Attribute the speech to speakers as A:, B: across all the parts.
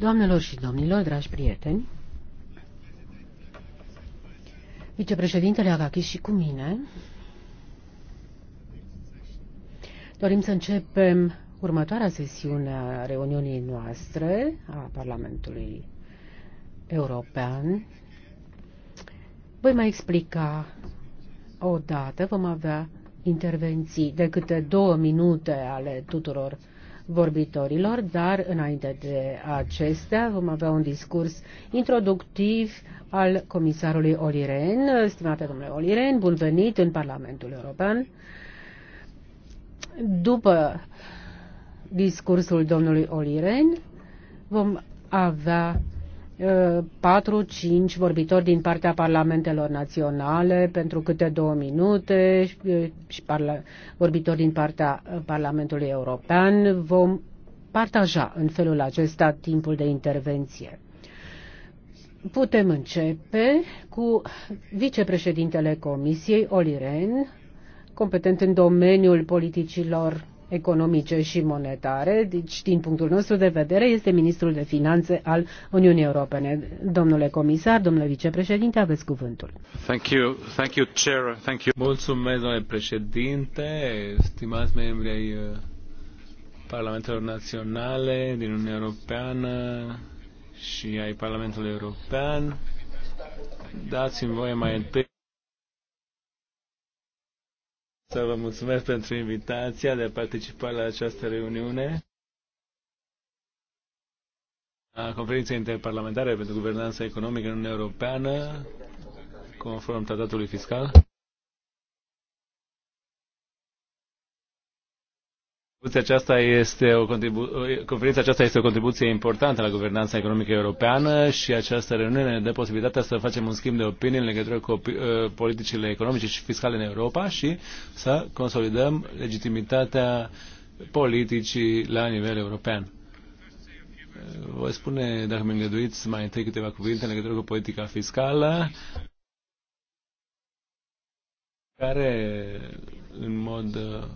A: Doamnelor și domnilor, dragi prieteni, vicepreședintele Agachis și cu mine dorim să începem următoarea sesiune a reuniunii noastre a Parlamentului European. Voi mai explica o dată, vom avea intervenții de câte două minute ale tuturor vorbitorilor, dar înainte de acestea vom avea un discurs introductiv al comisarului Oliren. Stimate domnule Oliren, bun venit în Parlamentul European. După discursul domnului Oliren vom avea 4-5 vorbitori din partea parlamentelor naționale pentru câte două minute și vorbitori din partea Parlamentului European. Vom partaja în felul acesta timpul de intervenție. Putem începe cu vicepreședintele Comisiei, Oli Ren, competent în domeniul politicilor economice și monetare, deci din punctul nostru de vedere este ministrul de finanțe al Uniunii Europene. Domnule comisar, domnule vicepreședinte, aveți cuvântul.
B: Thank you, thank you, chair. Thank you. Mulțumesc, domnule președinte, stimați membri ai uh, Parlamentelor Naționale din Uniunea Europeană și ai Parlamentului European. Dați-mi voie mai întâi să vă mulțumesc pentru invitația de a participa la această reuniune a Conferinței Interparlamentare pentru Guvernanța Economică în Uniunea Europeană, conform tratatului fiscal. aceasta este o contribu- conferința aceasta este o contribuție importantă la guvernanța economică europeană și această reuniune ne dă posibilitatea să facem un schimb de opinii în legătură cu ă, politicile economice și fiscale în Europa și să consolidăm legitimitatea politicii la nivel european. Voi spune, dacă mi îngăduiți, mai întâi câteva cuvinte în legătură cu politica fiscală care în mod ă,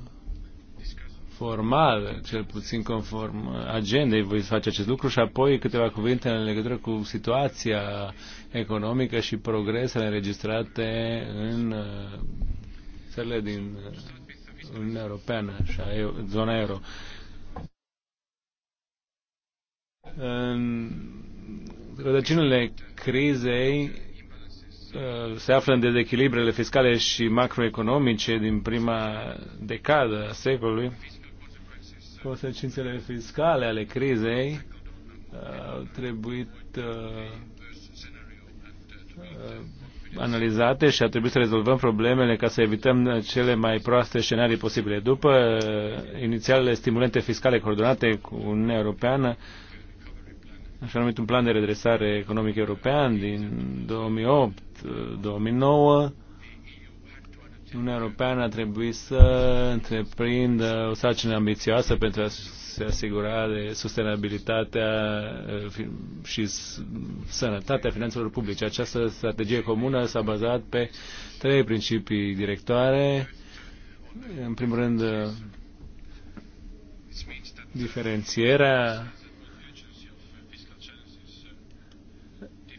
B: formal, cel puțin conform agendei, voi face acest lucru și apoi câteva cuvinte în legătură cu situația economică și progresele înregistrate în uh, țările din uh, Uniunea Europeană și zona euro. În rădăcinile crizei uh, se află în dezechilibrele fiscale și macroeconomice din prima decadă a secolului consecințele fiscale ale crizei au uh, trebuit uh, uh, analizate și a trebuit să rezolvăm problemele ca să evităm cele mai proaste scenarii posibile. După inițialele stimulente fiscale coordonate cu Uniunea Europeană, așa numit un plan de redresare economic european din 2008-2009, Uniunea Europeană a trebuit să întreprindă o sarcină ambițioasă pentru a se asigura de sustenabilitatea uh, și sănătatea finanțelor publice. Această strategie comună s-a bazat pe trei principii directoare. În primul rând, uh, diferențierea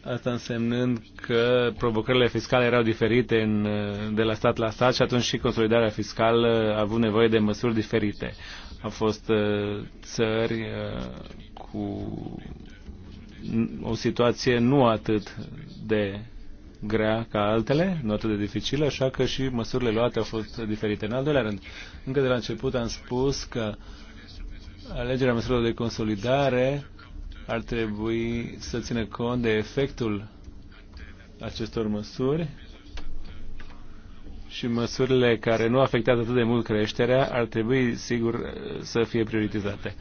B: Asta însemnând că provocările fiscale erau diferite în, de la stat la stat și atunci și consolidarea fiscală a avut nevoie de măsuri diferite. Au fost uh, țări uh, cu o situație nu atât de grea ca altele, nu atât de dificilă, așa că și măsurile luate au fost diferite. În al doilea rând, încă de la început am spus că alegerea măsurilor de consolidare ar trebui să țină cont de efectul acestor măsuri și măsurile care nu afectează atât de mult creșterea ar trebui, sigur, să fie prioritizate.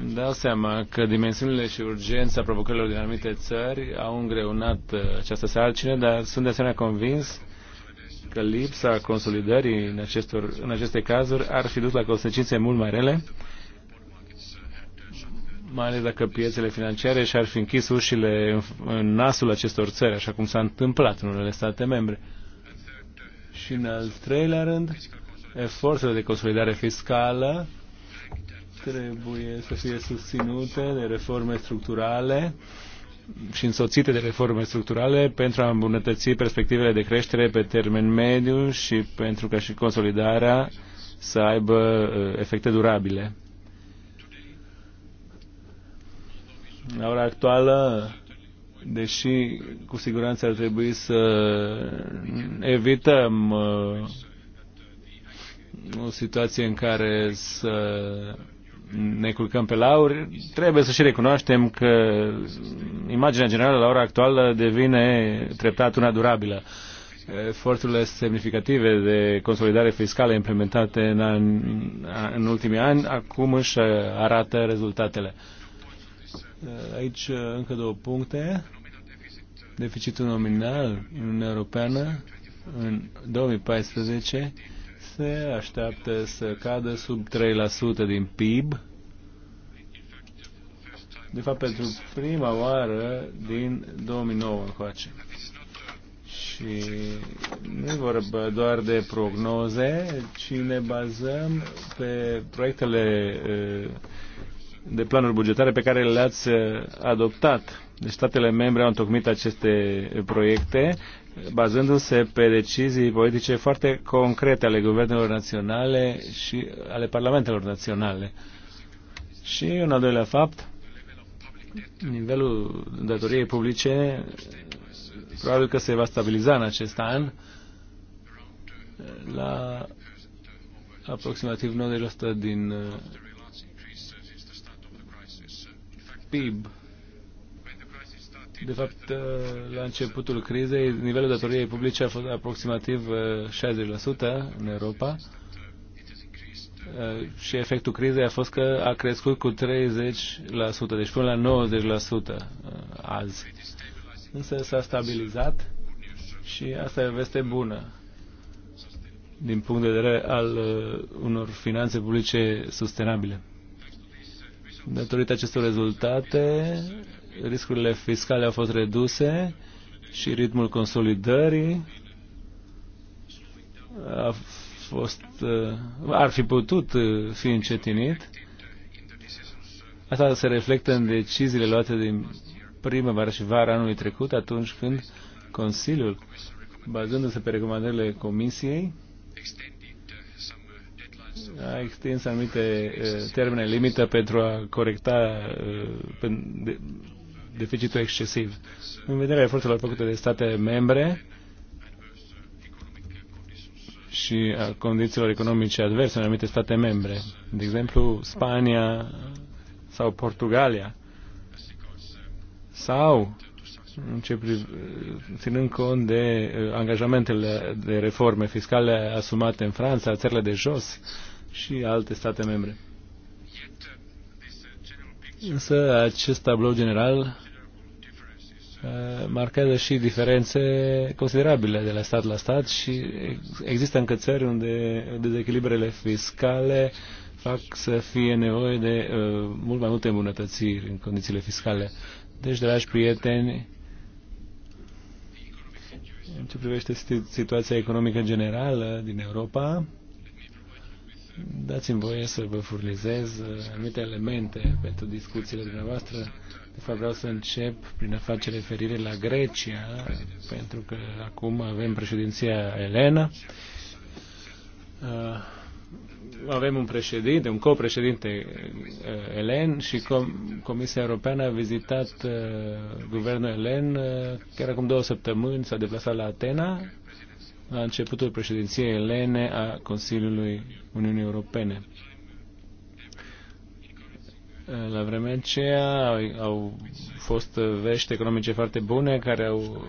B: Îmi dau seama că dimensiunile și urgența provocărilor din anumite țări au îngreunat uh, această sarcină, dar sunt de asemenea convins că lipsa consolidării în, acestor, în aceste cazuri ar fi dus la consecințe mult mai rele mai ales dacă piețele financiare și-ar fi închis ușile în nasul acestor țări, așa cum s-a întâmplat în unele state membre. Și în al treilea rând, eforturile de consolidare fiscală trebuie să fie susținute de reforme structurale și însoțite de reforme structurale pentru a îmbunătăți perspectivele de creștere pe termen mediu și pentru ca și consolidarea să aibă uh, efecte durabile. la ora actuală, deși cu siguranță ar trebui să evităm uh, o situație în care să ne culcăm pe lauri, trebuie să și recunoaștem că imaginea generală la ora actuală devine treptat una durabilă. Eforturile semnificative de consolidare fiscală implementate în, an, în ultimii ani acum își arată rezultatele. Aici uh, încă două puncte. Deficitul nominal în Uniunea Europeană în 2014 se așteaptă să cadă sub 3% din PIB. De fapt, pentru prima oară din 2009 încoace. Și nu e vorba doar de prognoze, ci ne bazăm pe proiectele uh, de planuri bugetare pe care le-ați uh, adoptat. Deci statele membre au întocmit aceste proiecte bazându-se pe decizii politice foarte concrete ale guvernelor naționale și ale parlamentelor naționale. Și un al doilea fapt, nivelul datoriei publice probabil că se va stabiliza în acest an la aproximativ 90% din uh, PIB. De fapt, uh, la începutul crizei, nivelul datoriei publice a fost aproximativ 60% uh, în Europa uh, și efectul crizei a fost că a crescut cu 30%, deci până la 90% azi. Însă s-a stabilizat și asta e o veste bună din punct de vedere al unor finanțe publice sustenabile. Datorită acestor rezultate, riscurile fiscale au fost reduse și ritmul consolidării a fost, uh, ar fi putut uh, fi încetinit. Asta se reflectă în deciziile luate din primăvară și vara anului trecut, atunci când Consiliul, bazându-se pe recomandările Comisiei, a extins anumite termene limită pentru a corecta deficitul excesiv. În vederea eforturilor făcute de state membre și a condițiilor economice adverse în anumite state membre, de exemplu Spania sau Portugalia, sau ținând cont de angajamentele de reforme fiscale asumate în Franța, țările de jos, și alte state membre. Însă acest tablou general uh, marchează și diferențe considerabile de la stat la stat și există încă țări unde dezechilibrele fiscale fac să fie nevoie de uh, mult mai multe îmbunătățiri în condițiile fiscale. Deci, dragi prieteni, în ce privește situația economică generală din Europa, Dați-mi voie să vă furnizez uh, anumite elemente pentru discuțiile dumneavoastră. De fapt, vreau să încep prin a face referire la Grecia, pentru că acum avem președinția Elena. Uh, avem un președinte, un copreședinte uh, Elen și Com- Comisia Europeană a vizitat guvernul Elen chiar acum două săptămâni, s-a deplasat la Atena la începutul președinției elene a Consiliului Uniunii Europene. La vremea aceea au, au fost vești economice foarte bune care au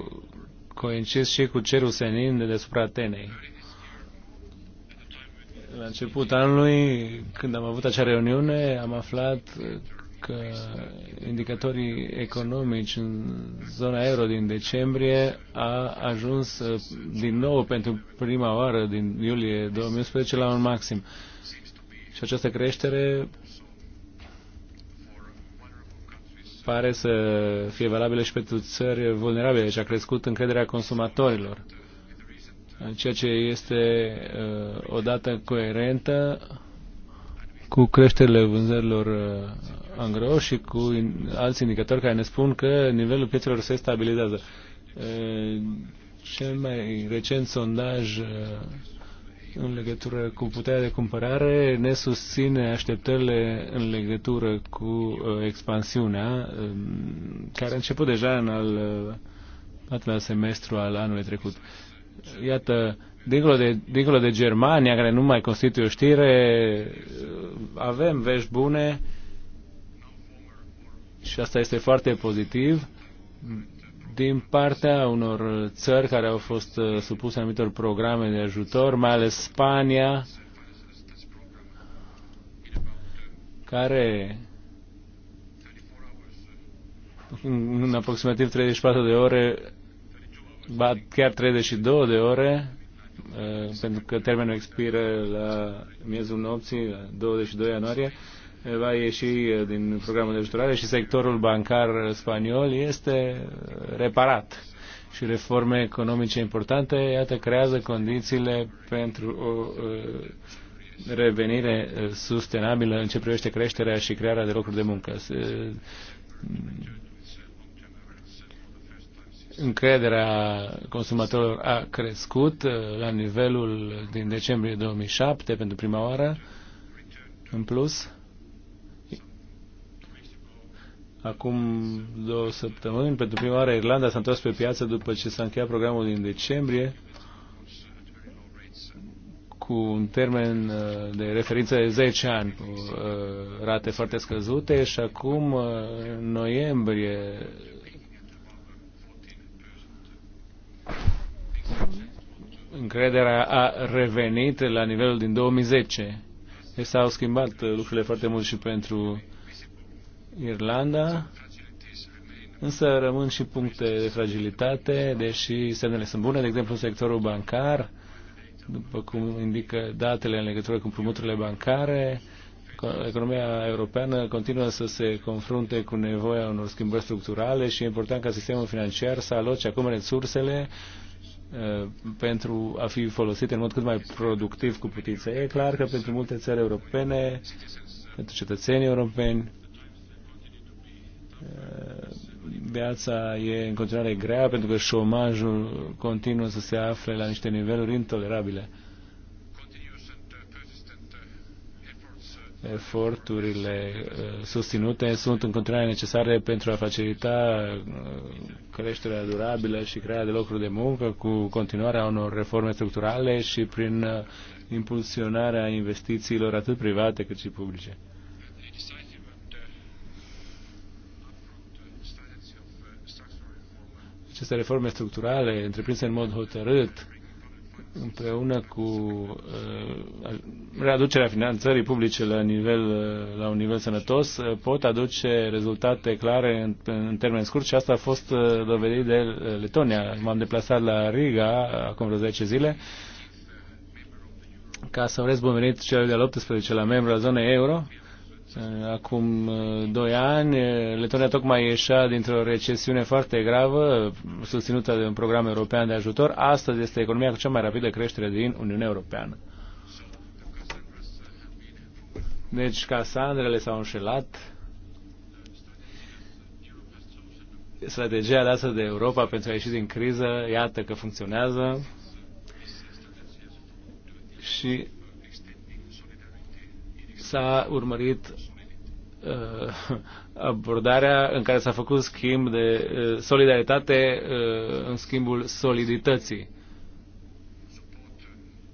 B: coincis și cu cerul senin de deasupra Atenei. La început anului, când am avut acea reuniune, am aflat că indicatorii economici în zona euro din decembrie a ajuns uh, din nou pentru prima oară din iulie 2011 la un maxim. Și această creștere pare să fie valabilă și pentru țări vulnerabile, și deci a crescut încrederea consumatorilor, ceea ce este uh, o dată coerentă cu creșterile vânzărilor uh, Angro și cu alți indicatori care ne spun că nivelul piețelor se stabilizează. Cel mai recent sondaj în legătură cu puterea de cumpărare ne susține așteptările în legătură cu expansiunea care a început deja în al patrulea semestru al anului trecut. Iată, dincolo de, dincolo de Germania, care nu mai constituie o știre, avem vești bune și asta este foarte pozitiv din partea unor țări care au fost uh, supuse anumitor programe de ajutor, mai ales Spania, care în aproximativ 34 de ore, ba chiar 32 de ore, uh, pentru că termenul expiră la miezul nopții, la 22 ianuarie, va ieși eh, din programul de ajutorare și sectorul bancar spaniol este eh, reparat. Și reforme economice importante, iată, creează condițiile pentru o eh, revenire sustenabilă în ce privește creșterea și crearea de locuri de muncă. Mm, încrederea consumatorilor a crescut la nivelul din decembrie 2007 pentru prima oară în plus Acum două săptămâni, pentru prima oară, Irlanda s-a întors pe piață după ce s-a încheiat programul din decembrie cu un termen uh, de referință de 10 ani, cu uh, rate foarte scăzute și acum, uh, în noiembrie, încrederea a revenit la nivelul din 2010. Deci s-au schimbat lucrurile foarte mult și pentru Irlanda, însă rămân și puncte de fragilitate, deși semnele sunt bune, de exemplu sectorul bancar, după cum indică datele în legătură cu împrumuturile bancare, economia europeană continuă să se confrunte cu nevoia unor schimbări structurale și e important ca sistemul financiar să aloce acum resursele uh, pentru a fi folosite în mod cât mai productiv cu putință. E clar că pentru multe țări europene, pentru cetățenii europeni, Eh, viața e în continuare grea pentru că șomajul continuă să se afle la niște niveluri intolerabile. Eforturile eh, susținute sunt în continuare necesare pentru a facilita eh, creșterea durabilă și crearea de locuri de muncă cu continuarea unor reforme structurale și prin impulsionarea investițiilor atât private cât și publice. Aceste reforme structurale, întreprinse în mod hotărât, împreună cu uh, readucerea finanțării publice la, nivel, uh, la un nivel sănătos, uh, pot aduce rezultate clare în, în termen scurt și asta a fost uh, dovedit de uh, Letonia. M-am deplasat la Riga acum vreo 10 zile ca să urez bun venit celor de-al 18 la membru al zonei euro Acum uh, doi ani, uh, Letonia tocmai ieșea dintr-o recesiune foarte gravă, susținută de un program european de ajutor. Astăzi este economia cu cea mai rapidă creștere din Uniunea Europeană. Deci Casandrele s-au înșelat. Strategia lasă de Europa pentru a ieși din criză, iată că funcționează. Și s-a urmărit uh, abordarea în care s-a făcut schimb de uh, solidaritate uh, în schimbul solidității.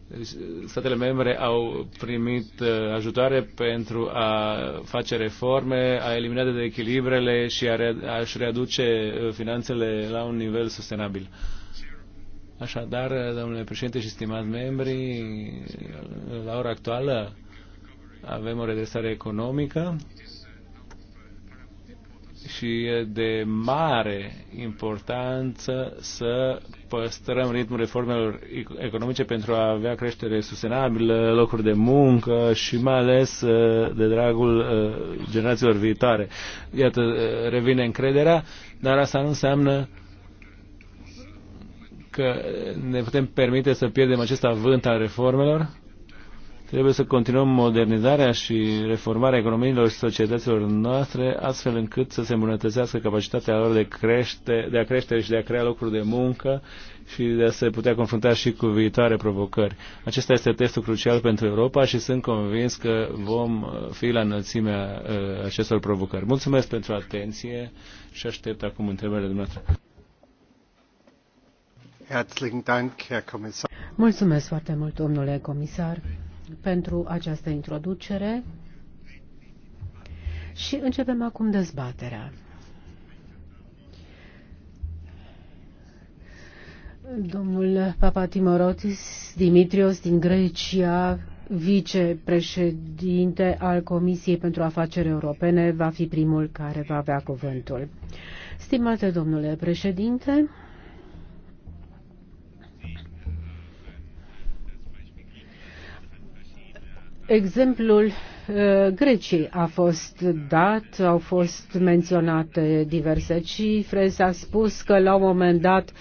B: Deci, statele membre au primit ajutoare pentru a face reforme, a elimina de echilibrele și a-și readuce finanțele la un nivel sustenabil. Așadar, domnule președinte și stimați membri, la ora actuală, avem o redresare economică și e de mare importanță să păstrăm ritmul reformelor economice pentru a avea creștere sustenabilă, locuri de muncă și mai ales uh, de dragul uh, generațiilor viitoare. Iată, uh, revine încrederea, dar asta nu înseamnă că ne putem permite să pierdem acest avânt al reformelor Trebuie să continuăm modernizarea și reformarea economiilor și societăților noastre, astfel încât să se îmbunătățească capacitatea lor de, crește, de a crește și de a crea locuri de muncă și de a se putea confrunta și cu viitoare provocări. Acesta este testul crucial pentru Europa și sunt convins că vom uh, fi la înălțimea uh, acestor provocări. Mulțumesc pentru atenție și aștept acum întrebările dumneavoastră.
A: Mulțumesc foarte mult, domnule comisar pentru această introducere și începem acum dezbaterea. Domnul Papa Timorotis Dimitrios din Grecia, vicepreședinte al Comisiei pentru Afaceri Europene, va fi primul care va avea cuvântul. Stimate domnule președinte, Exemplul uh, Greciei a fost dat, au fost menționate diverse cifre, s-a spus că la un moment dat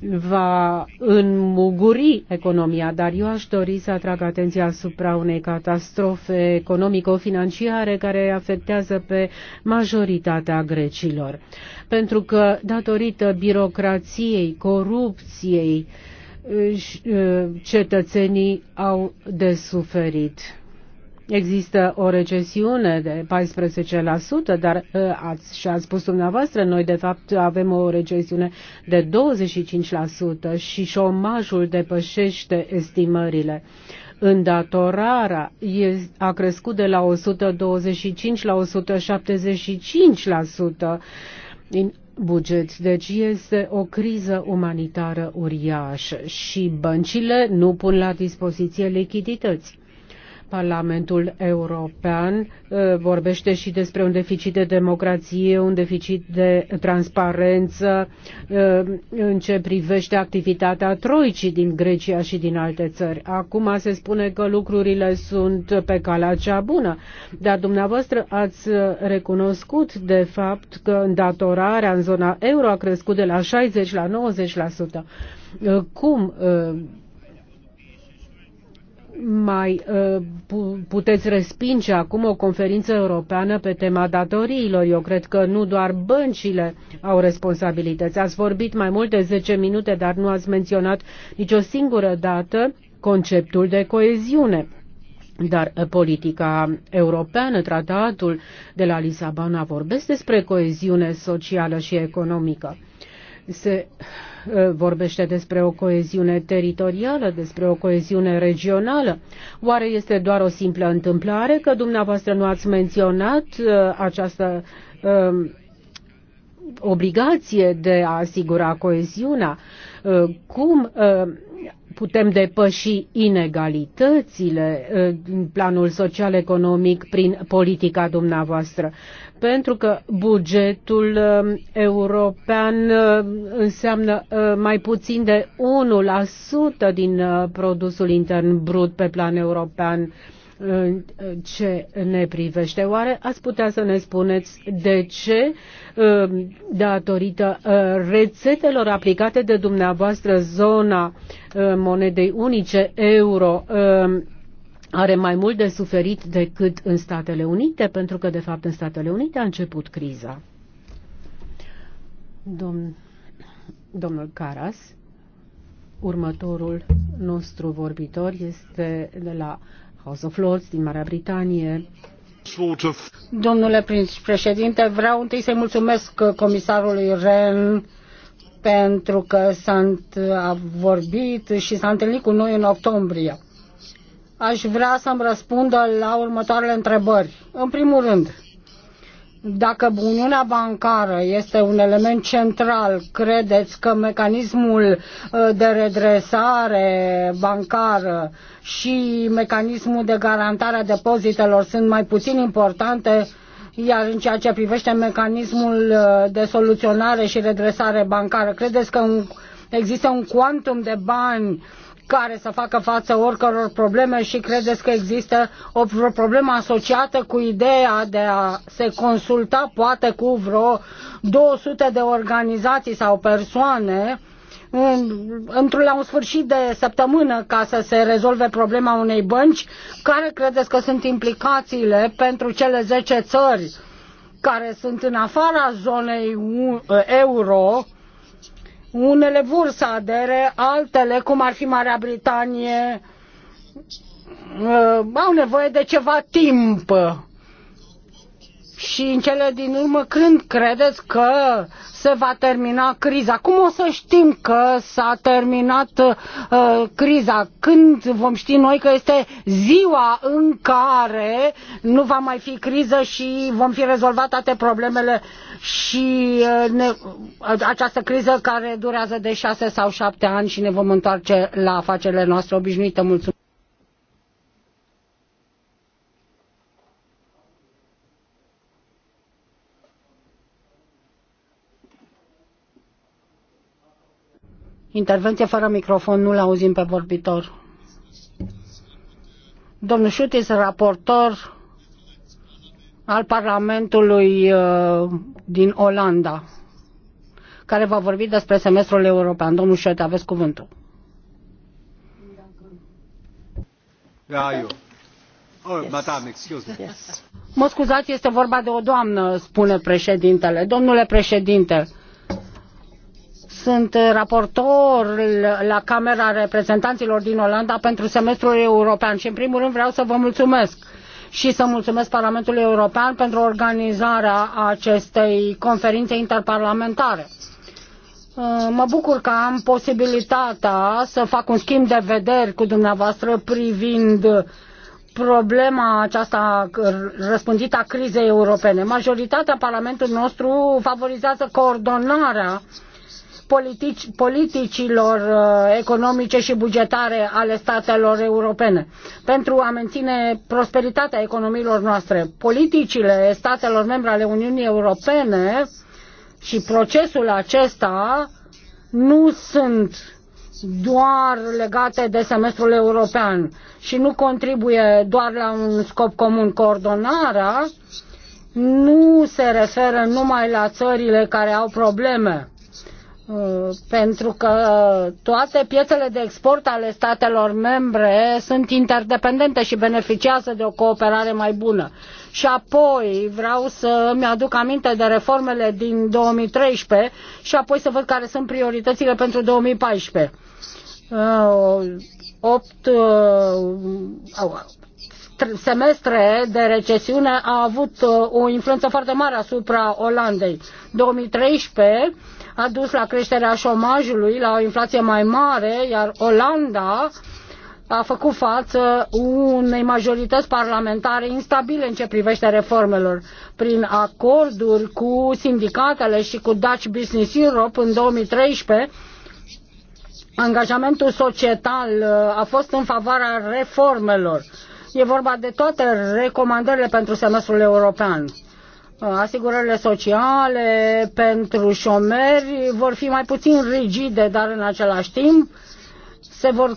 A: va înmuguri economia, dar eu aș dori să atrag atenția asupra unei catastrofe economico-financiare care afectează pe majoritatea grecilor. Pentru că datorită birocrației, corupției, uh, cetățenii au de suferit Există o recesiune de 14%, dar uh, ați, și ați spus dumneavoastră, noi de fapt avem o recesiune de 25% și șomajul depășește estimările. Îndatorarea a crescut de la 125 la 175% din buget. Deci este o criză umanitară uriașă și băncile nu pun la dispoziție lichidități. Parlamentul European uh, vorbește și despre un deficit de democrație, un deficit de transparență uh, în ce privește activitatea troicii din Grecia și din alte țări. Acum se spune că lucrurile sunt pe calea cea bună, dar dumneavoastră ați recunoscut de fapt că îndatorarea în zona euro a crescut de la 60 la 90%. Uh, cum mai uh, puteți respinge acum o conferință europeană pe tema datoriilor. Eu cred că nu doar băncile au responsabilități. Ați vorbit mai mult de 10 minute, dar nu ați menționat nicio singură dată conceptul de coeziune. Dar politica europeană, tratatul de la Lisabona vorbesc despre coeziune socială și economică se eh, vorbește despre o coeziune teritorială, despre o coeziune regională. Oare este doar o simplă întâmplare că dumneavoastră nu ați menționat eh, această eh, obligație de a asigura coeziunea? Cum putem depăși inegalitățile în planul social-economic prin politica dumneavoastră pentru că bugetul um, european um, înseamnă uh, mai puțin de 1% din uh, produsul intern brut pe plan european uh, ce ne privește. Oare ați putea să ne spuneți de ce, um, datorită rețetelor aplicate de dumneavoastră zona monedei unice euro, are mai mult de suferit decât în Statele Unite, pentru că, de fapt, în Statele Unite a început criza. Domn, domnul Caras, următorul nostru vorbitor este de la House of Lords din Marea Britanie.
C: Domnule președinte, vreau întâi să-i mulțumesc comisarului Ren pentru că s-a vorbit și s-a întâlnit cu noi în octombrie aș vrea să-mi răspundă la următoarele întrebări. În primul rând, dacă Uniunea Bancară este un element central, credeți că mecanismul ă, de redresare bancară și mecanismul de garantare a depozitelor sunt mai puțin importante, iar în ceea ce privește mecanismul ă, de soluționare și redresare bancară, credeți că un, există un quantum de bani care să facă față oricăror probleme și credeți că există o problemă asociată cu ideea de a se consulta poate cu vreo 200 de organizații sau persoane într-un la un sfârșit de săptămână ca să se rezolve problema unei bănci, care credeți că sunt implicațiile pentru cele 10 țări care sunt în afara zonei euro, unele vor să adere, altele, cum ar fi Marea Britanie, uh, au nevoie de ceva timp și în cele din urmă când credeți că se va termina criza? Cum o să știm că s-a terminat uh, criza? Când vom ști noi că este ziua în care nu va mai fi criză și vom fi rezolvat toate problemele și uh, ne, uh, această criză care durează de șase sau șapte ani și ne vom întoarce la afacerile noastre obișnuite? Mulțumesc! Intervenție fără microfon, nu-l auzim pe vorbitor. Domnul Șut este raportor al Parlamentului uh, din Olanda, care va vorbi despre semestrul european. Domnul Șut, aveți cuvântul.
D: Da, eu. Oh,
C: Mă scuzați, este vorba de o doamnă, spune președintele. Domnule președinte, sunt raportor la Camera Reprezentanților din Olanda pentru semestrul european și în primul rând vreau să vă mulțumesc și să mulțumesc Parlamentului European pentru organizarea acestei conferințe interparlamentare. Uh, mă bucur că am posibilitatea să fac un schimb de vederi cu dumneavoastră privind problema aceasta răspândită a crizei europene. Majoritatea Parlamentului nostru favorizează coordonarea uh, politici, politicilor uh, economice și bugetare ale statelor europene pentru a menține prosperitatea economiilor noastre. Politicile statelor membre ale Uniunii Europene și procesul acesta nu sunt doar legate de semestrul european și nu contribuie doar la un scop comun. Coordonarea nu se referă numai la țările care au probleme pentru că toate piețele de export ale statelor membre sunt interdependente și beneficiază de o cooperare mai bună. Și apoi vreau să îmi aduc aminte de reformele din 2013 și apoi să văd care sunt prioritățile pentru 2014. 8 uh, uh, semestre de recesiune a avut uh, o influență foarte mare asupra Olandei. 2013 a dus la creșterea șomajului, la o inflație mai mare, iar Olanda a făcut față unei majorități parlamentare instabile în ce privește reformelor. Prin acorduri cu sindicatele și cu Dutch Business Europe în 2013, angajamentul societal uh, a fost în favoarea reformelor. E vorba de toate recomandările pentru semestrul european asigurările sociale pentru șomeri vor fi mai puțin rigide, dar în același timp se vor,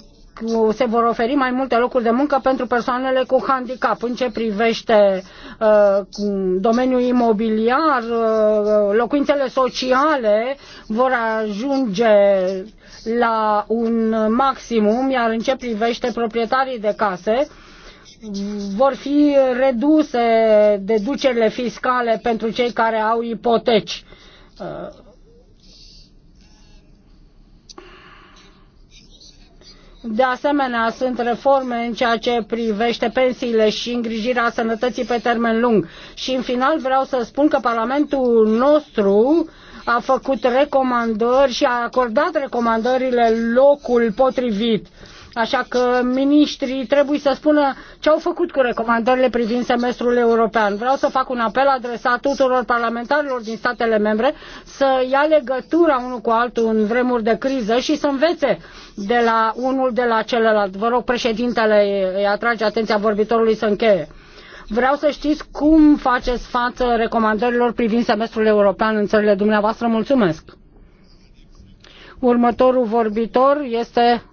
C: se vor oferi mai multe locuri de muncă pentru persoanele cu handicap. În ce privește uh, domeniul imobiliar, uh, locuințele sociale vor ajunge la un maximum, iar în ce privește proprietarii de case, uh, vor fi reduse deducerile fiscale pentru cei care au ipoteci. De asemenea, sunt reforme în ceea ce privește pensiile și îngrijirea sănătății pe termen lung. Și în final vreau să spun că Parlamentul nostru a făcut recomandări și a acordat recomandările locul potrivit Așa că miniștrii trebuie să spună ce au făcut cu recomandările privind semestrul european. Vreau să fac un apel adresat tuturor parlamentarilor din statele membre să ia legătura unul cu altul în vremuri de criză și să învețe de la unul de la celălalt. Vă rog, președintele, îi atrage atenția vorbitorului să încheie. Vreau să știți cum faceți față recomandărilor privind semestrul european în țările dumneavoastră. Mulțumesc! Următorul vorbitor este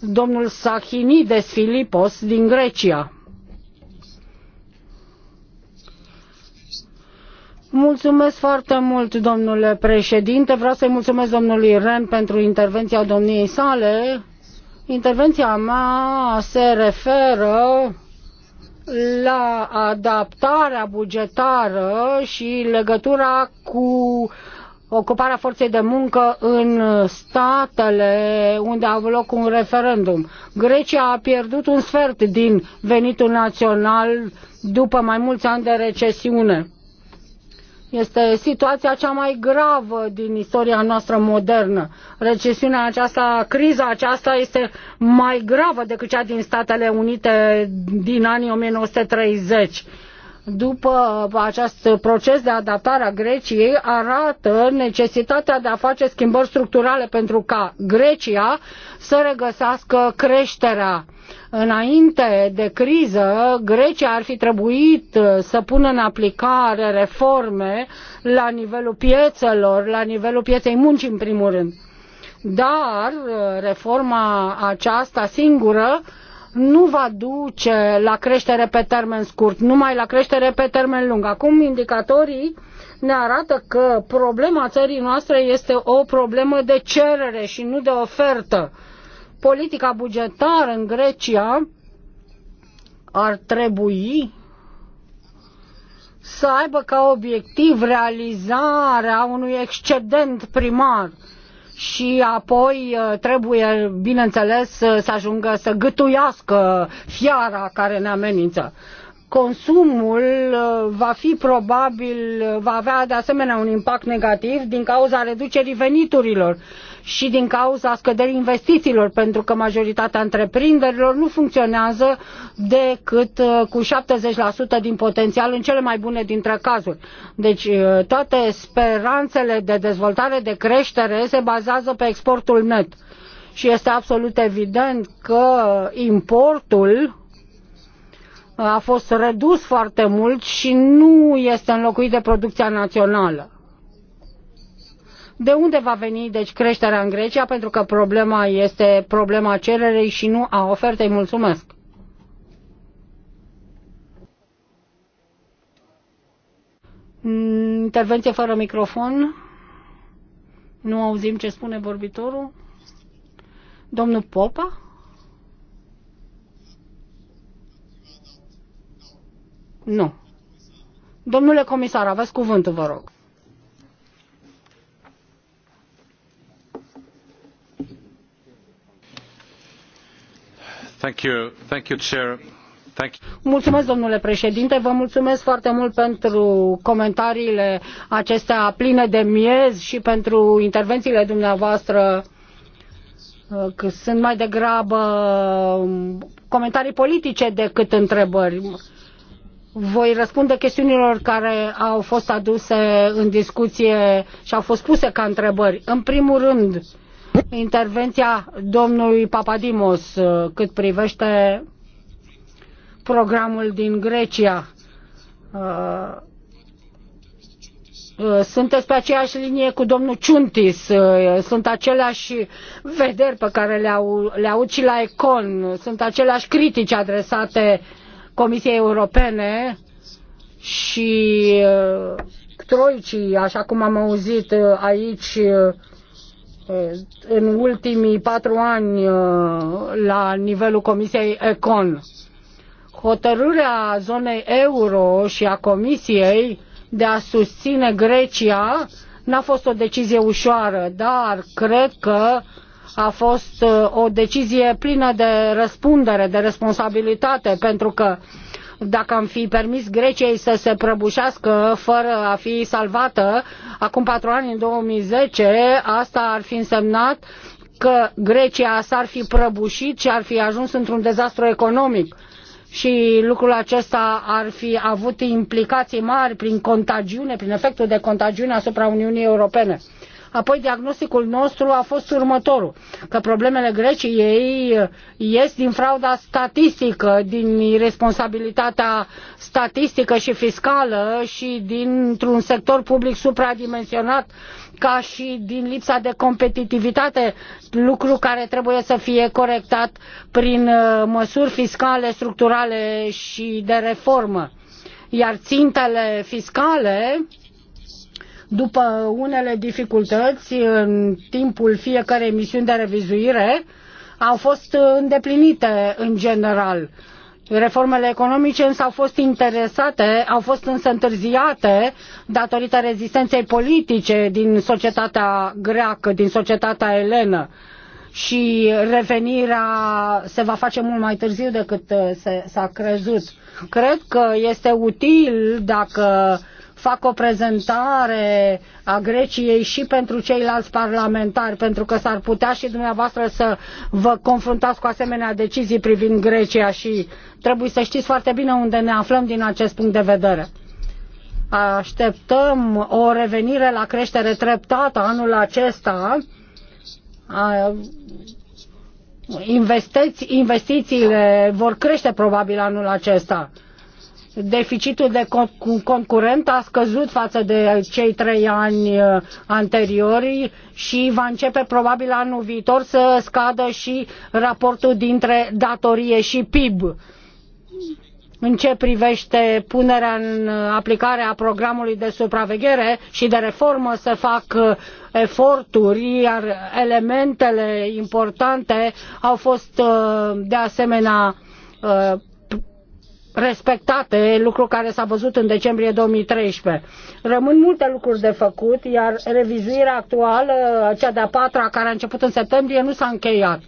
C: domnul Sahinides Filipos din Grecia. Mulțumesc foarte mult, domnule președinte. Vreau să-i mulțumesc domnului Ren pentru intervenția domniei sale. Intervenția mea se referă la adaptarea bugetară și legătura cu ocuparea forței de muncă în statele unde a avut loc un referendum. Grecia a pierdut un sfert din venitul național după mai mulți ani de recesiune. Este situația cea mai gravă din istoria noastră modernă. Recesiunea aceasta, criza aceasta este mai gravă decât cea din Statele Unite din anii 1930 după acest proces de adaptare a Greciei arată necesitatea de a face schimbări structurale pentru ca Grecia să regăsească creșterea. Înainte de criză, Grecia ar fi trebuit să pună în aplicare reforme la nivelul piețelor, la nivelul pieței muncii în primul rând. Dar reforma aceasta singură nu va duce la creștere pe termen scurt, numai la creștere pe termen lung. Acum indicatorii ne arată că problema țării noastre este o problemă de cerere și nu de ofertă. Politica bugetară în Grecia ar trebui să aibă ca obiectiv realizarea unui excedent primar și apoi uh, trebuie, bineînțeles, să ajungă să gâtuiască fiara care ne amenință consumul uh, va fi probabil, va avea de asemenea un impact negativ din cauza reducerii veniturilor și din cauza scăderii investițiilor, pentru că majoritatea întreprinderilor nu funcționează decât uh, cu 70% din potențial în cele mai bune dintre cazuri. Deci uh, toate speranțele de dezvoltare, de creștere se bazează pe exportul net. Și este absolut evident că importul uh, a fost redus foarte mult și nu este înlocuit de producția națională. De unde va veni deci creșterea în Grecia? Pentru că problema este problema cererei și nu a ofertei. Mulțumesc! Mm, intervenție fără microfon. Nu auzim ce spune vorbitorul. Domnul Popa? Nu. Domnule comisar, aveți cuvântul, vă rog. Mulțumesc, domnule președinte, vă mulțumesc foarte mult pentru comentariile acestea pline de miez și pentru intervențiile dumneavoastră că sunt mai degrabă comentarii politice decât întrebări. Voi răspunde chestiunilor care au fost aduse în discuție și au fost puse ca întrebări. În primul rând, intervenția domnului Papadimos uh, cât privește programul din Grecia. Uh, uh, sunteți pe aceeași linie cu domnul Ciuntis, sunt aceleași vederi pe care le, au, le aud și la Econ, sunt aceleași critici adresate Comisiei Europene și troicii, așa cum am auzit aici Eh, în ultimii patru ani eh, la nivelul Comisiei Econ. Hotărârea zonei euro și a Comisiei de a susține Grecia n-a fost o decizie ușoară, dar cred că a fost eh, o decizie plină de răspundere, de responsabilitate, pentru că uh, dacă am fi permis Greciei să se prăbușească fără a fi salvată acum patru ani, în 2010, asta ar fi însemnat că Grecia s-ar fi prăbușit și ar fi ajuns într-un dezastru economic și lucrul acesta ar fi avut implicații mari prin contagiune, prin efectul de contagiune asupra Uniunii Europene. Apoi diagnosticul nostru a fost următorul, că problemele Greciei uh, ies din frauda statistică, din irresponsabilitatea statistică și fiscală și dintr-un sector public supradimensionat ca și din lipsa de competitivitate, lucru care trebuie să fie corectat prin uh, măsuri fiscale, structurale și de reformă. Iar țintele fiscale după unele dificultăți în timpul fiecarei misiuni de revizuire, au fost îndeplinite în general. Reformele economice însă au fost interesate, au fost însă întârziate datorită rezistenței politice din societatea greacă, din societatea elenă și revenirea se va face mult mai târziu decât uh, s-a crezut. Cred că este util dacă uh, fac o prezentare a Greciei și pentru ceilalți parlamentari, pentru că s-ar putea și dumneavoastră să vă confruntați cu asemenea decizii privind Grecia și trebuie să știți foarte bine unde ne aflăm din acest punct de vedere. Așteptăm o revenire la creștere treptată anul acesta. Investiți, investițiile vor crește probabil anul acesta deficitul de concurent a scăzut față de cei trei ani uh, anteriori și va începe probabil anul viitor să scadă și raportul dintre datorie și PIB în ce privește punerea în aplicare a programului de supraveghere și de reformă să fac uh, eforturi, iar elementele importante au fost uh, de asemenea respectate, lucru care s-a văzut în decembrie 2013. Rămân multe lucruri de făcut, iar revizuirea actuală, cea de-a patra, care a început în septembrie, nu s-a încheiat.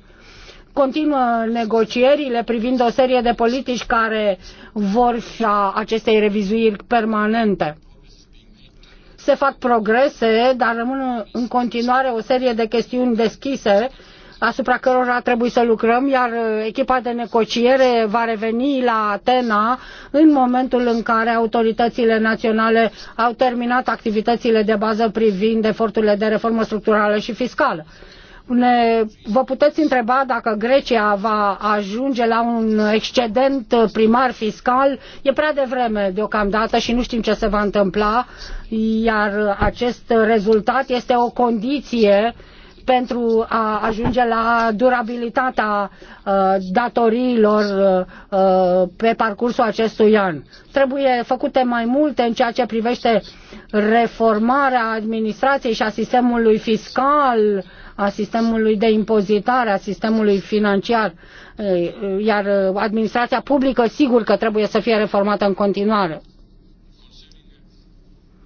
C: Continuă negocierile privind o serie de politici care vor fi acestei revizuiri permanente se fac progrese, dar rămân în continuare o serie de chestiuni deschise asupra cărora trebuie să lucrăm, iar uh, echipa de negociere va reveni la Atena în momentul în care autoritățile naționale au terminat activitățile de bază privind eforturile de reformă structurală și fiscală ne, vă puteți întreba dacă Grecia va ajunge la un excedent primar fiscal. E prea devreme deocamdată și nu știm ce se va întâmpla, iar acest rezultat este o condiție uh, pentru a ajunge la durabilitatea uh, datoriilor uh, uh, pe parcursul acestui an. Trebuie făcute mai multe în ceea ce privește reformarea administrației și a sistemului fiscal, a sistemului de impozitare, a sistemului financiar, iar administrația publică sigur că trebuie să fie reformată în continuare.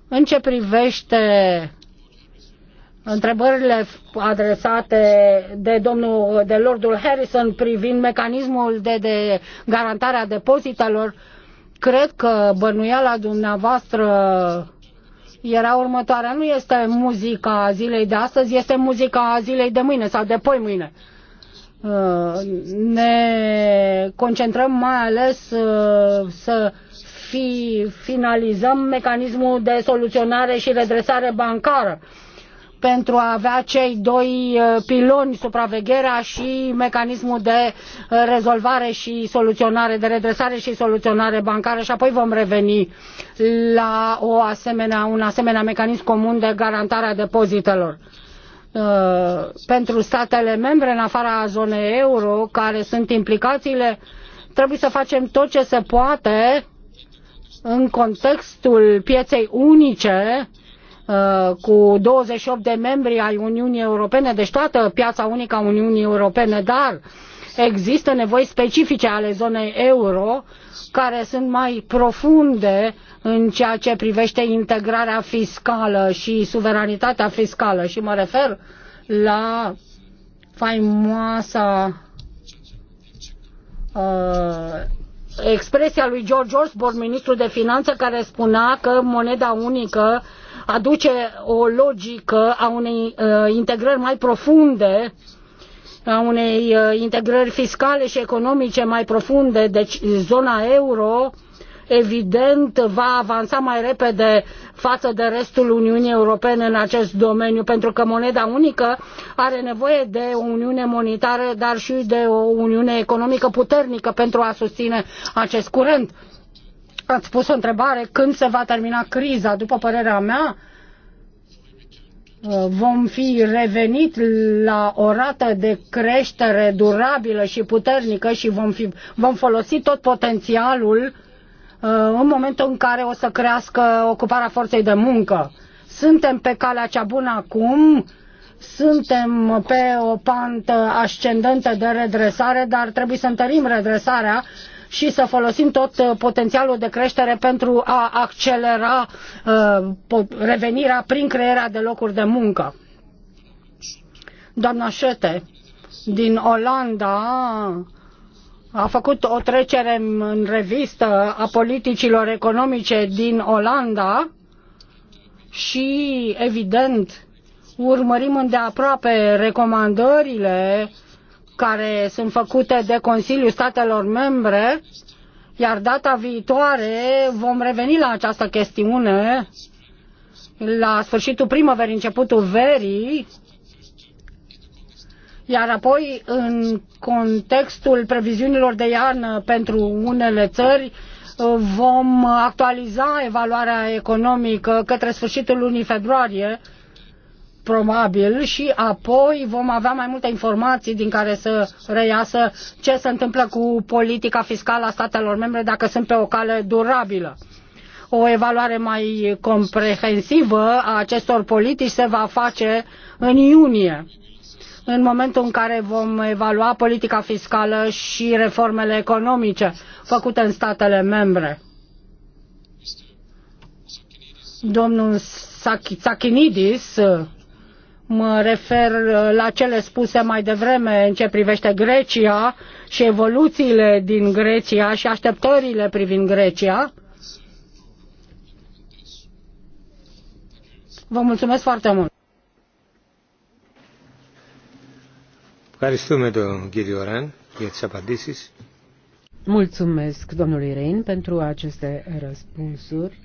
C: În ce privește întrebările adresate de domnul de Lordul Harrison privind mecanismul de, de garantare a depozitelor, cred că bănuiala dumneavoastră era următoarea. Nu este muzica zilei de astăzi, este muzica zilei de mâine sau de poi mâine. Ne concentrăm mai ales să fi, finalizăm mecanismul de soluționare și redresare bancară pentru a avea cei doi uh, piloni, supravegherea și mecanismul de uh, rezolvare și soluționare, de redresare și soluționare bancară și apoi vom reveni la o asemenea, un asemenea mecanism comun de garantare a depozitelor uh, pentru statele membre în afara zonei euro, care sunt implicațiile, trebuie să facem tot ce se poate în contextul pieței unice Uh, cu 28 de membri ai Uniunii Europene, deci toată piața unică a Uniunii Europene, dar există nevoi specifice ale zonei euro care sunt mai profunde în ceea ce privește integrarea fiscală și suveranitatea fiscală și mă refer la faimoasa uh, expresia lui George Osborne, ministrul de finanță, care spunea că moneda unică uh, aduce o logică a unei uh, integrări mai profunde a unei uh, integrări fiscale și economice mai profunde, deci zona euro evident va avansa mai repede față de restul Uniunii Europene în acest domeniu, pentru că moneda unică are nevoie de o uniune monetară, dar și de o uniune economică puternică pentru a susține acest curent ați pus o întrebare când se va termina criza. După părerea mea, uh, vom fi revenit la o rată de creștere durabilă și puternică și vom, fi, vom folosi tot potențialul uh, în momentul în care o să crească ocuparea forței de muncă. Suntem pe calea cea bună acum, suntem pe o pantă ascendentă de redresare, dar trebuie să întărim redresarea și să folosim tot uh, potențialul de creștere pentru a accelera uh, revenirea prin crearea de locuri de muncă. Doamna Șete din Olanda a făcut o trecere în revistă a politicilor economice din Olanda și, evident, urmărim îndeaproape recomandările care sunt făcute de Consiliul Statelor Membre, iar data viitoare vom reveni la această chestiune la sfârșitul primăverii, începutul verii, iar apoi în contextul previziunilor de iarnă pentru unele țări vom actualiza evaluarea economică către sfârșitul lunii februarie probabil și apoi vom avea mai multe informații din care să reiasă ce se întâmplă cu politica fiscală a statelor membre dacă sunt pe o cale durabilă. O evaluare mai comprehensivă a acestor politici se va face în iunie în momentul în care vom evalua politica fiscală și reformele economice făcute în statele membre. Domnul Sakinidis Mă refer uh, la cele spuse mai devreme în ce privește Grecia și evoluțiile din Grecia și așteptările privind Grecia. Vă mulțumesc foarte mult!
A: Mulțumesc domnului Rein pentru aceste răspunsuri.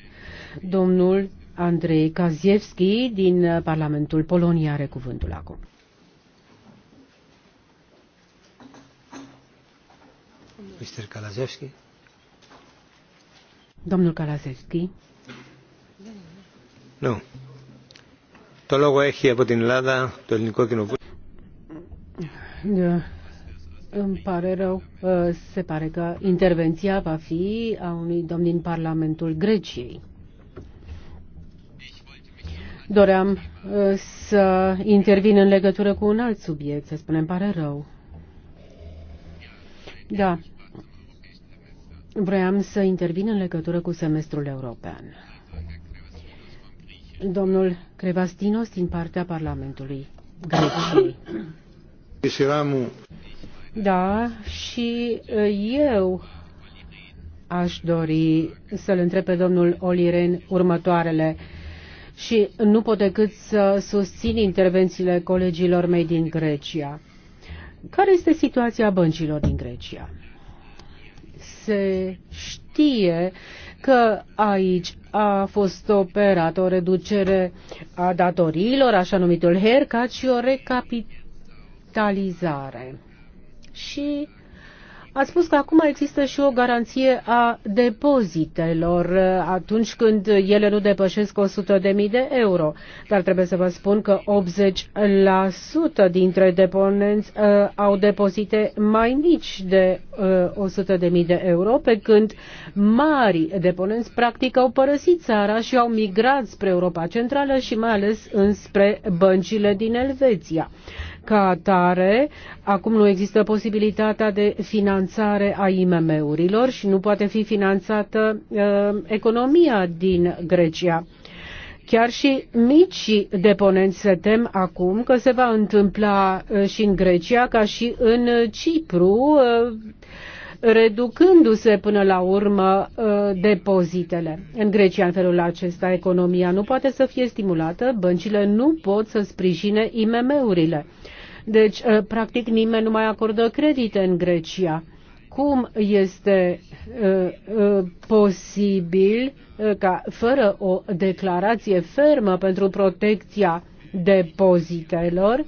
A: Domnul Andrei Kazievski din uh, Parlamentul Polonia are cuvântul acum.
B: Mr. Kalazewski.
A: Domnul Kalazewski.
B: Nu. To logo έχει apo din Lada, το Ελληνικό Κοινοβούλιο.
A: Îmi pare rău, se pare că intervenția va fi a unui domn din Parlamentul Greciei. Doream uh, să intervin în legătură cu un alt subiect, să spunem, pare rău. Da. Vreau să intervin în legătură cu semestrul european. Domnul Crevastinos din partea Parlamentului
B: Greciei.
A: Da, și uh, eu aș dori să-l întreb pe domnul Oliren următoarele și nu pot decât să susțin intervențiile colegilor mei din Grecia. Care este situația băncilor din Grecia? Se știe că aici a fost operat o reducere a datoriilor, așa numitul haircut, și o recapitalizare. Și a spus că acum există și o garanție a depozitelor uh, atunci când ele nu depășesc 100.000 de euro. Dar trebuie să vă spun că 80% dintre deponenți uh, au depozite mai mici de uh, 100.000 de euro, pe când mari deponenți practic au părăsit țara și au migrat spre Europa Centrală și mai ales înspre băncile din Elveția. Ca atare, acum nu există posibilitatea de finanțare a IMM-urilor și nu poate fi finanțată uh, economia din Grecia. Chiar și mici deponenți se tem acum că se va întâmpla uh, și în Grecia ca și în Cipru, uh, reducându-se până la urmă uh, depozitele. În Grecia, în felul acesta, economia nu poate să fie stimulată, băncile nu pot să sprijine IMM-urile. Deci, uh, practic, nimeni nu mai acordă credite în Grecia. Cum este uh, uh, posibil uh, ca, fără o declarație fermă pentru protecția depozitelor,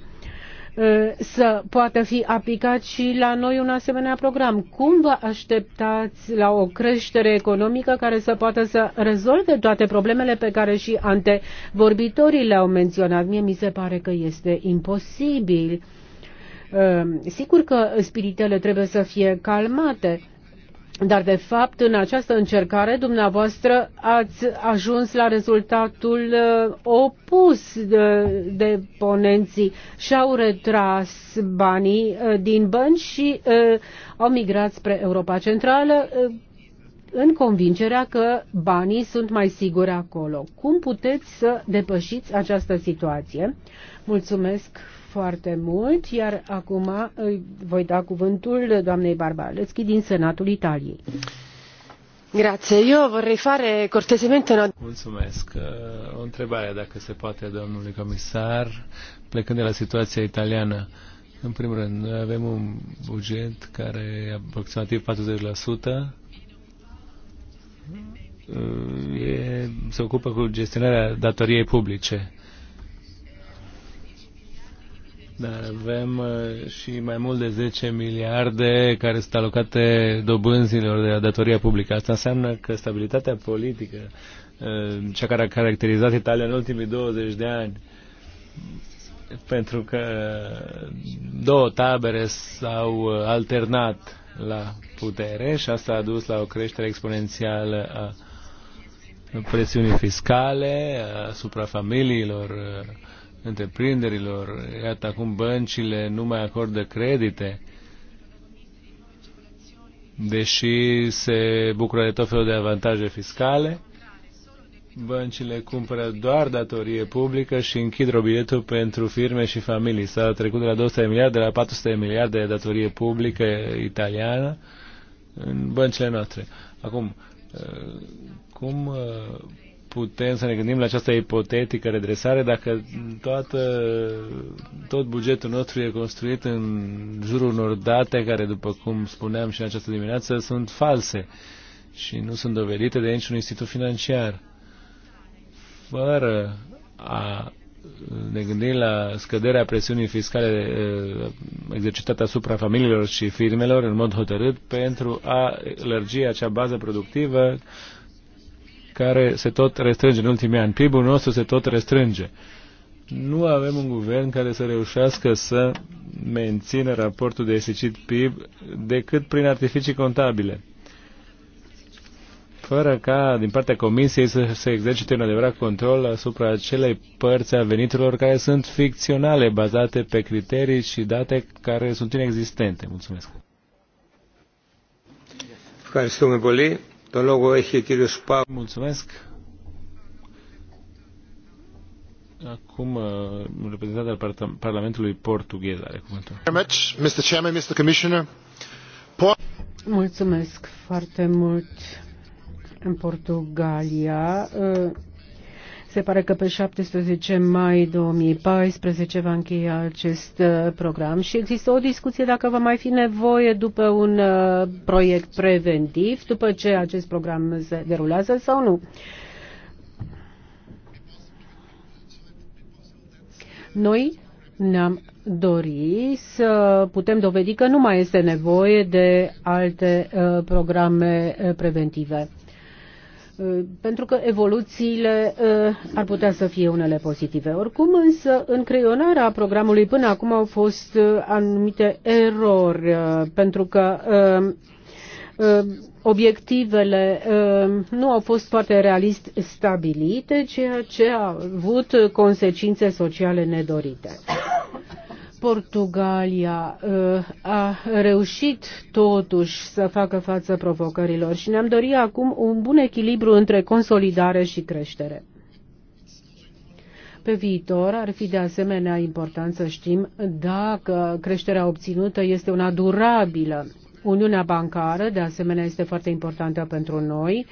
A: să poată fi aplicat și la noi un asemenea program. Cum vă așteptați la o creștere economică care să poată să rezolve toate problemele pe care și antevorbitorii le-au menționat? Mie mi se pare că este imposibil. Sigur că spiritele trebuie să fie calmate, dar, de fapt, în această încercare, dumneavoastră ați ajuns la rezultatul uh, opus de, de ponenții. Și-au retras banii uh, din bănci și uh, au migrat spre Europa Centrală uh, în convingerea că banii sunt mai siguri acolo. Cum puteți să depășiți această situație? Mulțumesc foarte mult, iar acum îi voi da cuvântul doamnei Barbaleschi din Senatul Italiei. Grazie, eu vorrei fare cortesemente una...
B: Mulțumesc. Uh, o întrebare, dacă se poate, domnule comisar, plecând de la situația italiană. În primul rând, noi avem un buget care e aproximativ 40%. Uh, e, se ocupă cu gestionarea datoriei publice dar avem uh, și mai mult de 10 miliarde care sunt alocate dobânzilor de la datoria publică. Asta înseamnă că stabilitatea politică, uh, cea care a caracterizat Italia în ultimii 20 de ani, pentru că două tabere s-au uh, alternat la putere și asta a dus la o creștere exponențială a presiunii fiscale asupra familiilor, întreprinderilor. Iată acum băncile nu mai acordă credite, deși se bucură de tot felul de avantaje fiscale. Băncile cumpără doar datorie publică și închid robinetul pentru firme și familii. S-a trecut de la 200 de miliarde la 400 de miliarde de datorie publică italiană în băncile noastre. Acum, uh, cum uh, putem să ne gândim la această ipotetică redresare dacă toată, tot bugetul nostru e construit în jurul unor date care, după cum spuneam și în această dimineață, sunt false și nu sunt dovedite de niciun institut financiar. Fără a ne gândim la scăderea presiunii fiscale eh, exercitată asupra familiilor și firmelor în mod hotărât pentru a lărgi acea bază productivă care se tot restrânge în ultimii ani. PIB-ul nostru se tot restrânge. Nu avem un guvern care să reușească să mențină raportul de deficit PIB decât prin artificii contabile fără ca din partea Comisiei să se exercite un adevărat control asupra acelei părți a veniturilor care sunt ficționale, bazate pe criterii și date care sunt inexistente. Mulțumesc. Care sunt Το λόγο έχει Mulțumesc. Acum, uh, reprezentantul Parlamentului Portughez are cuvântul.
A: Mulțumesc foarte mult. În Portugalia uh, se pare că pe 17 mai 2014 va încheia acest uh, program și există o discuție dacă va mai fi nevoie după un uh, proiect preventiv, după ce acest program se derulează sau nu. Noi ne-am dori să putem dovedi că nu mai este nevoie de alte uh, programe preventive. Eh, pentru că evoluțiile eh, ar putea să fie unele pozitive. Oricum însă, în creionarea programului până acum au fost eh, anumite erori, pentru că obiectivele nu au fost foarte realist stabilite, ceea ce a avut consecințe sociale nedorite. Portugalia uh, a reușit totuși să facă față provocărilor și ne-am dorit acum un bun echilibru între consolidare și creștere. Pe viitor ar fi de asemenea important să știm dacă creșterea obținută este una durabilă. Uniunea bancară, de asemenea, este foarte importantă pentru noi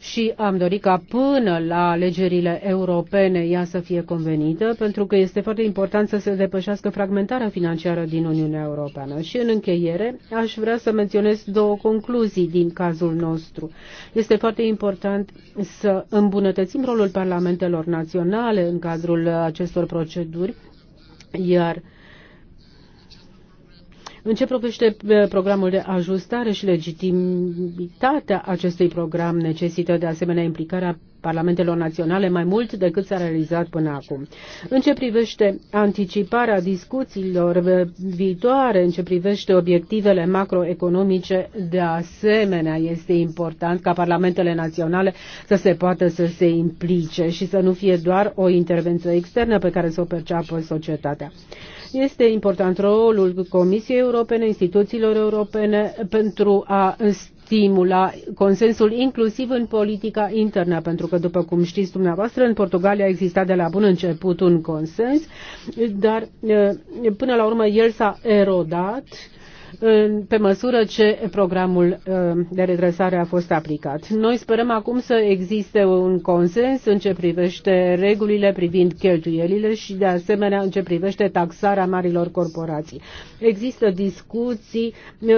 A: și am dorit ca până la alegerile europene ea să fie convenită, pentru că este foarte important să se depășească fragmentarea financiară din Uniunea Europeană. Și în încheiere aș vrea să menționez două concluzii din cazul nostru. Este foarte important să îmbunătățim rolul parlamentelor naționale în cadrul acestor proceduri, iar în ce privește programul de ajustare și legitimitatea acestui program necesită de asemenea implicarea parlamentelor naționale mai mult decât s-a realizat până acum. În ce privește anticiparea discuțiilor viitoare, în ce privește obiectivele macroeconomice, de asemenea este important ca parlamentele naționale să se poată să se implice și să nu fie doar o intervenție externă pe care să o perceapă societatea. Este important rolul Comisiei Europene, instituțiilor europene pentru a stimula consensul inclusiv în politica internă, pentru că, după cum știți dumneavoastră, în Portugalia a existat de la bun început un consens, dar eh, până la urmă el s-a erodat pe măsură ce programul uh, de redresare a fost aplicat. Noi sperăm acum să existe un consens în ce privește regulile privind cheltuielile și de asemenea în ce privește taxarea marilor corporații. Există discuții uh,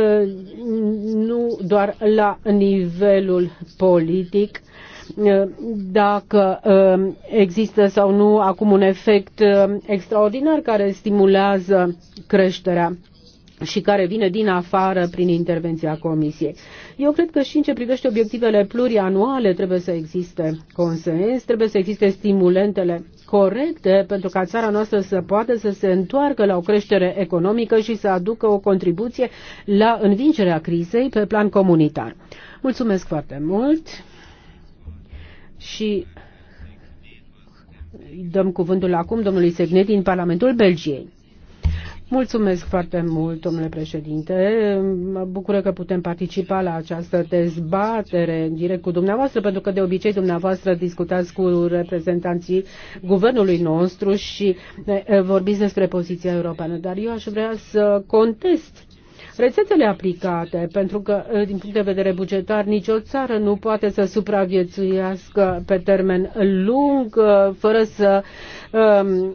A: nu doar la nivelul politic, uh, dacă există sau nu acum un efect extraordinar care stimulează creșterea și care vine din afară prin intervenția Comisiei. Eu cred că și în ce privește obiectivele plurianuale trebuie să existe consens, trebuie să existe stimulentele corecte pentru ca țara noastră să poată să se întoarcă la o creștere economică și să aducă o contribuție la învingerea crizei pe plan comunitar. Mulțumesc foarte mult și dăm cuvântul acum domnului Segnet din Parlamentul Belgiei. Mulțumesc foarte mult, domnule președinte. Mă bucură că putem participa la această dezbatere în direct cu dumneavoastră, pentru că de obicei dumneavoastră discutați cu reprezentanții guvernului nostru și vorbiți despre poziția europeană. Dar eu aș vrea să contest rețetele aplicate, pentru că, din punct de vedere bugetar, nicio țară nu poate să supraviețuiască pe termen lung fără să um,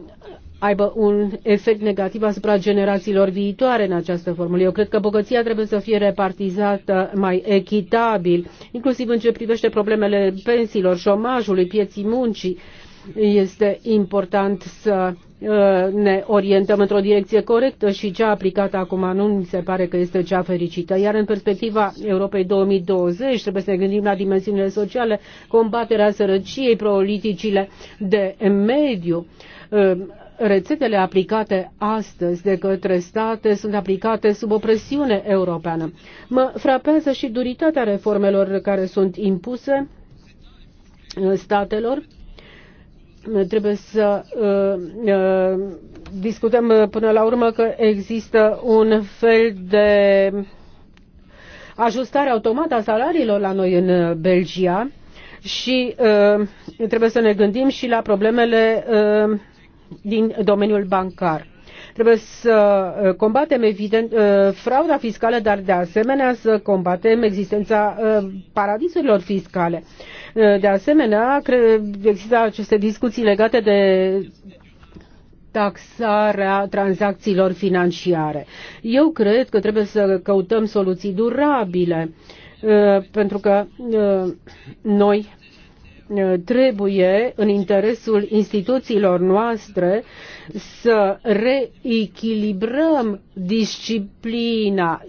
A: aibă un efect negativ asupra generațiilor viitoare în această formulă. Eu cred că bogăția trebuie să fie repartizată mai echitabil, inclusiv în ce privește problemele pensiilor, șomajului, pieții muncii. Este important să uh, ne orientăm într-o direcție corectă și cea aplicată acum nu mi se pare că este cea fericită. Iar în perspectiva Europei 2020 trebuie să ne gândim la dimensiunile sociale, combaterea sărăciei, politicile de mediu uh, rețetele aplicate astăzi de către state sunt aplicate sub o presiune europeană. Mă frapează și duritatea reformelor care sunt impuse uh, statelor. Uh, trebuie să uh, uh, discutăm uh, până la urmă că există un fel de ajustare automată a salariilor la noi în Belgia și uh, trebuie să ne gândim și la problemele uh, din domeniul bancar. Trebuie să uh, combatem, evident, uh, frauda fiscală, dar de asemenea să combatem existența uh, paradisurilor fiscale. De asemenea, există aceste discuții legate de taxarea tranzacțiilor financiare. Eu cred că trebuie să căutăm soluții durabile, pentru că noi trebuie, în interesul instituțiilor noastre, să reechilibrăm disciplina,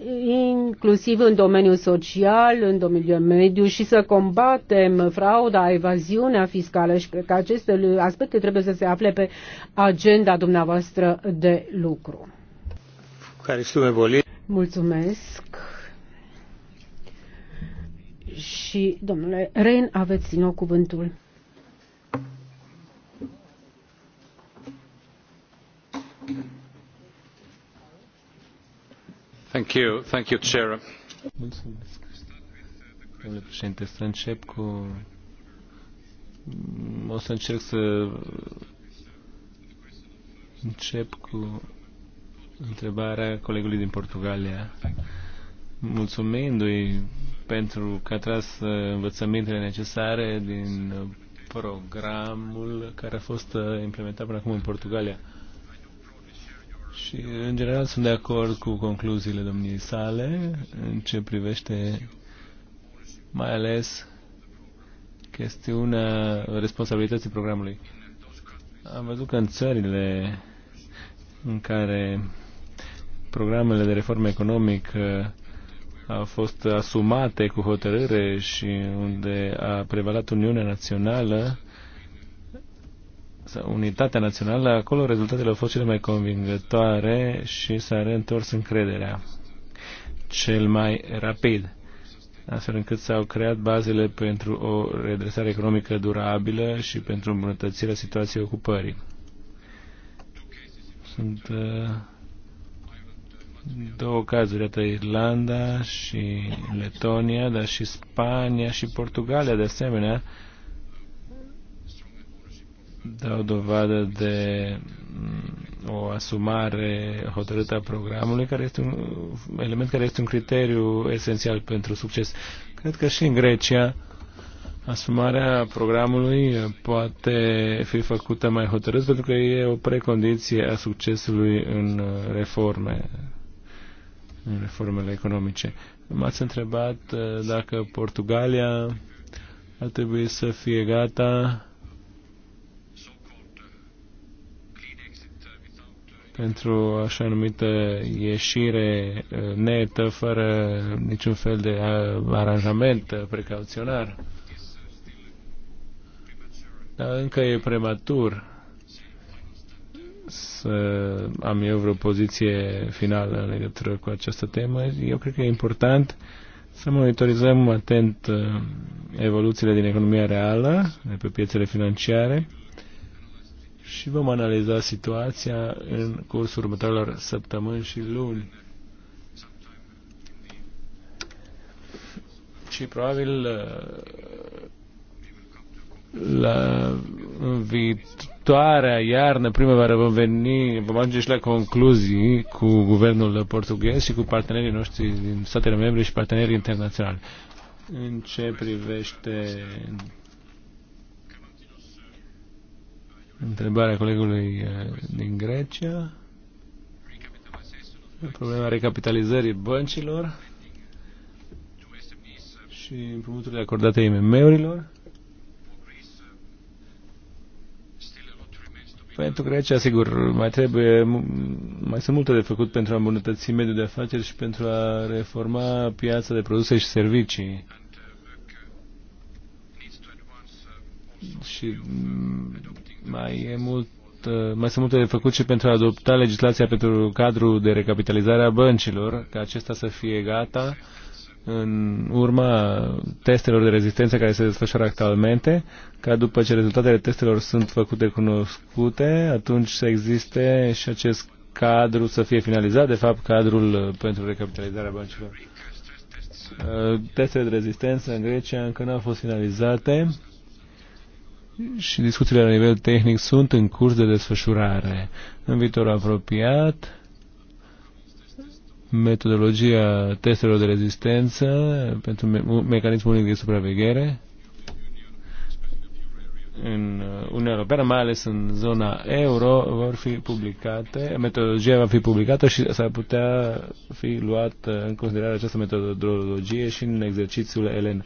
A: inclusiv în domeniul social, în domeniul mediu și să combatem frauda, evaziunea fiscală și cred că aceste aspecte trebuie să se afle pe agenda dumneavoastră de lucru. Mulțumesc. Și, domnule Ren, aveți din nou cuvântul.
D: Thank you. Thank you, Chair.
B: Mulțumesc. Domnule președinte, să încep cu... O să încerc să încep cu întrebarea colegului din Portugalia, mulțumindu-i pentru că a tras învățămintele necesare din programul care a fost uh, implementat până acum în Portugalia. Și, în general, sunt de acord cu concluziile domniei sale în ce privește mai ales chestiunea responsabilității programului. Am văzut că în țările în care programele de reformă economică au fost asumate cu hotărâre și unde a prevalat Uniunea Națională, sau unitatea națională, acolo rezultatele au fost cele mai convingătoare și s-a reîntors încrederea cel mai rapid, astfel încât s-au creat bazele pentru o redresare economică durabilă și pentru îmbunătățirea situației ocupării. Sunt uh, două cazuri, atât Irlanda și Letonia, dar și Spania și Portugalia de asemenea dau dovadă de mm, o asumare hotărâtă a programului, care este un element care este un criteriu esențial pentru succes. Cred că și în Grecia asumarea programului poate fi făcută mai hotărât pentru că e o precondiție a succesului în uh, reforme în reformele economice. M-ați întrebat uh, dacă Portugalia ar trebui să fie gata pentru așa numită ieșire uh, netă, fără niciun fel de uh, aranjament precauționar. Dar încă e prematur să am eu vreo poziție finală în legătură cu această temă. Eu cred că e important să monitorizăm atent uh, evoluțiile din economia reală, de pe piețele financiare și vom analiza situația în cursul următoarelor săptămâni și luni. Și probabil uh, la, în viitor următoarea iarnă, primăvară, vom veni, vom ajunge și la concluzii cu guvernul portughez și cu partenerii noștri din statele membre și partenerii internaționali. În ce privește întrebarea colegului eh, din Grecia, problema recapitalizării băncilor și împrumuturile acordate IMM-urilor, Pentru Grecia, sigur, mai trebuie, mai sunt multe de făcut pentru a îmbunătăți mediul de afaceri și pentru a reforma piața de produse și servicii. Și mai e mult mai sunt multe de făcut și pentru a adopta legislația pentru cadrul de recapitalizare a băncilor, ca acesta să fie gata în urma testelor de rezistență care se desfășoară actualmente, ca după ce rezultatele testelor sunt făcute cunoscute, atunci să existe și acest cadru să fie finalizat, de fapt cadrul uh, pentru recapitalizarea băncilor. Uh, testele de rezistență în Grecia încă nu au fost finalizate și discuțiile la nivel tehnic sunt în curs de desfășurare. În viitor apropiat, metodologia testelor de rezistență pentru me mecanismul unic de supraveghere în Uniunea Europeană, mai ales în zona euro, vor fi publicate, metodologia va fi publicată și s-ar putea fi luată în considerare această metodologie și în exercițiul Elen.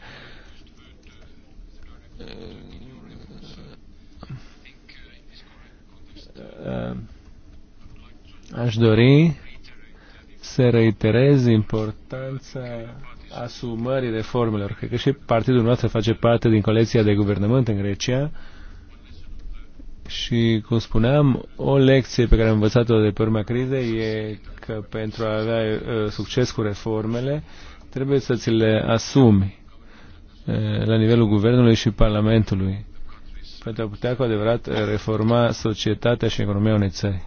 B: Aș dori să reiterez importanța asumării reformelor. Cred că și partidul nostru face parte din colecția de guvernământ în Grecia și, cum spuneam, o lecție pe care am învățat-o de pe urma crizei e că pentru a avea uh, succes cu reformele trebuie să ți le asumi uh, la nivelul guvernului și parlamentului pentru a putea cu adevărat uh, reforma societatea și economia unei țări.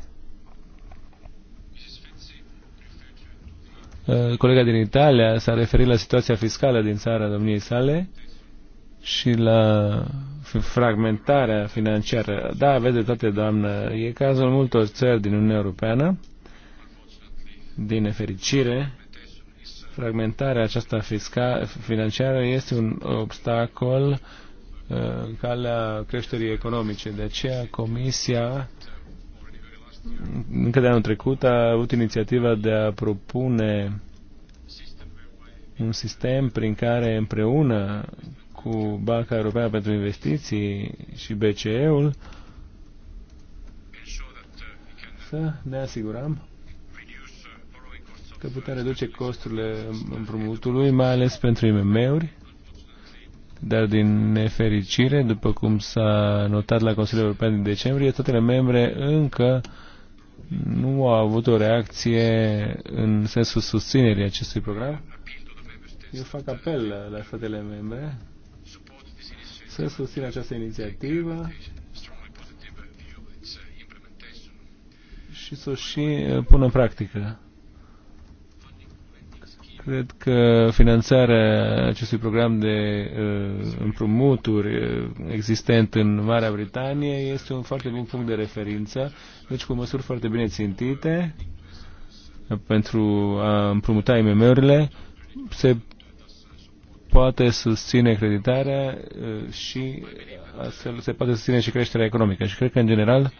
B: Eh, colega din Italia s-a referit la situația fiscală din țara domniei sale și la fragmentarea financiară. Da, vede toate, doamnă. E cazul multor țări din Uniunea Europeană. Din nefericire, fragmentarea aceasta fisca, financiară este un obstacol eh, în calea creșterii economice. De aceea Comisia încă de anul trecut a avut inițiativa de a propune un sistem prin care împreună cu Banca Europeană pentru Investiții și BCE-ul să ne asigurăm că putem reduce costurile împrumutului, mai ales pentru IMM-uri, dar din nefericire, după cum s-a notat la Consiliul European din decembrie, toate membre încă nu a avut o reacție în sensul susținerii acestui program. Eu fac apel la statele membre să susțină această inițiativă și să o și uh, pună în practică. Cred că finanțarea acestui program de uh, împrumuturi uh, existent în Marea Britanie este un foarte bun punct de referință, deci cu măsuri foarte bine țintite uh, pentru a împrumuta IMM-urile, se poate susține creditarea uh, și astfel se poate susține și creșterea economică. Și cred că, în general,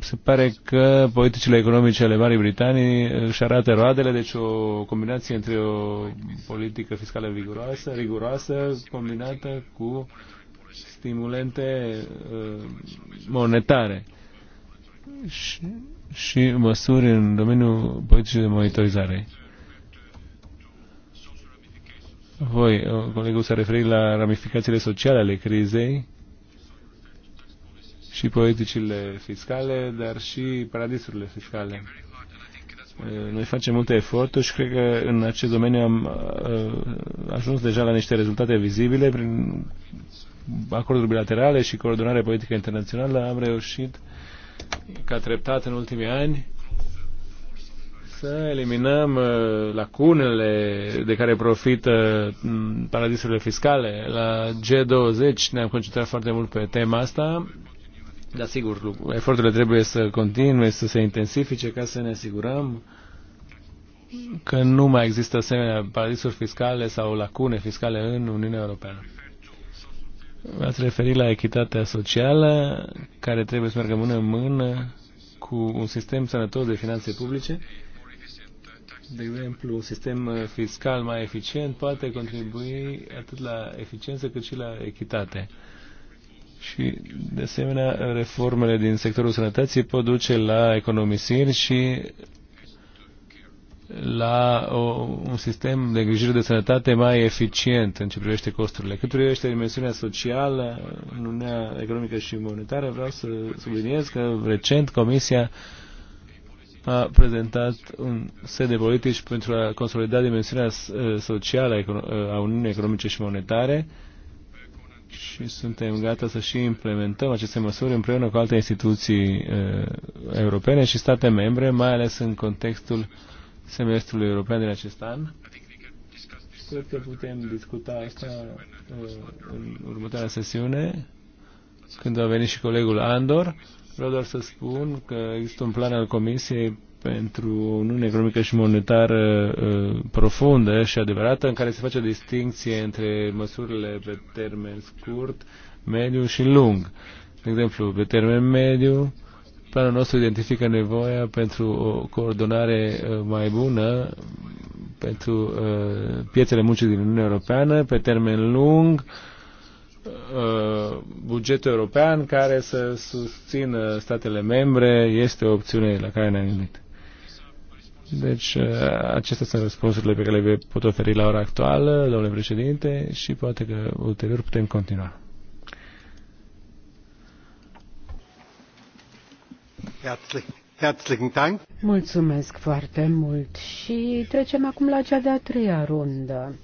B: se pare că politicile economice ale Marii Britanii își arată roadele, deci o combinație între o politică fiscală viguroasă, riguroasă, combinată cu stimulente uh, monetare și, și măsuri în domeniul politicii de monitorizare. Voi, uh, colegul s-a referit la ramificațiile sociale ale crizei și politicile fiscale, dar și paradisurile fiscale. Noi facem multe eforturi și cred că în acest domeniu am ajuns deja la niște rezultate vizibile. Prin acorduri bilaterale și coordonare politică internațională am reușit ca treptat în ultimii ani să eliminăm lacunele de care profită paradisurile fiscale. La G20 ne-am concentrat foarte mult pe tema asta da, sigur, eforturile trebuie să continue, să se intensifice ca să ne asigurăm că nu mai există asemenea paradisuri fiscale sau lacune fiscale în Uniunea Europeană. V-ați referit la echitatea socială, care trebuie să meargă mână în mână cu un sistem sănătos de finanțe publice. De exemplu, un sistem fiscal mai eficient poate contribui atât la eficiență cât și la echitate. Și, de asemenea, reformele din sectorul sănătății pot duce la economisiri și la o, un sistem de îngrijire de sănătate mai eficient în ce privește costurile. Cât privește dimensiunea socială, în Uniunea Economică și Monetară, vreau să subliniez că recent Comisia a prezentat un set de politici pentru a consolida dimensiunea socială a Uniunii Economice și Monetare, și suntem gata să și implementăm aceste măsuri împreună cu alte instituții uh, europene și state membre, mai ales în contextul semestrului european din acest an. Cred că putem discuta asta uh, în următoarea sesiune, când va veni și colegul Andor. Vreau doar să spun că există un plan al Comisiei pentru o uniune economică și monetară uh, profundă și adevărată, în care se face o distinție între măsurile pe termen scurt, mediu și lung. De exemplu, pe termen mediu, planul nostru identifică nevoia pentru o coordonare uh, mai bună pentru uh, piețele muncii din Uniunea Europeană, pe termen lung, bugetul european care să susțină statele membre este o opțiune la care ne-am gândit. Deci, uh, acestea sunt răspunsurile pe care le pot oferi la ora actuală, domnule președinte, și poate că ulterior putem continua.
A: Mulțumesc foarte mult și trecem acum la cea de-a treia rundă.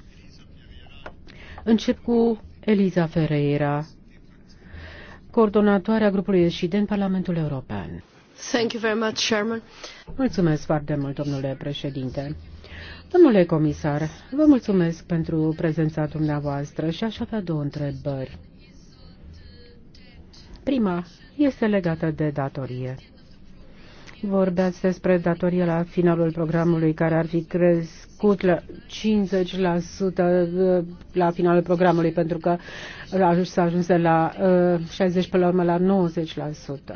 A: Încep cu Eliza Ferreira, coordonatoarea grupului în Parlamentul European. Mulțumesc foarte mult, domnule președinte. Domnule comisar, vă mulțumesc pentru prezența dumneavoastră și aș avea două întrebări. Prima este legată de datorie. Vorbeați despre datorie la finalul programului care ar fi crescut la 50% uh, la finalul programului pentru că s-a ajuns la 60% uh, până la urmă la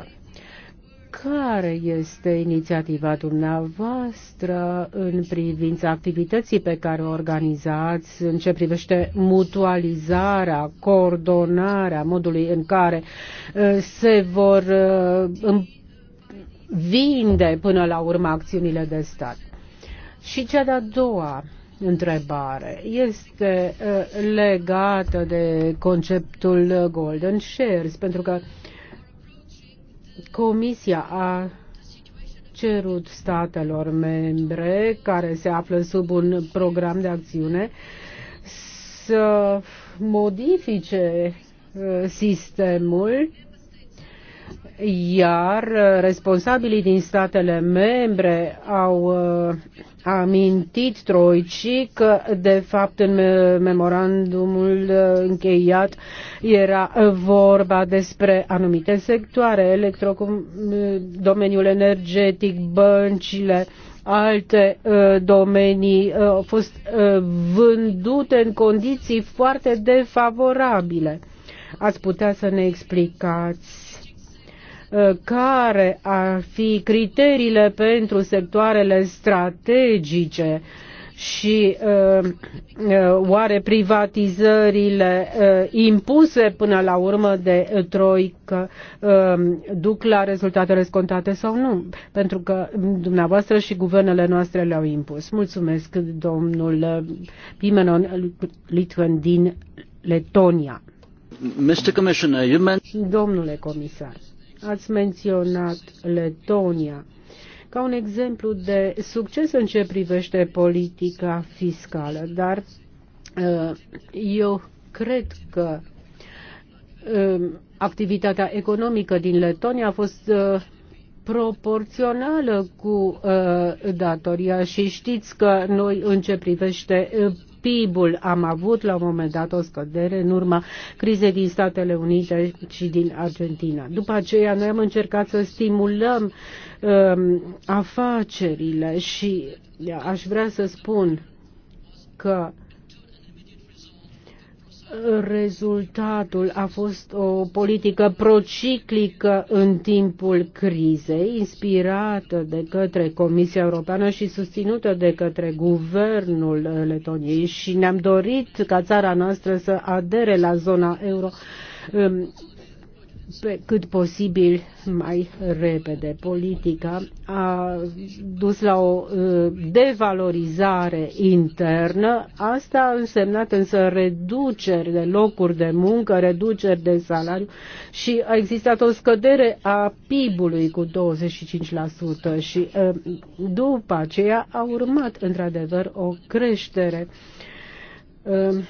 A: 90% care este inițiativa dumneavoastră în privința activității pe care o organizați, în ce privește mutualizarea, coordonarea modului în care uh, se vor uh, vinde până la urmă acțiunile de stat? Și cea de-a doua întrebare este uh, legată de conceptul Golden Shares, pentru că uh, Comisia a cerut statelor membre care se află sub un program de acțiune să modifice uh, sistemul iar uh, responsabilii din statele membre au uh, amintit Troicii că, de fapt, în memorandumul uh, încheiat era vorba despre anumite sectoare, electrocum, domeniul energetic, băncile, alte domenii au fost vândute în condiții foarte defavorabile. Ați putea să ne explicați Uh, care ar fi criteriile pentru sectoarele strategice și uh, uh, oare privatizările uh, impuse până la urmă de troică uh, duc la rezultatele scontate sau nu? Pentru că dumneavoastră și guvernele noastre le-au impus. Mulțumesc, domnul Pimenon Litven din Letonia.
D: Mr. Commissioner, you meant...
A: Domnule comisar, Ați menționat Letonia ca un exemplu de succes în ce privește politica fiscală, dar uh, eu cred că uh, activitatea economică din Letonia a fost uh, proporțională cu datoria și știți că noi în ce privește PIB-ul. Am avut la un moment dat o scădere în urma crizei din Statele Unite și din Argentina. După aceea noi am încercat să stimulăm um, afacerile și aș vrea să spun că rezultatul a fost o politică prociclică în timpul crizei, inspirată de către Comisia Europeană și susținută de către guvernul Letoniei și ne-am dorit ca țara noastră să adere la zona euro pe cât posibil mai repede. Politica a dus la o uh, devalorizare internă. Asta a însemnat însă reduceri de locuri de muncă, reduceri de salariu și a existat o scădere a PIB-ului cu 25% și uh, după aceea a urmat într-adevăr o creștere uh,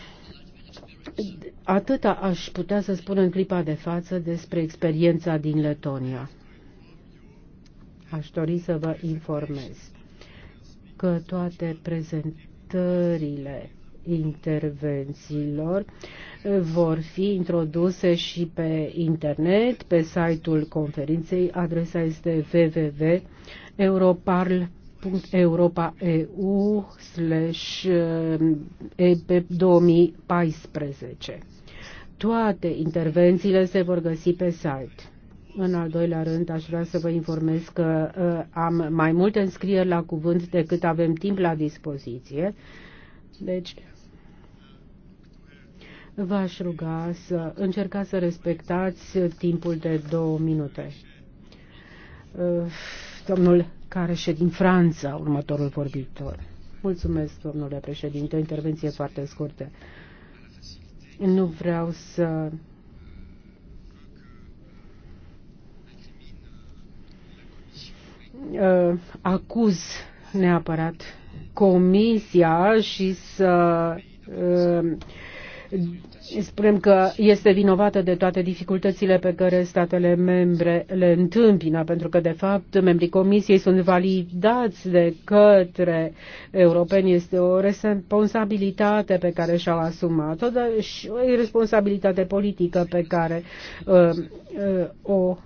A: Atâta aș putea să spun în clipa de față despre experiența din Letonia. Aș dori să vă informez că toate prezentările intervențiilor vor fi introduse și pe internet, pe site-ul conferinței. Adresa este www.europarl.com europa.eu slash ep eh, 2014. Toate intervențiile se vor găsi pe site. În al doilea rând, aș vrea să vă informez că uh, am mai multe înscrieri la cuvânt decât avem timp la dispoziție. Deci, v-aș ruga să încercați să respectați timpul de două minute. Uh, domnul care și din Franța, următorul vorbitor. Mulțumesc, domnule președinte, o intervenție foarte scurtă. Nu vreau să uh, acuz neapărat comisia și să uh, spunem că este vinovată de toate dificultățile pe care statele membre le întâmpină, pentru că, de fapt, membrii Comisiei sunt validați de către europeni. Este o responsabilitate pe care și-au asumat-o și o responsabilitate politică pe care uh, uh, o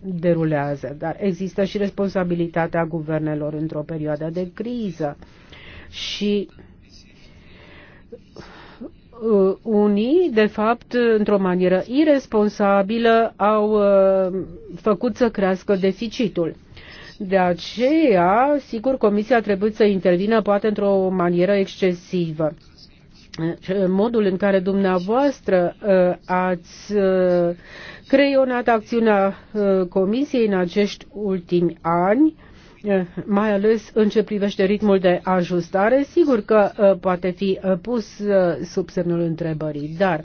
A: derulează. Dar există și responsabilitatea guvernelor într-o perioadă de criză. Și Uh, unii, de fapt, într-o manieră irresponsabilă, au uh, făcut să crească deficitul. De aceea, sigur, Comisia trebuie să intervină poate într-o manieră excesivă. Uh, modul în care dumneavoastră ați creionat acțiunea Comisiei în acești ultimi ani mai ales în ce privește ritmul de ajustare, sigur că poate fi pus sub semnul întrebării, dar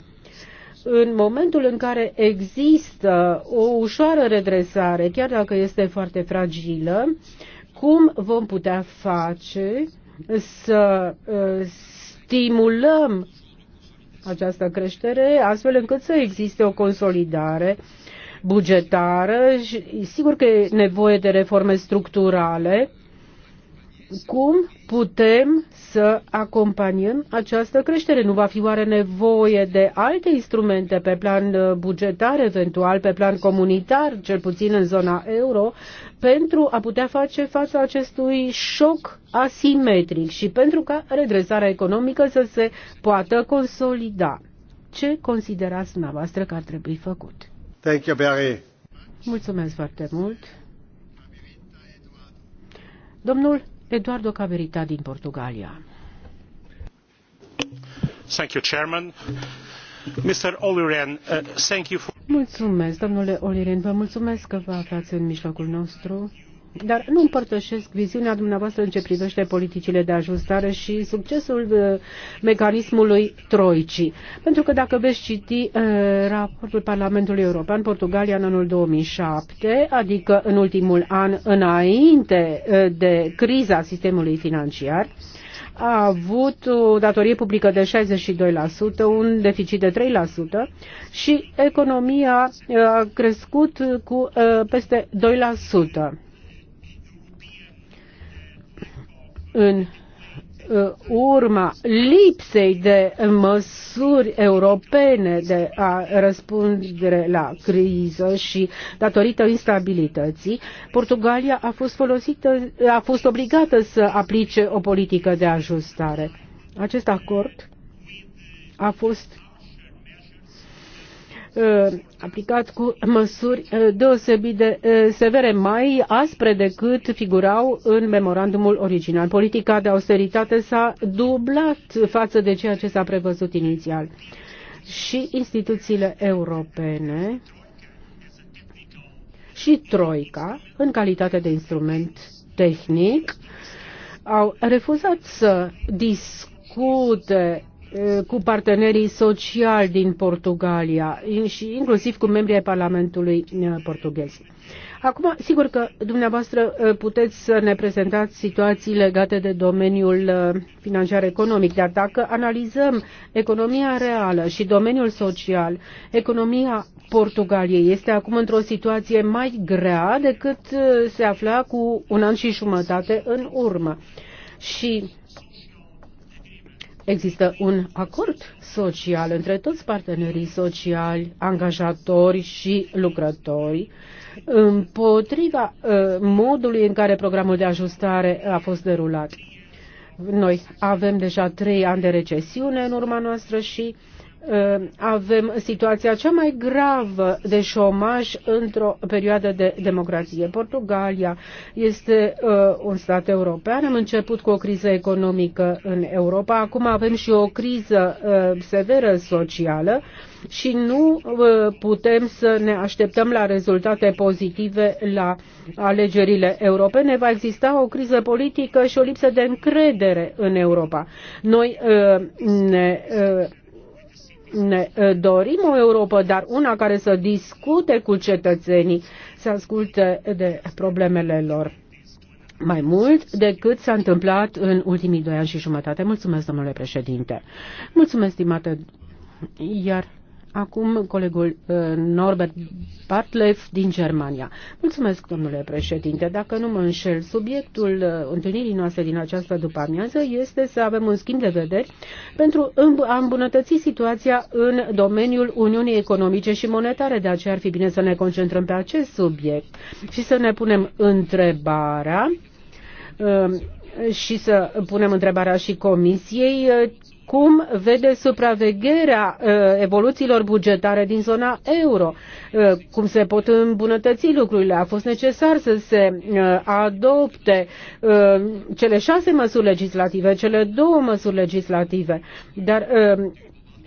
A: în momentul în care există o ușoară redresare, chiar dacă este foarte fragilă, cum vom putea face să stimulăm această creștere astfel încât să existe o consolidare bugetară și sigur că e nevoie de reforme structurale. Cum putem să acompaniem această creștere? Nu va fi oare nevoie de alte instrumente pe plan uh, bugetar, eventual pe plan comunitar, cel puțin în zona euro, pentru a putea face față acestui șoc asimetric și pentru ca redresarea economică să se poată consolida? Ce considerați dumneavoastră că ar trebui făcut?
D: Thank you, Barry.
A: Mulțumesc foarte mult. Domnul Eduardo Caverita din Portugalia.
D: Thank you, Chairman. Mr. Oliren, uh,
B: thank you for...
A: Mulțumesc, domnule Oliren, vă mulțumesc că vă aflați în mijlocul nostru dar nu împărtășesc viziunea dumneavoastră în ce privește politicile de ajustare și succesul uh, mecanismului Troicii. Pentru că dacă veți citi uh, raportul Parlamentului European, Portugalia în anul 2007, adică în ultimul an înainte uh, de criza sistemului financiar, a avut o datorie publică de 62%, un deficit de 3% și economia a crescut cu peste 2%. în uh, urma lipsei de măsuri europene de a răspundere la criză și datorită instabilității, Portugalia a fost, folosită, a fost obligată să aplice o politică de ajustare. Acest acord a fost Uh, aplicat cu măsuri uh, deosebit de uh, severe, mai aspre decât figurau în memorandumul original. Politica de austeritate s-a dublat față de ceea ce s-a prevăzut inițial. Și instituțiile europene și Troica, în calitate de instrument tehnic, au refuzat să discute cu partenerii sociali din Portugalia și inclusiv cu membrii ai Parlamentului portughez. Acum, sigur că dumneavoastră puteți să ne prezentați situații legate de domeniul financiar economic, dar dacă analizăm economia reală și domeniul social, economia Portugaliei este acum într-o situație mai grea decât se afla cu un an și jumătate în urmă. Și Există un acord social între toți partenerii sociali, angajatori și lucrători împotriva uh, modului în care programul de ajustare a fost derulat. Noi avem deja trei ani de recesiune în urma noastră și uh, Uh, avem situația cea mai gravă de șomaj într-o perioadă de democrație. Portugalia este uh, un stat european, am început cu o criză economică în Europa, acum avem și o criză uh, severă socială și nu putem să ne așteptăm la rezultate pozitive la alegerile europene. Va exista o criză politică și o lipsă de încredere în Europa. Noi ne ne dorim o Europa, dar una care să discute cu cetățenii, să asculte de problemele lor mai mult decât s-a întâmplat în ultimii doi ani și jumătate. Mulțumesc, domnule președinte. Mulțumesc, stimate. Iar Acum colegul uh, Norbert Bartleff din Germania. Mulțumesc, domnule președinte. Dacă nu mă înșel, subiectul uh, întâlnirii noastre din această după-amiază este să avem un schimb de vederi pentru a îmbunătăți situația în domeniul Uniunii Economice și Monetare. De aceea ar fi bine să ne concentrăm pe acest subiect și să ne punem întrebarea uh, și să punem întrebarea și Comisiei cum vede supravegherea uh, evoluțiilor bugetare din zona euro, uh, cum se pot îmbunătăți lucrurile. A fost necesar să se uh, adopte cele șase măsuri legislative, cele două măsuri legislative, dar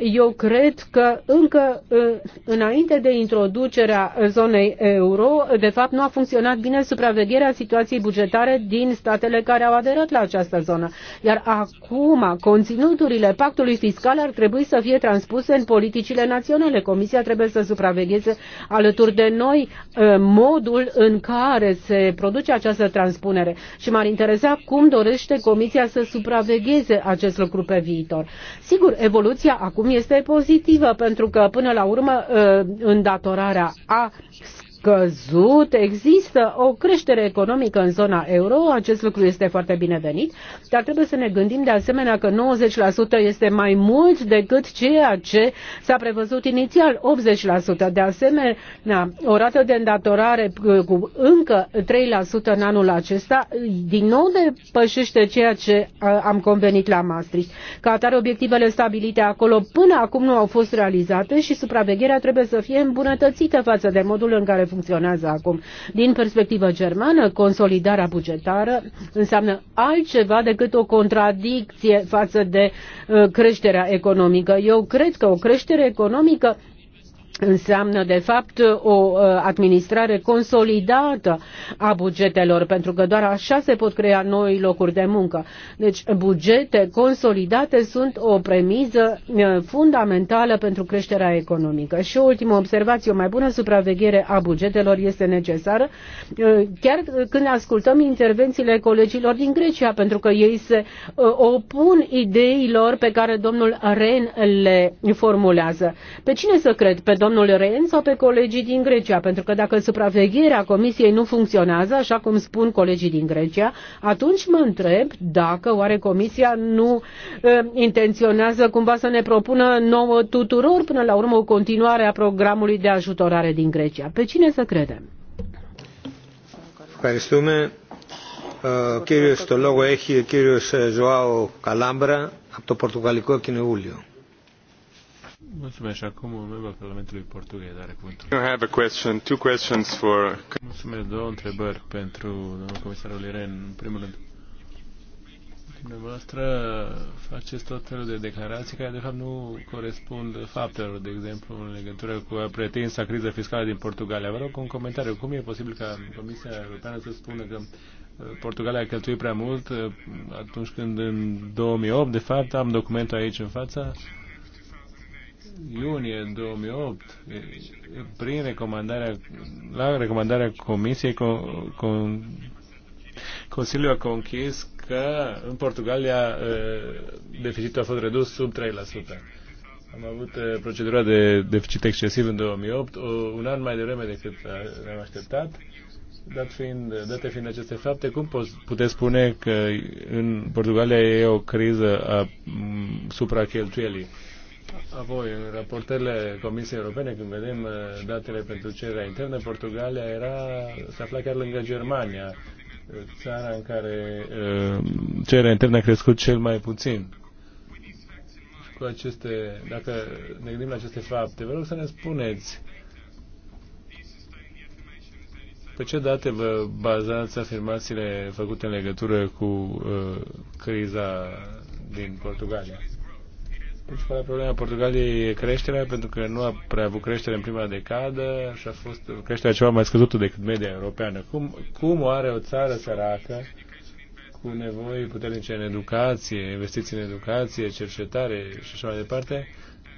A: eu cred că încă uh, înainte de introducerea zonei euro, de fapt nu a funcționat bine supravegherea situației bugetare din statele care au aderat la această zonă. Iar acum conținuturile pactului fiscal ar trebui să fie transpuse în politicile naționale. Comisia trebuie să supravegheze alături de noi uh, modul în care se produce această transpunere. Și m-ar interesa cum dorește Comisia să supravegheze acest lucru pe viitor. Sigur, evoluția acum este pozitivă pentru că până la urmă ă, îndatorarea a scăzut, există o creștere economică în zona euro, acest lucru este foarte binevenit, dar trebuie să ne gândim de asemenea că 90% este mai mult decât ceea ce s-a prevăzut inițial, 80%. De asemenea, o rată de îndatorare cu încă 3% în anul acesta, din nou depășește ceea ce am convenit la Maastricht. Ca atare, obiectivele stabilite acolo până acum nu au fost realizate și supravegherea trebuie să fie îmbunătățită față de modul în care funcționează acum. Din perspectivă germană, consolidarea bugetară înseamnă altceva decât o contradicție față de uh, creșterea economică. Eu cred că o creștere economică înseamnă de fapt o uh, administrare consolidată a bugetelor, pentru că doar așa se pot crea noi locuri de muncă. Deci bugete consolidate sunt o premiză uh, fundamentală pentru creșterea economică. Și o ultimă observație, o mai bună supraveghere a bugetelor este necesară, uh, chiar când ascultăm intervențiile colegilor din Grecia, pentru că ei se opun ideilor pe care domnul Ren le formulează. Pe cine să cred? Pe domnul Ren sau pe colegii din Grecia, pentru că dacă supravegherea Comisiei nu funcționează, așa cum spun colegii din Grecia, atunci mă întreb dacă oare Comisia nu e, eh, intenționează cumva să ne propună nouă tuturor până la urmă o continuare a programului de ajutorare din Grecia. Pe cine să credem?
D: Ευχαριστούμε.
B: Kirios κύριος το λόγο έχει ο κύριος Ζωάο Καλάμπρα από το Πορτογαλικό Κοινοβούλιο. Mulțumesc. acum un membru al Parlamentului Portughez are cuvântul. I have a question, two questions for... Mulțumesc. Două întrebări pentru domnul comisarul Liren. În primul rând, dumneavoastră faceți tot felul de declarații care de fapt nu corespund faptelor, de exemplu în legătură cu pretinsa criză fiscală din Portugalia. Vă rog un comentariu. Cum e posibil ca Comisia Europeană să spună că uh, Portugalia a cheltuit prea mult uh, atunci când în 2008, de fapt, am documentul aici în fața, iunie 2008, prin recomandarea, la recomandarea Comisiei, con, con, Consiliul a conchis că în Portugalia deficitul a fost redus sub 3%. Am avut procedura de deficit excesiv în 2008, O un an mai devreme decât ne-am așteptat. Dat fiind, date fiind aceste fapte, cum puteți spune că în Portugalia e o criză a supracheltuielii? Apoi, în raportele Comisiei Europene, când vedem uh, datele pentru cererea internă, Portugalia era, se afla chiar lângă Germania, uh, țara în care uh, cererea internă a crescut cel mai puțin. Cu aceste, dacă ne gândim la aceste fapte, vă rog să ne spuneți pe ce date vă bazați afirmațiile făcute în legătură cu uh, criza din Portugalia? Principala problema a Portugaliei e creșterea, pentru că nu a prea avut creștere în prima decadă și a fost creșterea ceva mai scăzută decât media europeană. Cum, cum o are o țară săracă cu nevoi puternice în educație, investiții în educație, cercetare și așa mai departe,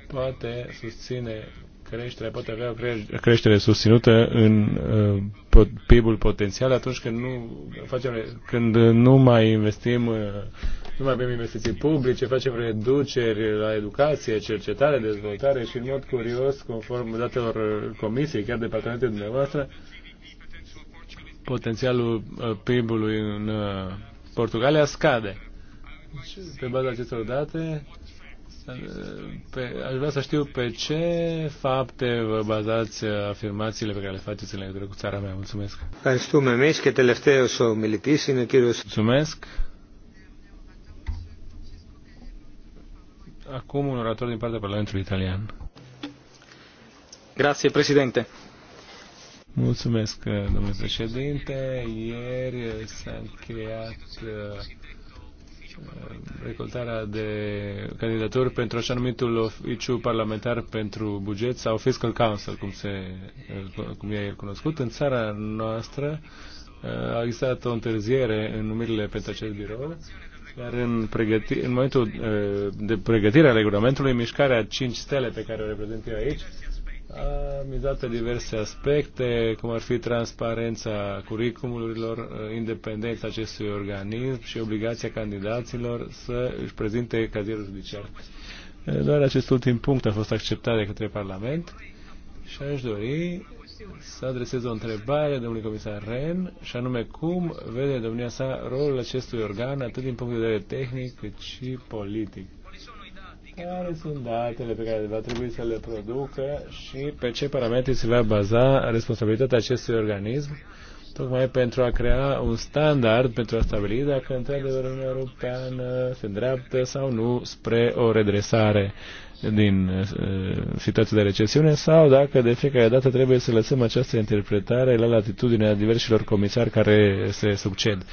B: poate susține creșterea poate avea o creștere susținută în uh, PIB-ul potențial atunci când nu, facem, când nu mai investim, uh, nu mai avem investiții publice, facem reduceri la educație, cercetare, dezvoltare și în mod curios, conform datelor comisiei, chiar departamentului dumneavoastră, potențialul uh, PIB-ului în Portugalia scade. Pe baza acestor date, pe, aș vrea să știu pe ce fapte vă bazați afirmațiile pe care le faceți în legătură cu țara mea. Mulțumesc. Mulțumesc. Acum un orator din partea Parlamentului Italian. Grazie, președinte. Mulțumesc, domnule președinte. Ieri s-a încheiat uh, recoltarea de candidaturi pentru așa numitul oficiu parlamentar pentru buget sau Fiscal Council, cum, se, cum e el cunoscut. În țara noastră a existat o întârziere în numirile pentru acest birou, dar în, pregăti, în momentul eh, de pregătire a regulamentului, mișcarea 5 stele pe care o reprezint eu aici, a mizat pe diverse aspecte, cum ar fi transparența curicumurilor, uh, independența acestui organism și obligația candidaților să își prezinte cazierul judiciar. Uh, doar acest ultim punct a fost acceptat de către Parlament și aș dori să adresez o întrebare domnului comisar Ren și anume cum vede domnia sa rolul acestui organ atât din punct de vedere tehnic cât și politic care sunt datele pe care va trebui să le producă și pe ce parametri se va baza responsabilitatea acestui organism, tocmai pentru a crea un standard pentru a stabili dacă într-adevăr Uniunea Europeană se îndreaptă sau nu spre o redresare din uh, situația de recesiune sau dacă de fiecare dată trebuie să lăsăm această interpretare la latitudinea diversilor comisari care se succed.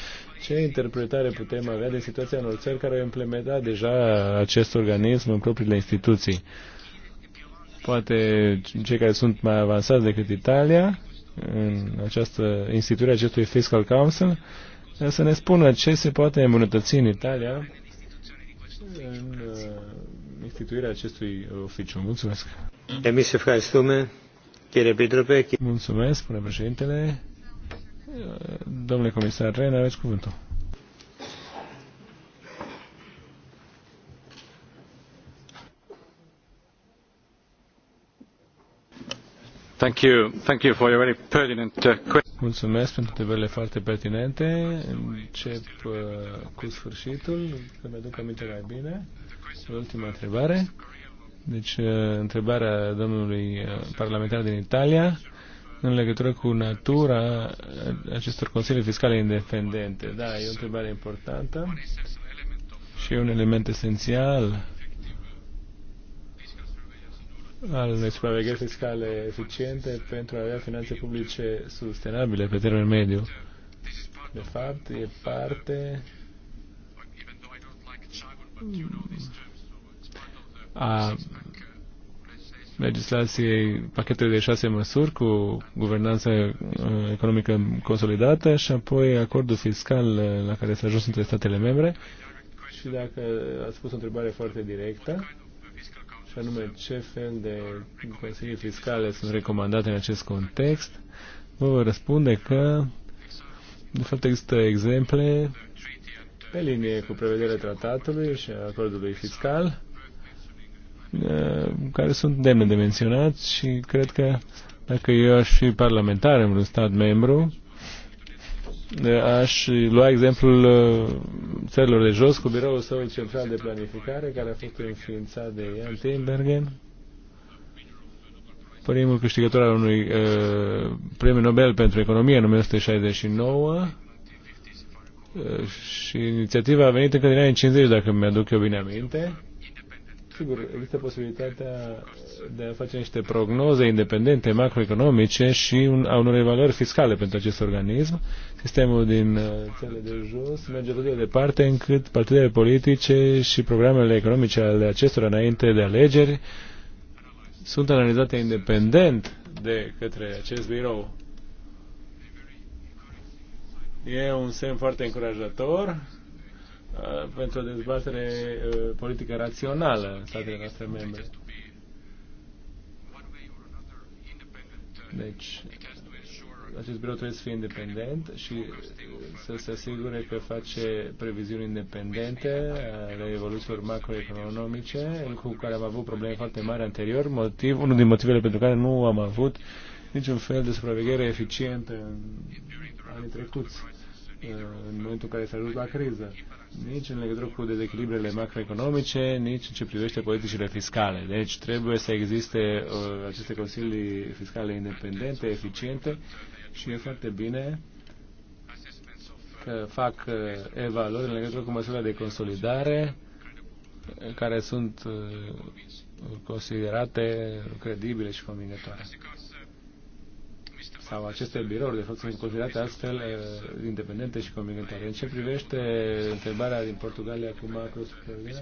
B: Ce interpretare putem avea de situația unor țări care au implementat deja acest organism în propriile instituții? Poate cei care sunt mai avansați decât Italia în această instituire acestui Fiscal Council să ne spună ce se poate îmbunătăți în Italia în uh, instituirea acestui oficiu. Mulțumesc! Mulțumesc, spune președintele. Domnule comisar Reina, aveți cuvântul.
D: Thank you. Thank you for your very pertinent uh,
B: Mulțumesc pentru întrebările foarte pertinente. Încep uh, cu sfârșitul, că mi-aduc aminte mai bine. Ultima întrebare. Deci, uh, întrebarea domnului uh, parlamentar din Italia în legătură cu natura acestor consilii fiscale independente. Da, e o întrebare importantă și e un element esențial al unei supravegheri fiscale eficiente pentru a avea finanțe publice sustenabile pe termen mediu. De fapt, e parte a legislației pachetului de șase măsuri cu guvernanță uh, economică consolidată și apoi acordul fiscal uh, la care s-a ajuns între statele membre. Și dacă ați spus o întrebare foarte directă, și anume ce fel de consilii fiscale sunt recomandate în acest context, vă voi răspunde că de fapt există exemple pe linie cu prevederea tratatului și acordului fiscal Uh, care sunt demne de menționat și cred că dacă eu aș fi parlamentar în un stat membru, uh, aș lua exemplul uh, țărilor de jos cu biroul său central de planificare, care a fost înființat de Jan Timbergen, primul câștigător al unui uh, premiu Nobel pentru economie în 1969 uh, și inițiativa a venit încă din anii 50, dacă mi-aduc eu bine aminte sigur, există posibilitatea de a face niște prognoze independente macroeconomice și un, a unor evaluări fiscale pentru acest organism. Sistemul din uh, țele de jos merge atât de departe încât partidele politice și programele economice ale acestora înainte de alegeri sunt analizate independent de către acest birou. E un semn foarte încurajator Uh, pentru o dezbatere uh, politică rațională în statele noastre membre. Deci, acest birou trebuie să fie independent și uh, să se asigure că face previziuni independente ale evoluțiilor macroeconomice, lucru cu care am avut probleme foarte mari anterior, motiv, unul din motivele pentru care nu am avut niciun fel de supraveghere eficientă în anii trecuți Uh, în momentul în care s-a ajuns la criză, nici în legătură cu dezechilibrele macroeconomice, nici în ce privește politicile fiscale. Deci trebuie să existe uh, aceste consilii fiscale independente, eficiente și e foarte bine că fac uh, evaluări în legătură cu măsurile de consolidare care sunt considerate credibile și convingătoare sau aceste birouri, de fapt, sunt considerate astfel eh, independente și convingătoare. În ce privește întrebarea din Portugalia cu Macro eh,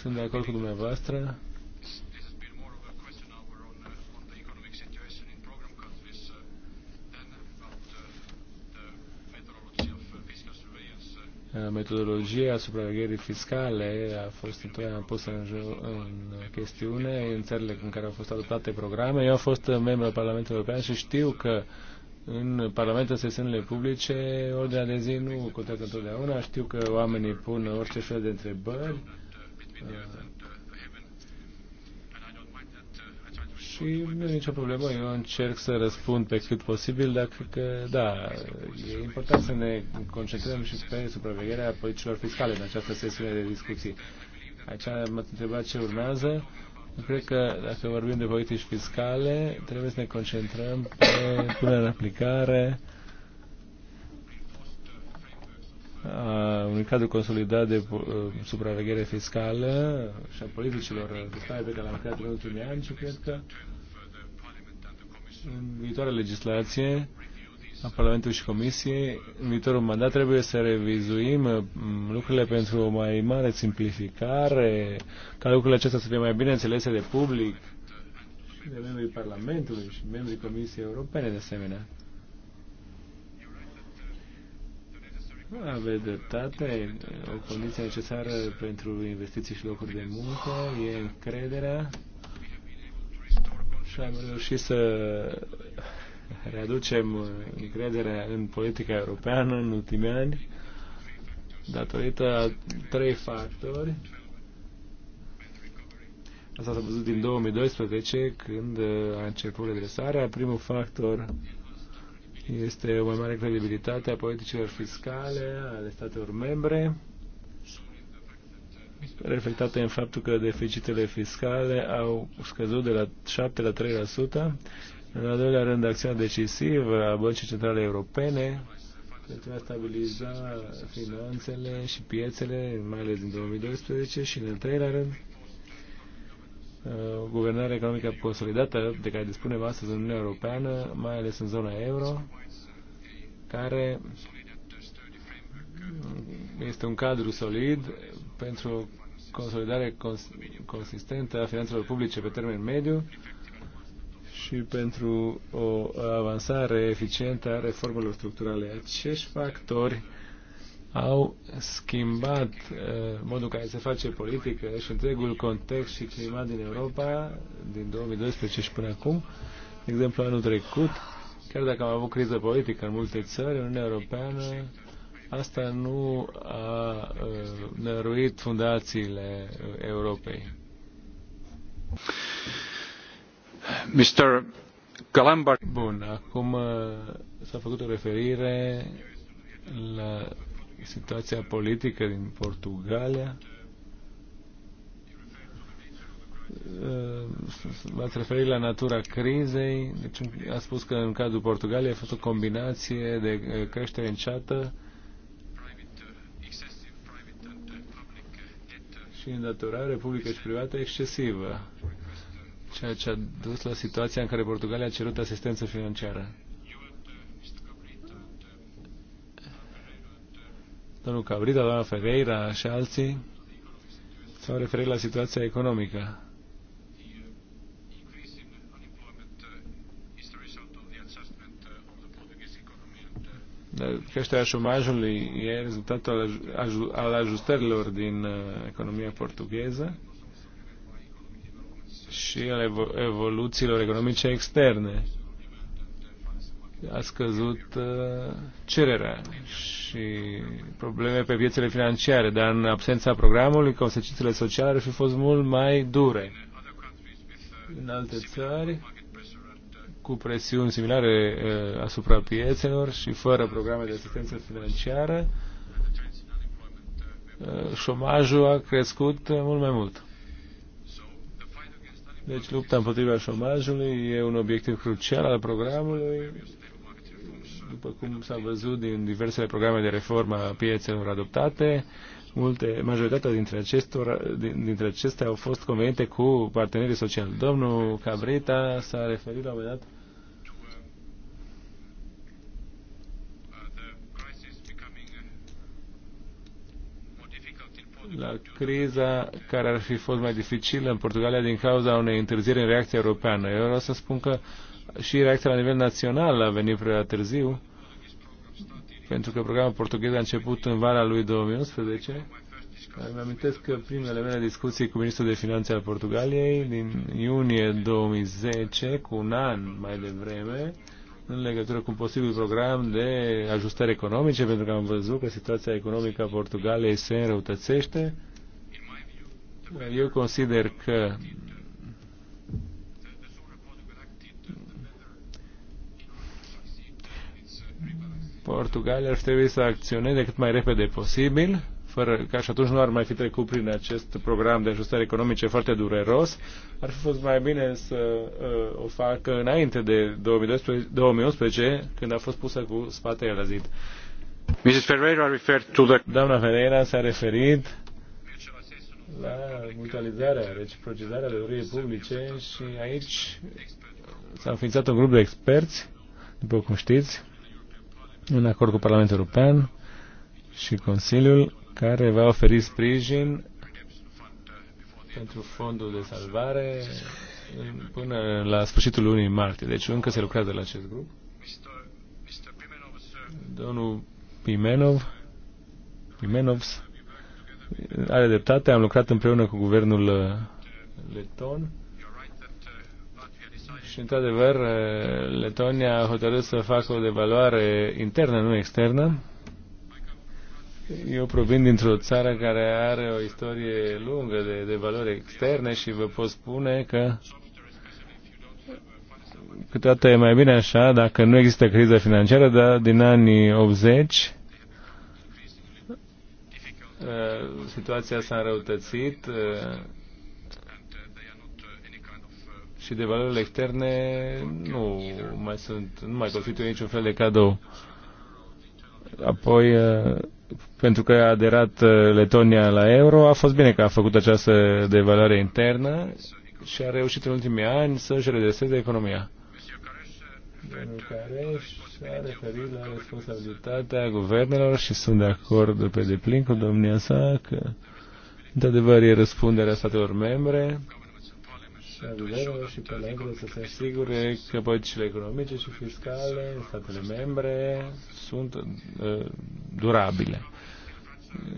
B: Sunt de acord cu dumneavoastră Uh, metodologia supravegherii fiscale a fost întotdeauna pusă în, în chestiune în țările în care au fost adoptate programe. Eu am fost membru al Parlamentului European și știu că în Parlamentul sesiunile publice ordinea de zi nu contează întotdeauna. Știu că oamenii pun orice fel de întrebări uh, Și nu e nicio problemă, eu încerc să răspund pe cât posibil, dar cred că, da, e important să ne concentrăm și pe supravegherea politicilor fiscale în această sesiune de discuții. Aici m-ați întrebat ce urmează. cred că dacă vorbim de politici fiscale, trebuie să ne concentrăm pe punerea în aplicare a uh, unui cadru consolidat de uh, supraveghere fiscală și a politicilor fiscale pe care le-am creat în ultimii ani și cred că în viitoare legislație a Parlamentului și Comisiei, în viitorul mandat trebuie să revizuim uh, lucrurile pentru o mai mare simplificare, ca lucrurile acestea să fie mai bine înțelese de public și de membrii Parlamentului și membrii Comisiei Europene de asemenea. Aveți dreptate. O condiție necesară pentru investiții și locuri de muncă e încrederea și am reușit să readucem încrederea în politica europeană în ultimii ani datorită a trei factori. Asta s-a văzut din 2012 când a început redresarea. Primul factor este o mai mare credibilitate a politicilor fiscale ale statelor membre, reflectată în faptul că deficitele fiscale au scăzut de la 7 la 3%. În al doilea rând, acțiunea decisivă a Băncii Centrale Europene pentru a stabiliza finanțele și piețele, mai ales din 2012 și în al treilea rând, Uh, guvernare economică consolidată de care dispunem astăzi în Uniunea Europeană, mai ales în zona euro, care este un cadru solid pentru consolidare cons consistentă a finanțelor publice pe termen mediu și pentru o avansare eficientă a reformelor structurale. Acești factori au schimbat uh, modul în care se face politică și întregul context și climat din Europa din 2012 și până acum. De exemplu, anul trecut, chiar dacă am avut criză politică în multe țări, Uniunea Europeană asta nu a uh, năruit fundațiile uh, Europei. Mr. Galambar. Bun, acum uh, s-a făcut o referire la situația politică din Portugalia. Uh, v-ați referit la natura crizei, deci a spus că în cazul Portugaliei a fost o combinație de uh, creștere înceată și îndatorare publică și privată excesivă, ceea ce a dus la situația în care Portugalia a cerut asistență financiară. domnul Cabrita, doamna Ferreira și alții s-au referit la situația economică. creșterea șomajului e rezultatul al ajustărilor din uh, economia portugheză și al evoluțiilor economice externe a scăzut uh, cererea și probleme pe piețele financiare, dar în absența programului, consecințele sociale ar fi fost mult mai dure. În alte țări, cu presiuni similare uh, asupra piețelor și fără programe de asistență financiară, uh, șomajul a crescut mult mai mult. Deci lupta împotriva șomajului e un obiectiv crucial al programului după cum s-a văzut din diversele programe de reformă a piețelor adoptate, multe, majoritatea dintre, acestor, dintre acestea au fost conveniente cu partenerii sociali. Domnul Cabrita s-a referit la un moment dat la criza care ar fi fost mai dificilă în Portugalia din cauza unei întârzieri în reacția europeană. Eu vreau să spun că uh, și reacția la nivel național a venit prea târziu, pentru că programul portughez a început în vara lui 2011. Îmi amintesc că primele mele discuții cu ministrul de finanțe al Portugaliei din iunie 2010, cu un an mai devreme, în legătură cu un posibil program de ajustări economice, pentru că am văzut că situația economică a Portugaliei se înrăutățește. Eu consider că Portugalia ar trebui să acționeze cât mai repede posibil, fără ca și atunci nu ar mai fi trecut prin acest program de ajustare economice foarte dureros. Ar fi fost mai bine să uh, o facă înainte de 2012, 2011, când a fost pusă cu spatele la zid. Mrs. Ferreira referred to the... Doamna Ferreira s-a referit la mutualizarea, reciprocizarea de urie publice și aici s-a înființat un grup de experți, după cum știți, în acord cu Parlamentul European și Consiliul, care va oferi sprijin pentru fondul de salvare până la sfârșitul lunii martie. Deci încă se lucrează la acest grup. Domnul Pimenov, Pimenovs, are dreptate, am lucrat împreună cu guvernul leton și, într-adevăr, Letonia a hotărât să facă o devaluare internă, nu externă. Eu provin dintr-o țară care are o istorie lungă de devaluare externe și vă pot spune că câteodată e mai bine așa dacă nu există criza financiară, dar din anii 80 situația s-a înrăutățit și de valorile externe nu mai sunt, nu mai constituie niciun fel de cadou. Apoi, eh, pentru că a aderat eh, Letonia la euro, a fost bine că a făcut această devaluare internă și a reușit în ultimii ani să-și redreseze economia. Domnul Careș a referit la responsabilitatea guvernelor și sunt de acord pe deplin cu domnia sa că, de adevăr, e răspunderea statelor membre guvernul și lângă deci, să se asigure că băcile economice și fiscale în statele membre sunt uh, durabile.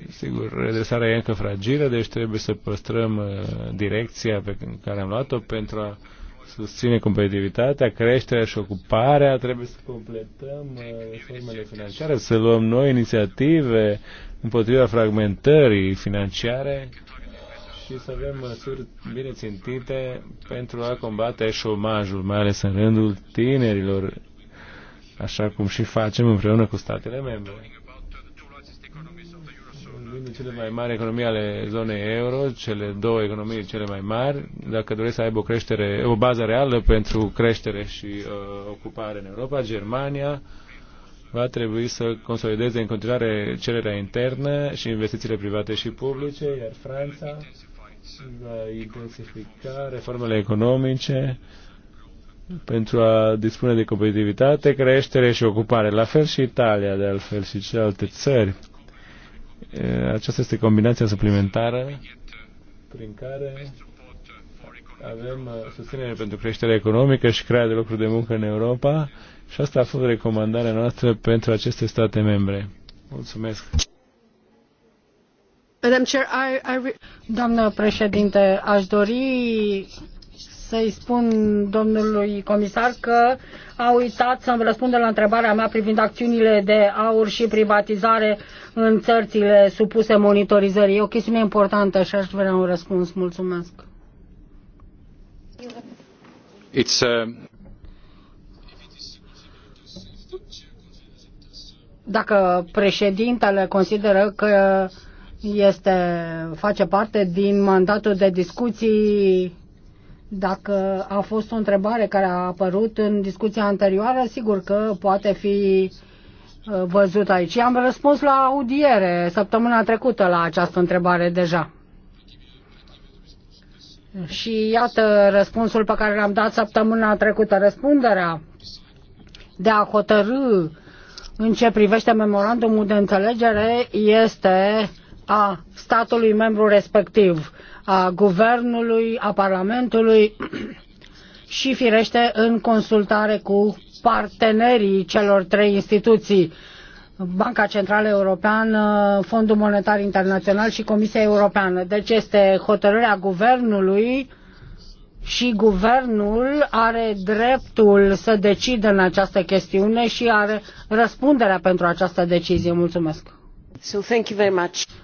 B: Sigur, redresarea e încă fragilă, deci trebuie să păstrăm uh, direcția pe care am luat-o pentru a susține competitivitatea, creșterea și ocuparea, trebuie să completăm uh, reformele financiare, să luăm noi inițiative împotriva fragmentării financiare și să avem măsuri bine țintite pentru a combate șomajul, mai ales în rândul tinerilor, așa cum și facem împreună cu statele membre. Din cele mai mari economii ale zonei euro, cele două economii cele mai mari, dacă doresc să aibă o creștere, o bază reală pentru creștere și uh, ocupare în Europa, Germania, va trebui să consolideze în continuare cererea internă și investițiile private și publice, iar Franța intensifica reformele economice pentru a dispune de competitivitate, creștere și ocupare. La fel și Italia, de altfel, și celelalte țări. Aceasta este combinația suplimentară prin care avem uh, susținere pentru creșterea economică și crearea de locuri de muncă în Europa și asta a fost recomandarea noastră pentru aceste state membre. Mulțumesc!
C: Doamnă președinte, aș dori să-i spun domnului comisar că a uitat să-mi răspundă la întrebarea mea privind acțiunile de aur și privatizare în țărțile supuse monitorizării. E o chestiune importantă și aș vrea un răspuns. Mulțumesc. It's, uh... Dacă președintele consideră că este, face parte din mandatul de discuții. Dacă a fost o întrebare care a apărut în discuția anterioară, sigur că poate fi uh, văzut aici. Am răspuns la audiere săptămâna trecută la această întrebare deja. Și iată răspunsul pe care l-am dat săptămâna trecută. Răspunderea de a hotărâ în ce privește memorandumul de înțelegere este uh, a statului membru respectiv, a guvernului, a parlamentului și firește în consultare cu partenerii celor trei instituții, Banca Centrală Europeană, Fondul Monetar Internațional și Comisia Europeană. Deci este hotărârea guvernului și guvernul are dreptul să decidă în această chestiune și are răspunderea pentru această decizie. Mulțumesc!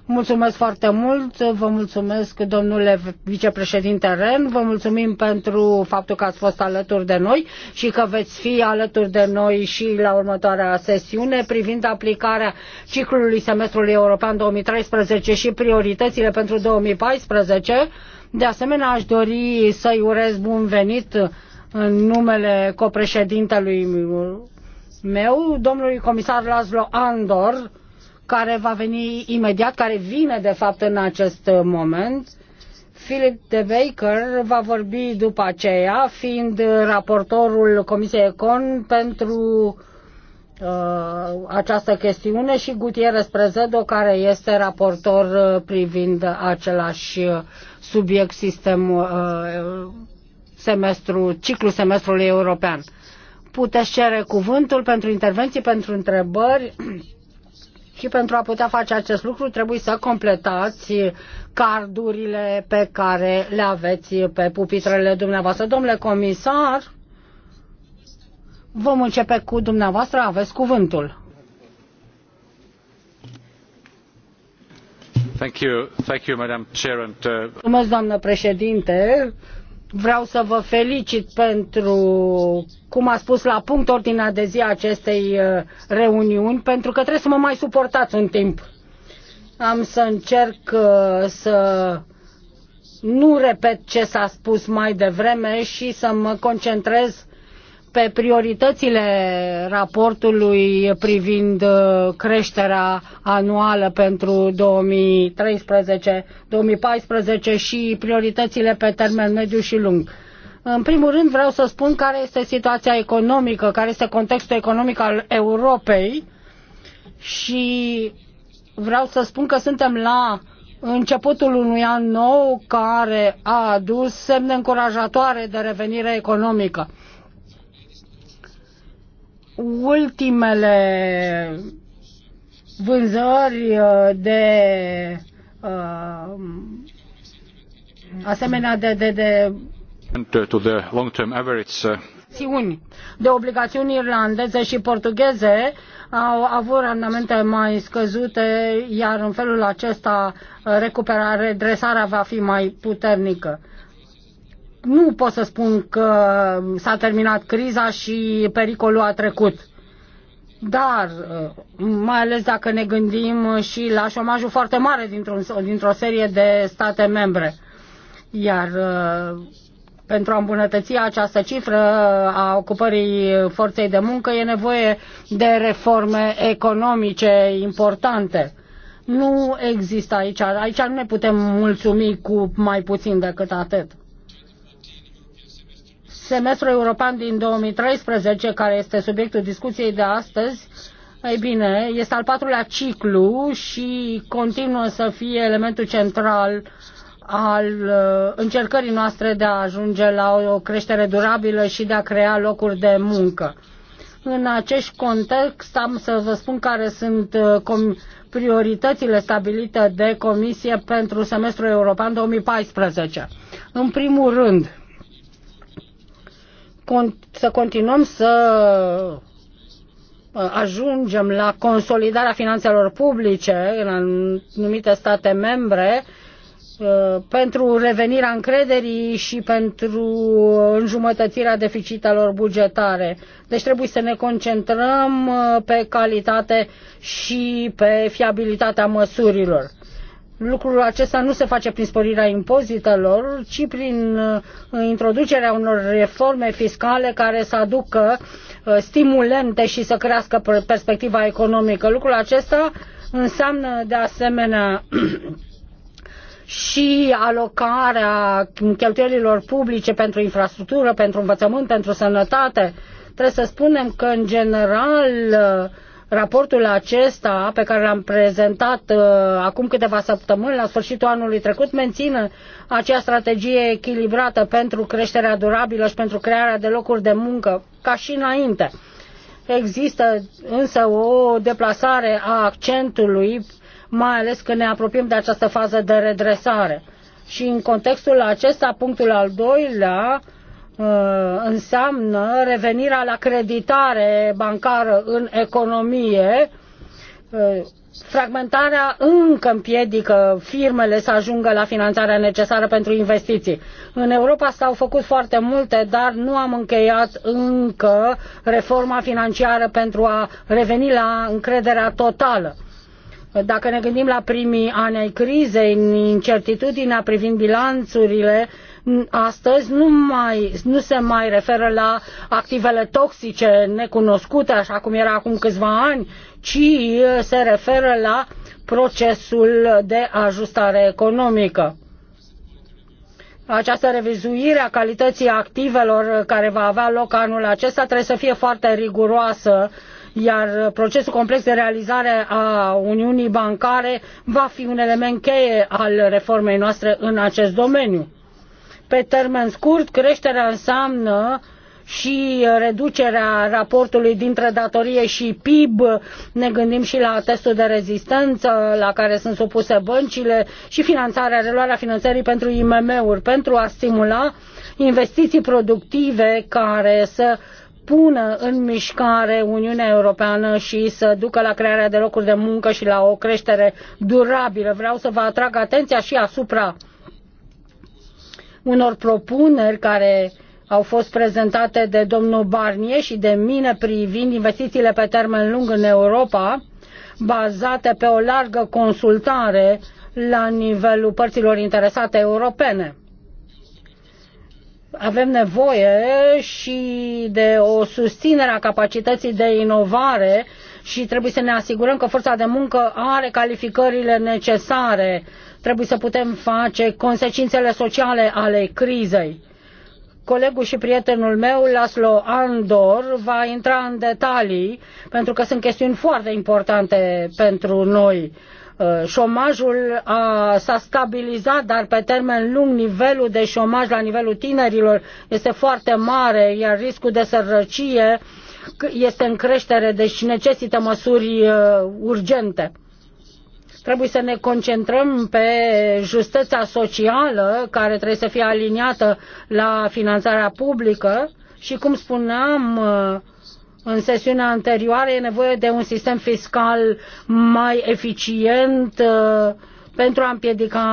C: Mulțumesc foarte mult, vă mulțumesc domnule vicepreședinte Ren, vă mulțumim pentru faptul că ați fost alături de noi și că veți fi alături de noi și la următoarea sesiune privind aplicarea ciclului semestrului european 2013 și prioritățile pentru 2014. De asemenea, aș dori să-i urez bun venit în numele copreședintelui meu, domnului comisar Laszlo Andor, care va veni imediat, care vine de fapt în acest moment. Philip de Baker va vorbi după aceea, fiind raportorul Comisiei Econ pentru uh, această chestiune și Gutierrez Prezedo, care este raportor uh, privind același subiect sistem uh, semestru, ciclu semestrului european. Puteți cere cuvântul pentru intervenții, pentru întrebări. Și pentru a putea face acest lucru trebuie să completați cardurile pe care le aveți pe pupitrele dumneavoastră. Domnule comisar, vom începe cu dumneavoastră, aveți cuvântul. Uh, Mulțumesc, doamnă președinte Vreau să vă felicit pentru, cum a spus la punct ordinea de zi a acestei uh, reuniuni, pentru că trebuie să mă mai suportați un timp. Am să încerc uh, să nu repet ce s-a spus mai devreme și să mă concentrez pe prioritățile raportului privind uh, creșterea anuală pentru 2013, 2014 și prioritățile pe termen mediu și lung. În primul rând vreau să spun care este situația economică, care este contextul economic al Europei și vreau să spun că suntem la începutul unui an nou care a adus semne încurajatoare de revenire economică ultimele vânzări uh, de uh, asemenea de, de, de
D: to the long term average
C: uh de obligațiuni irlandeze și portugheze au avut randamente mai scăzute, iar în felul acesta recuperarea, redresarea va fi mai puternică nu pot să spun că s-a terminat criza și pericolul a trecut. Dar, uh, mai ales dacă ne gândim și la șomajul foarte mare dintr-o, dintr-o serie de state membre. Iar uh, pentru a îmbunătăți această cifră a ocupării forței de muncă e nevoie de reforme economice importante. Nu există aici, aici nu ne putem mulțumi cu mai puțin decât atât semestrul european din 2013, care este subiectul discuției de astăzi, ei bine, este al patrulea ciclu și continuă să fie elementul central al uh, încercării noastre de a ajunge la o creștere durabilă și de a crea locuri de muncă. În acest context am să vă spun care sunt uh, prioritățile stabilite de Comisie pentru semestrul european 2014. În primul rând, con- să continuăm să uh, ajungem la consolidarea finanțelor publice în anumite state membre uh, pentru revenirea încrederii și pentru înjumătățirea deficitelor bugetare. Deci trebuie să ne concentrăm uh, pe calitate și pe fiabilitatea măsurilor. Lucrul acesta nu se face prin sporirea impozitelor, ci prin uh, introducerea unor reforme fiscale care să aducă uh, stimulente și să crească perspectiva economică. Lucrul acesta înseamnă de asemenea și alocarea cheltuielilor publice pentru infrastructură, pentru învățământ, pentru sănătate. Trebuie să spunem că, în general, uh, Raportul acesta pe care l-am prezentat uh, acum câteva săptămâni, la sfârșitul anului trecut, menține acea strategie echilibrată pentru creșterea durabilă și pentru crearea de locuri de muncă, ca și înainte. Există însă o deplasare a accentului, mai ales când ne apropiem de această fază de redresare. Și în contextul acesta, punctul al doilea, uh, Uh, înseamnă revenirea la creditare bancară în economie. Uh, fragmentarea încă împiedică firmele să ajungă la finanțarea necesară pentru investiții. În Europa s-au făcut foarte multe, dar nu am încheiat încă reforma financiară pentru a reveni la încrederea totală. Dacă ne gândim la primii ani ai crizei, în incertitudinea privind bilanțurile, uh, astăzi nu, mai, nu se mai referă la activele toxice necunoscute, așa cum era acum câțiva ani, ci uh, se referă la procesul de ajustare economică această revizuire a calității activelor uh, care va avea loc anul acesta trebuie să fie foarte riguroasă, iar procesul complex de realizare a Uniunii Bancare va fi un element cheie al reformei noastre în acest domeniu. Pe termen scurt, creșterea înseamnă și reducerea raportului dintre datorie și PIB. Ne gândim și la testul de rezistență la care sunt supuse băncile și finanțarea, reluarea finanțării pentru IMM-uri, pentru a stimula investiții productive care să pună în mișcare Uniunea Europeană și să ducă la crearea de locuri de muncă și la o creștere durabilă. Vreau să vă atrag atenția și asupra unor propuneri care au fost prezentate de domnul Barnier și de mine privind investițiile pe termen lung în Europa, bazate pe o largă consultare la nivelul părților interesate europene. Avem nevoie și de o susținere a capacității de inovare și trebuie să ne asigurăm că forța de muncă are calificările necesare Trebuie să putem face consecințele sociale ale crizei. Colegul și prietenul meu, Laslo Andor, va intra în detalii pentru că sunt chestiuni foarte importante pentru noi. Uh, șomajul a, s-a stabilizat, dar pe termen lung nivelul de șomaj la nivelul tinerilor este foarte mare, iar riscul de sărăcie este în creștere, deci necesită măsuri uh, urgente. Trebuie să ne concentrăm pe justiția socială care trebuie să fie aliniată la finanțarea publică și, cum spuneam, în sesiunea anterioară e nevoie de un sistem fiscal mai eficient uh, pentru a împiedica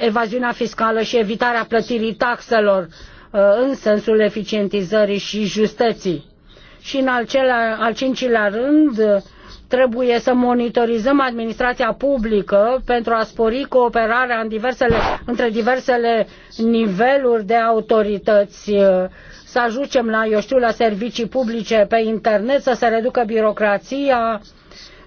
C: evaziunea fiscală și evitarea plătirii taxelor uh, în sensul eficientizării și justeții. Și în al, celea, al cincilea rând, trebuie să monitorizăm administrația publică pentru a spori cooperarea în diversele, între diversele niveluri de autorități, uh, să ajungem la, eu știu, la servicii publice pe internet, să se reducă birocrația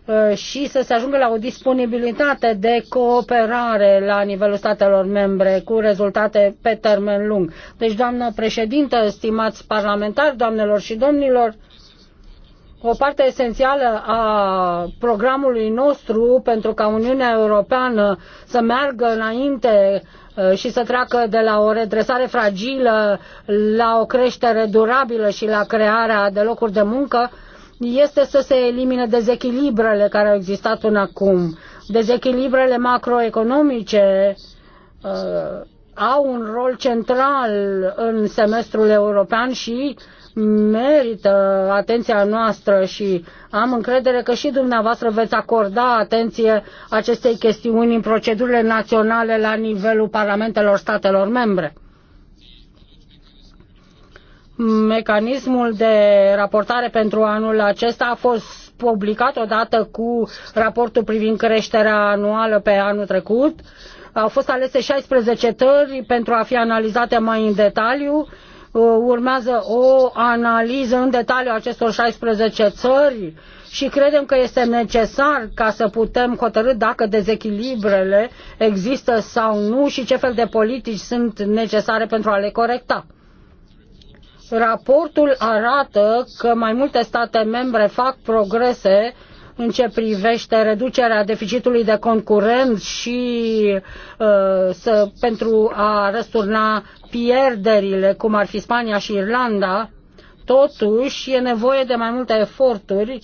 C: uh, și să se ajungă la o disponibilitate de cooperare la nivelul statelor membre cu rezultate pe termen lung. Deci, doamnă președintă, stimați parlamentari, doamnelor și domnilor, o parte esențială a programului nostru pentru ca Uniunea Europeană să meargă înainte uh, și să treacă de la o redresare fragilă la o creștere durabilă și la crearea de locuri de muncă, este să se elimine dezechilibrele care au existat până acum. Dezechilibrele macroeconomice uh, au un rol central în semestrul european și uh, merită atenția noastră și am încredere că și dumneavoastră veți acorda atenție acestei chestiuni în procedurile naționale la nivelul parlamentelor statelor membre. Mecanismul de raportare pentru anul acesta a fost publicat odată cu raportul privind creșterea anuală pe anul trecut. Au fost alese 16 țări pentru a fi analizate mai în detaliu Uh, urmează o analiză în detaliu a acestor 16 țări și credem că este necesar ca să putem hotărâ dacă dezechilibrele există sau nu și ce fel de politici sunt necesare pentru a le corecta. Raportul arată că mai multe state membre fac progrese în ce privește reducerea deficitului de concurent și uh, să, pentru a răsturna pierderile, cum ar fi Spania și Irlanda, totuși e nevoie de mai multe eforturi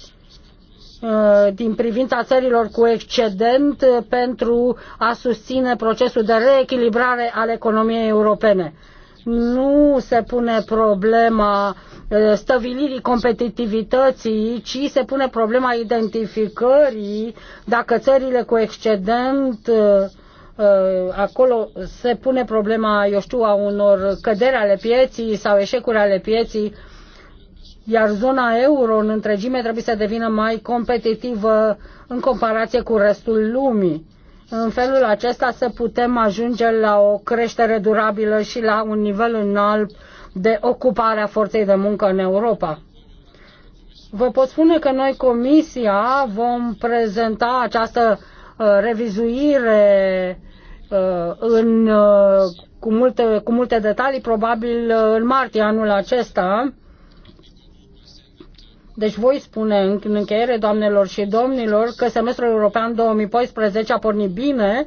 C: uh, din privința țărilor cu excedent uh, pentru a susține procesul de reechilibrare al economiei europene. Nu se pune problema uh, stăvilirii competitivității, ci se pune problema identificării dacă țările cu excedent uh, Uh, acolo se pune problema, eu știu, a unor căderi ale pieții sau eșecuri ale pieții, iar zona euro în întregime trebuie să devină mai competitivă în comparație cu restul lumii. În felul acesta să putem ajunge la o creștere durabilă și la un nivel înalt de ocupare a forței de muncă în Europa. Vă pot spune că noi, Comisia, vom prezenta această uh, Uh, revizuire uh, în, uh, cu, multe, cu multe detalii, probabil în martie anul acesta. Deci voi spune în încheiere, doamnelor și domnilor, că semestrul european 2014 a pornit bine,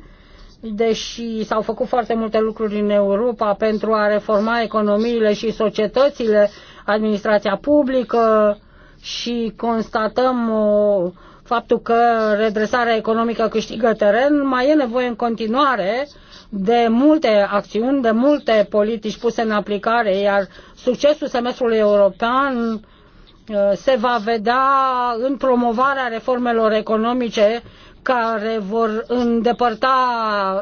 C: deși s-au făcut foarte multe lucruri în Europa pentru a reforma economiile și societățile, administrația publică, și constatăm o, uh, faptul că redresarea economică câștigă teren, mai e nevoie în continuare de multe acțiuni, de multe politici puse în aplicare, iar succesul semestrului european uh, se va vedea în promovarea reformelor economice care vor îndepărta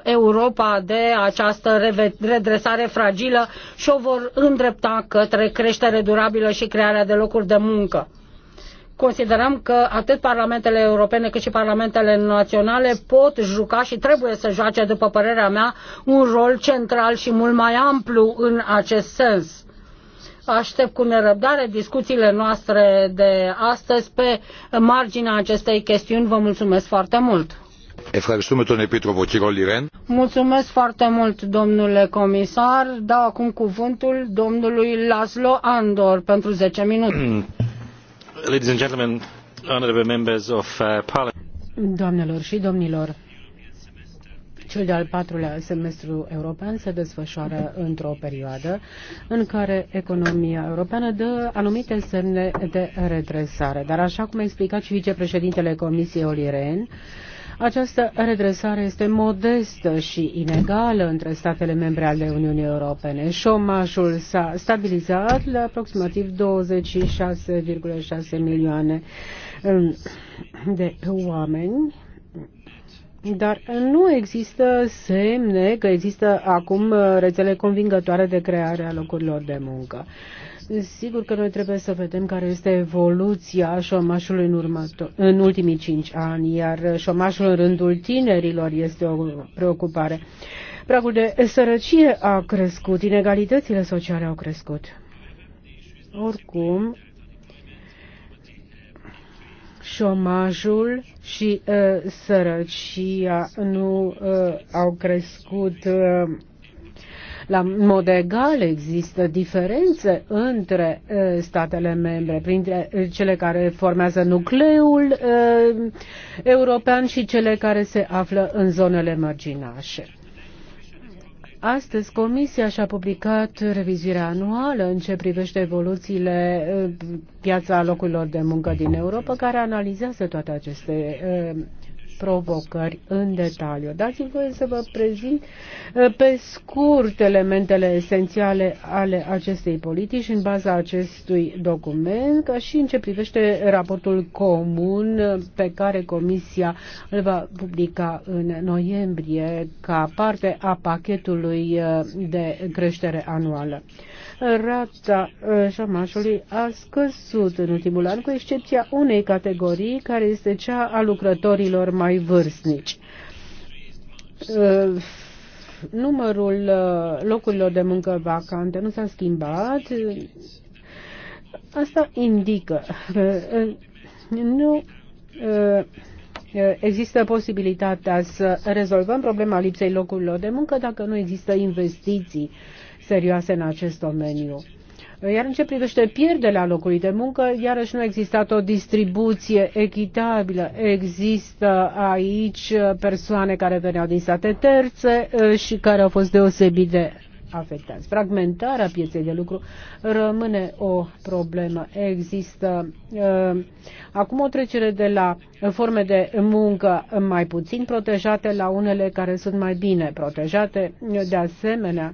C: Europa de această redresare fragilă și o vor îndrepta către creștere durabilă și crearea de locuri de muncă considerăm că atât parlamentele europene cât și parlamentele naționale pot juca și trebuie să joace, după părerea mea, un rol central și mult mai amplu în acest sens. Aștept cu nerăbdare discuțiile noastre de astăzi pe marginea acestei chestiuni. Vă mulțumesc foarte mult! Mulțumesc foarte mult, domnule comisar. Dau acum cuvântul domnului Laszlo Andor pentru 10 minute.
D: Uh,
A: Doamnelor și domnilor, cel de-al patrulea semestru european se desfășoară într-o perioadă în care economia europeană dă anumite semne de redresare. Dar așa cum a explicat și vicepreședintele Comisiei Rehn. Această redresare este modestă și inegală între statele membre ale Uniunii Europene. Șomajul s-a stabilizat la aproximativ 26,6 milioane um, de oameni dar nu există semne că există acum uh, rețele convingătoare de creare a locurilor de muncă. Sigur că noi trebuie să vedem care este evoluția șomajului în, următor, în ultimii cinci ani, iar șomajul în rândul tinerilor este o preocupare. Pragul de sărăcie a crescut, inegalitățile sociale au crescut. Oricum, șomajul și uh, sărăcia nu uh, au crescut uh, la mod egal există diferențe între statele membre, printre cele care formează nucleul european și cele care se află în zonele marginașe. Astăzi, Comisia și-a publicat revizuirea anuală în ce privește evoluțiile piața locurilor de muncă din Europa, care analizează toate aceste provocări în detaliu. Dați-mi voie să vă prezint uh, pe scurt elementele esențiale ale acestei politici în baza acestui document, ca și în ce privește raportul comun uh, pe care Comisia îl va publica în noiembrie ca parte a pachetului uh, de creștere anuală rata uh, șomajului a scăzut în ultimul an, cu excepția unei categorii, care este cea a lucrătorilor mai vârstnici uh, numărul uh, locurilor de muncă vacante nu s-a schimbat. Asta indică că nu există posibilitatea să rezolvăm problema lipsei locurilor de muncă dacă nu există investiții serioase în acest domeniu. Iar în ce privește pierderea locului de muncă, iarăși nu a existat o distribuție echitabilă. Există aici persoane care veneau din state terțe eh, și care au fost deosebit de afectați. Fragmentarea pieței de lucru rămâne o problemă. Există uh, acum o trecere de la forme de muncă mai puțin protejate la unele care sunt mai bine protejate. De asemenea,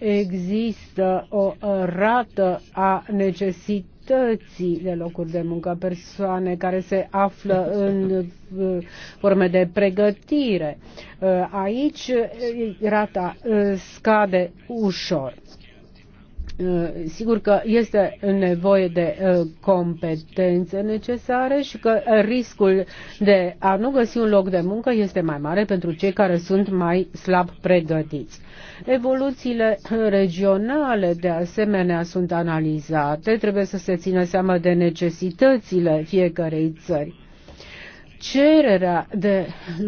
A: există o rată a necesității de locuri de muncă, persoane care se află în uh, forme de pregătire. Uh, aici uh, rata scade ușor. Eh, sigur că este nevoie de eh, competențe necesare și că eh, riscul de a nu găsi un loc de muncă este mai mare pentru cei care sunt mai slab pregătiți. Evoluțiile regionale, de asemenea, sunt analizate, trebuie să se țină seama de necesitățile fiecarei țări cererea de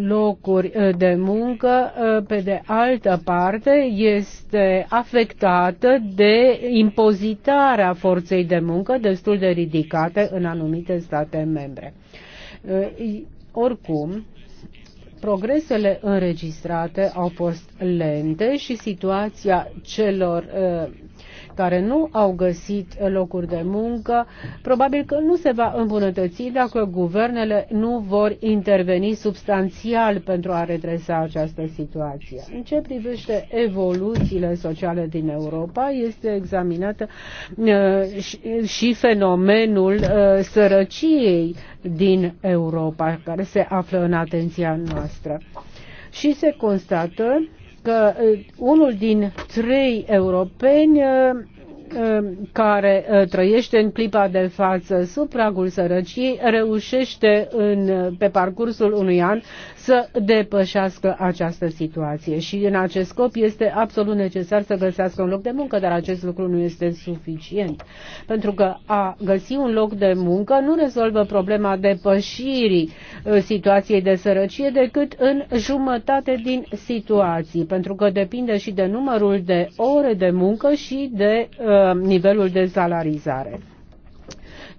A: locuri uh, de muncă, uh, pe de altă parte, este afectată de impozitarea forței de muncă destul de ridicate în anumite state membre. Uh, oricum, progresele înregistrate au fost lente și situația celor care nu au găsit locuri de muncă, probabil că nu se va îmbunătăți dacă guvernele nu vor interveni substanțial pentru a redresa această situație. În ce privește evoluțiile sociale din Europa, este examinată uh, și fenomenul uh, sărăciei din Europa, care se află în atenția noastră. Și se constată că uh, unul din trei europeni uh, uh, care trăiește în clipa de față sub pragul sărăciei reușește în, pe parcursul unui an să depășească această situație și în acest scop este absolut necesar să găsească un loc de muncă, dar acest lucru nu este suficient, pentru că a găsi un loc de muncă nu rezolvă problema depășirii uh, situației de sărăcie decât în jumătate din situații, pentru că depinde și de numărul de ore de muncă și de uh, nivelul de salarizare.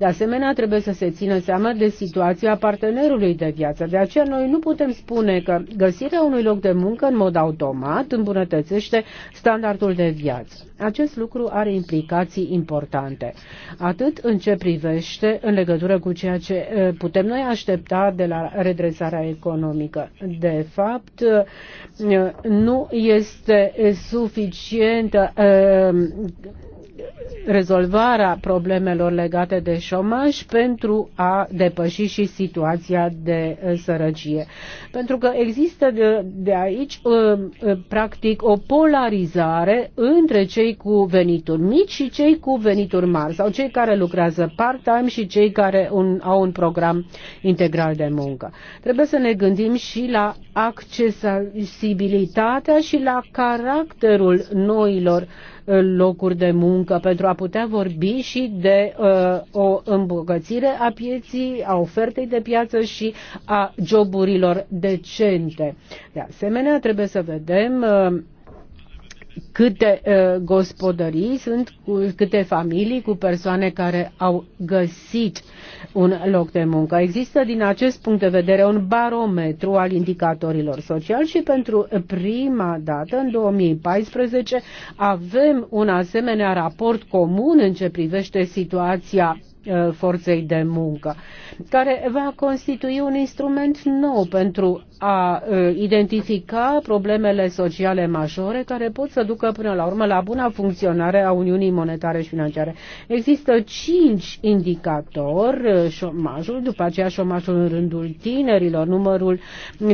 A: De asemenea, trebuie să se țină seama de situația partenerului de viață. De aceea noi nu putem spune că găsirea unui loc de muncă în mod automat îmbunătățește standardul de viață. Acest lucru are implicații importante, atât în ce privește în legătură cu ceea ce putem noi aștepta de la redresarea economică. De fapt, nu este suficientă rezolvarea problemelor legate de șomaj pentru a depăși și situația de uh, sărăcie. Pentru că există de, de aici uh, uh, practic o polarizare între cei cu venituri mici și cei cu venituri mari sau cei care lucrează part-time și cei care un, au un program integral de muncă. Trebuie să ne gândim și la accesibilitatea și la caracterul noilor uh, Uh, locuri de muncă, pentru a putea vorbi și de uh, o îmbogățire a pieții, a ofertei de piață și a joburilor decente. De asemenea, trebuie să vedem uh, câte uh, gospodării sunt, cu, câte familii cu persoane care au găsit un loc de muncă. Există din acest punct de vedere un barometru al indicatorilor sociali și pentru prima dată în 2014 avem un asemenea raport comun în ce privește situația uh, forței de muncă care va constitui un instrument nou pentru a identifica problemele sociale majore care pot să ducă până la urmă la buna funcționare a Uniunii Monetare și Financiare. Există cinci indicatori, șomajul, după aceea șomajul în rândul tinerilor, numărul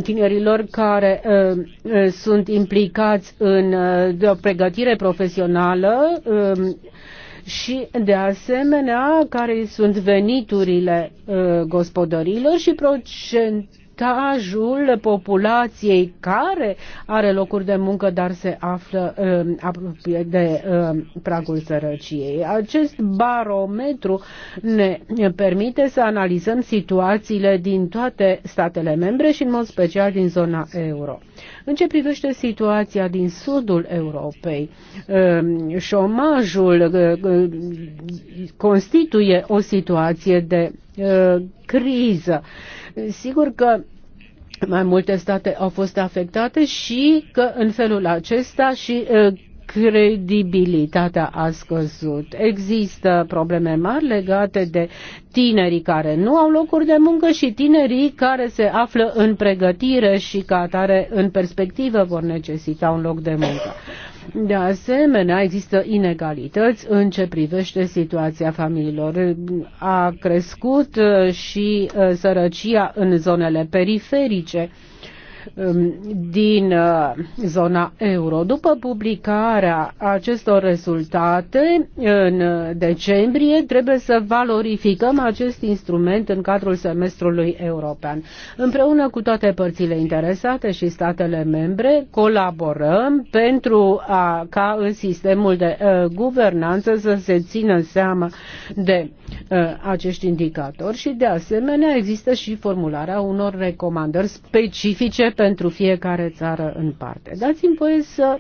A: tinerilor care sunt implicați în o pregătire profesională, și, de asemenea, care sunt veniturile uh, gospodărilor și procentajul populației care are locuri de muncă, dar se află uh, apropie de uh, pragul sărăciei. Acest barometru ne permite să analizăm situațiile din toate statele membre și, în mod special, din zona euro. În ce privește situația din sudul Europei, ehm, șomajul eh, eh, constituie o situație de eh, criză. Sigur că mai multe state au fost afectate și că în felul acesta și credibilitatea a scăzut. Există probleme mari legate de tinerii care nu au locuri de muncă și tinerii care se află în pregătire și ca atare în perspectivă vor necesita un loc de muncă. De asemenea, există inegalități în ce privește situația familiilor. A crescut uh, și uh, sărăcia în zonele periferice Um, din uh, zona euro. După publicarea acestor rezultate în decembrie, trebuie să valorificăm acest instrument în cadrul semestrului european. Împreună cu toate părțile interesate și statele membre, colaborăm pentru a, ca în sistemul de uh, guvernanță să se țină seama de Uh, acești indicatori și de asemenea există și formularea unor recomandări specifice pentru fiecare țară în parte. Dați-mi voie să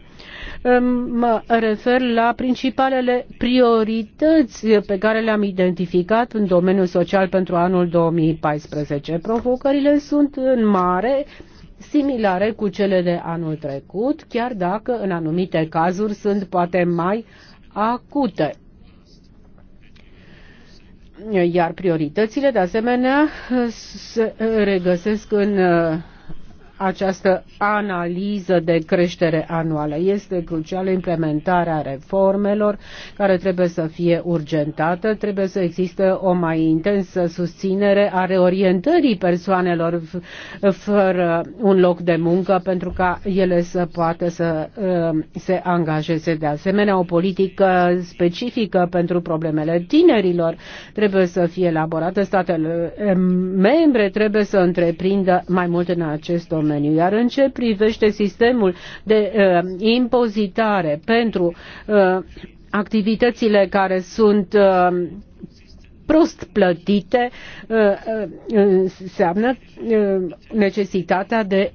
A: um, mă refer la principalele priorități pe care le-am identificat în domeniul social pentru anul 2014. Provocările sunt în mare similare cu cele de anul trecut, chiar dacă în anumite cazuri sunt poate mai acute iar prioritățile, de asemenea, se regăsesc în această analiză de creștere anuală. Este crucială implementarea reformelor care trebuie să fie urgentată, trebuie să existe o mai intensă susținere a reorientării persoanelor fără un loc de muncă pentru ca ele să poată să uh, se angajeze. De asemenea, o politică specifică pentru problemele tinerilor trebuie să fie elaborată. Statele uh, membre trebuie să întreprindă mai mult în acest domeniu domeniu. Iar în ce privește sistemul de uh, impozitare pentru uh, activitățile care sunt uh, prost plătite uh, uh, înseamnă uh, necesitatea de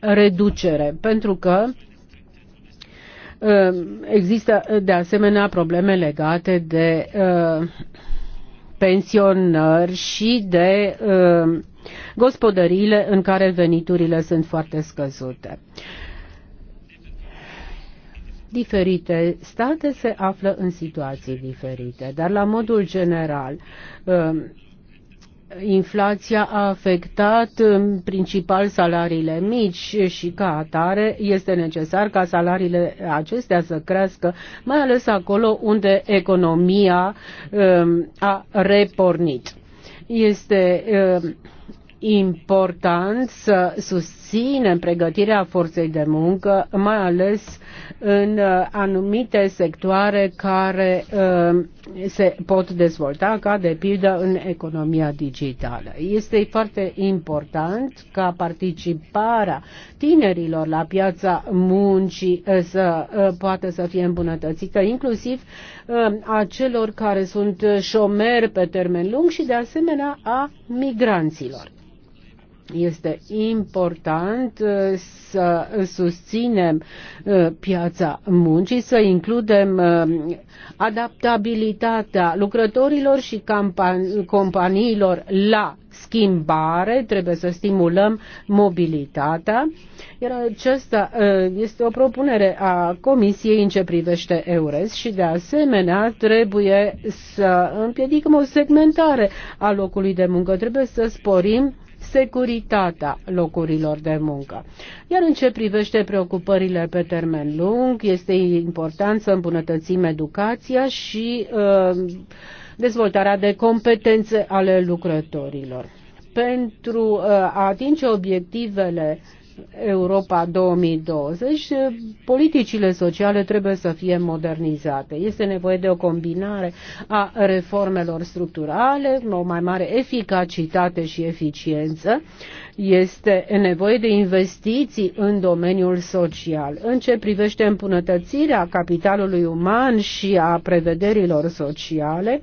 A: reducere, pentru că există de asemenea probleme legate de pensionări și de uh, gospodăriile în care veniturile sunt foarte scăzute. Diferite state se află în situații diferite, dar la modul general uh, inflația a afectat în principal salariile mici și ca atare este necesar ca salariile acestea să crească, mai ales acolo unde economia um, a repornit. Este um, important să susținem în pregătirea forței de muncă, mai ales în uh, anumite sectoare care uh, se pot dezvolta, ca de pildă în economia digitală. Este foarte important ca participarea tinerilor la piața muncii uh, să poată să fie îmbunătățită, inclusiv a celor care sunt șomeri pe termen lung și de asemenea a migranților. Este important uh, să susținem uh, piața muncii, să includem uh, adaptabilitatea lucrătorilor și companiilor la schimbare, trebuie să stimulăm mobilitatea, iar aceasta este o propunere a Comisiei în ce privește EURES și de asemenea trebuie să împiedicăm o segmentare a locului de muncă, trebuie să sporim securitatea locurilor de muncă. Iar în ce privește preocupările pe termen lung, este important să îmbunătățim educația și uh, dezvoltarea de competențe ale lucrătorilor. Pentru uh, a atinge obiectivele Europa 2020, politicile sociale trebuie să fie modernizate. Este nevoie de o combinare a reformelor structurale, o mai mare eficacitate și eficiență. Este nevoie de investiții în domeniul social. În ce privește îmbunătățirea capitalului uman și a prevederilor sociale,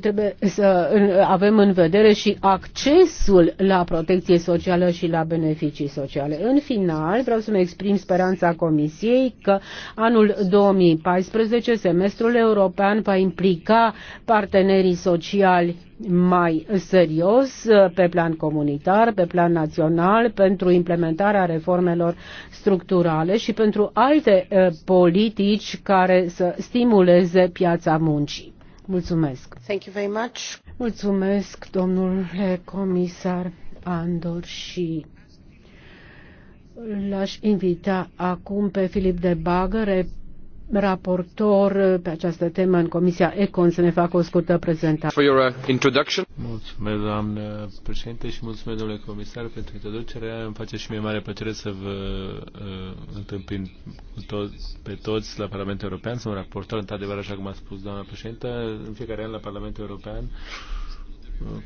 A: Trebuie să avem în vedere și accesul la protecție socială și la beneficii sociale. În final, vreau să-mi exprim speranța Comisiei că anul 2014 semestrul european va implica partenerii sociali mai serios pe plan comunitar, pe plan național, pentru implementarea reformelor structurale și pentru alte eh, politici care să stimuleze piața muncii. Mulțumesc. Thank you very much. Mulțumesc, domnule comisar Andor și l-aș invita acum pe Filip de Bagă, raportor pe această temă în Comisia Econ să ne facă o scurtă prezentare. For
B: your uh, introduction. Mulțumesc, doamnă președinte, și mulțumesc, domnule comisar, pentru introducerea. Îmi face și mie mare plăcere să vă uh, întâmpin cu pe toți la Parlamentul European. Sunt raportor, într-adevăr, așa cum a spus doamna președinte, în fiecare an la Parlamentul European. Uh,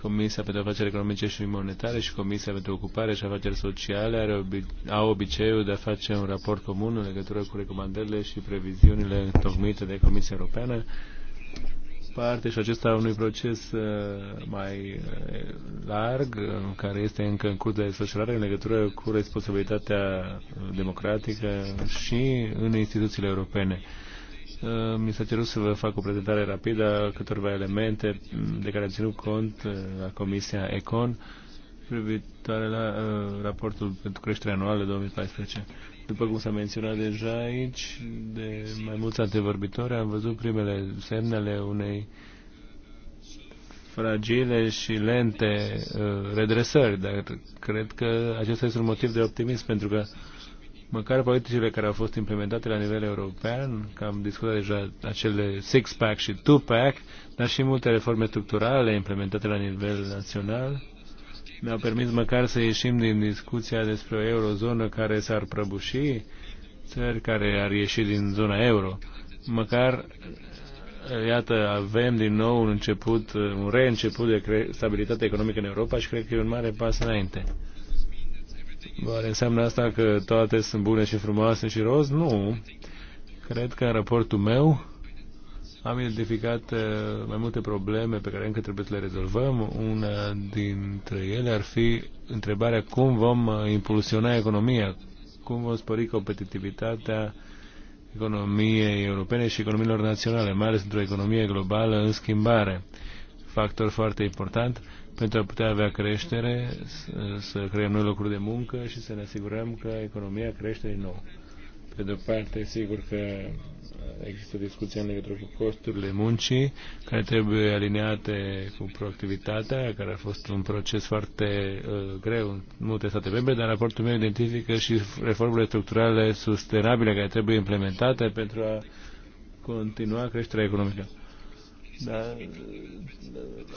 B: Comisia pentru Afaceri Economice și Monetare și Comisia pentru Ocupare și Afaceri Sociale are obi au obiceiul de a face un raport comun în legătură cu recomandările și previziunile întocmite de Comisia Europeană parte și acesta unui proces uh, mai uh, larg, uh, care este încă în curs de desfășurare în legătură cu responsabilitatea democratică și în instituțiile europene. Uh, mi s-a cerut să vă fac o prezentare rapidă a câtorva elemente de care am ținut cont uh, la Comisia Econ privitoare la uh, raportul pentru creștere anuală 2014. După cum s-a menționat deja aici, de mai mulți antevorbitori, am văzut primele semnele unei fragile și lente redresări, dar cred că acesta este un motiv de optimism, pentru că uh, măcar politicile care au fost implementate la nivel european, că am discutat deja acele six-pack și two-pack, dar și multe reforme structurale implementate la nivel național, ne-au permis măcar să ieșim din discuția despre o eurozonă care s-ar prăbuși, țări care ar ieși din zona euro. Măcar, iată, avem din nou un început, un reînceput de stabilitate economică în Europa și cred că e un mare pas înainte. Oare înseamnă asta că toate sunt bune și frumoase și roz? Nu. Cred că în raportul meu am identificat uh, mai multe probleme pe care încă trebuie să le rezolvăm. Una dintre ele ar fi întrebarea cum vom uh, impulsiona economia, cum vom spori competitivitatea economiei europene și economiilor naționale, mai ales într-o economie globală în schimbare. Factor foarte important pentru a putea avea creștere, să, creăm noi locuri de muncă și să ne asigurăm că economia crește din nou. Pe de o parte, sigur că există discuția în legătură cu costurile muncii, care trebuie aliniate cu proactivitatea, care a fost un proces foarte uh, greu în multe state membre, dar raportul meu identifică și reformele structurale sustenabile care trebuie implementate pentru a continua creșterea economică. Da,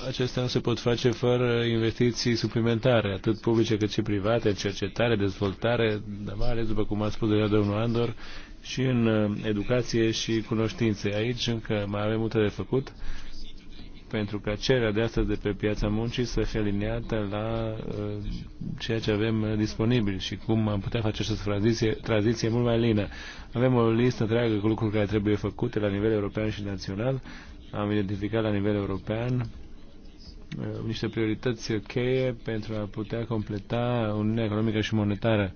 B: acestea nu se pot face fără investiții suplimentare, atât publice cât și private, cercetare, dezvoltare, dar mai ales, după cum a spus deja domnul Andor, și în uh, educație și cunoștințe. Aici încă mai avem multe de făcut pentru ca cererea de astăzi de pe piața muncii să fie aliniată la uh, ceea ce avem uh, disponibil și cum am putea face această tranziție, tranziție mult mai lină. Avem o listă întreagă cu lucruri care trebuie făcute la nivel european și național am identificat la nivel european uh, niște priorități cheie pentru a putea completa Uniunea Economică și Monetară.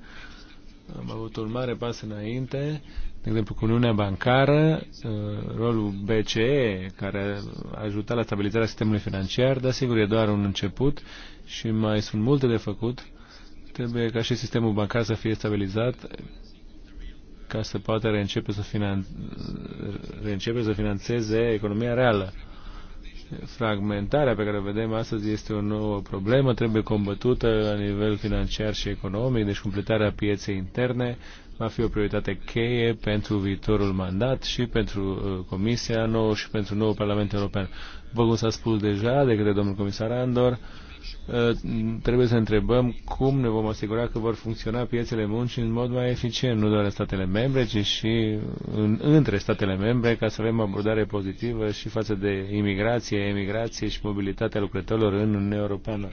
B: Am avut un mare pas înainte, de exemplu cu Uniunea Bancară, uh, rolul BCE, care a ajutat la stabilizarea sistemului financiar, dar sigur e doar un început și mai sunt multe de făcut. Trebuie ca și sistemul bancar să fie stabilizat ca să poată reîncepe să, finan... reîncepe să financeze economia reală. Fragmentarea pe care o vedem astăzi este o nouă problemă, trebuie combătută la nivel financiar și economic, deci completarea pieței interne va fi o prioritate cheie pentru viitorul mandat și pentru uh, Comisia nouă și pentru nou Parlament European. Vă cum s-a spus deja de către domnul comisar Andor, uh, Eh, trebuie să întrebăm cum ne vom asigura că vor funcționa piețele muncii în mod mai eficient, nu doar în statele membre, ci și în, între statele membre, ca să avem o abordare pozitivă și față de imigrație, emigrație și mobilitatea lucrătorilor în Uniunea Europeană.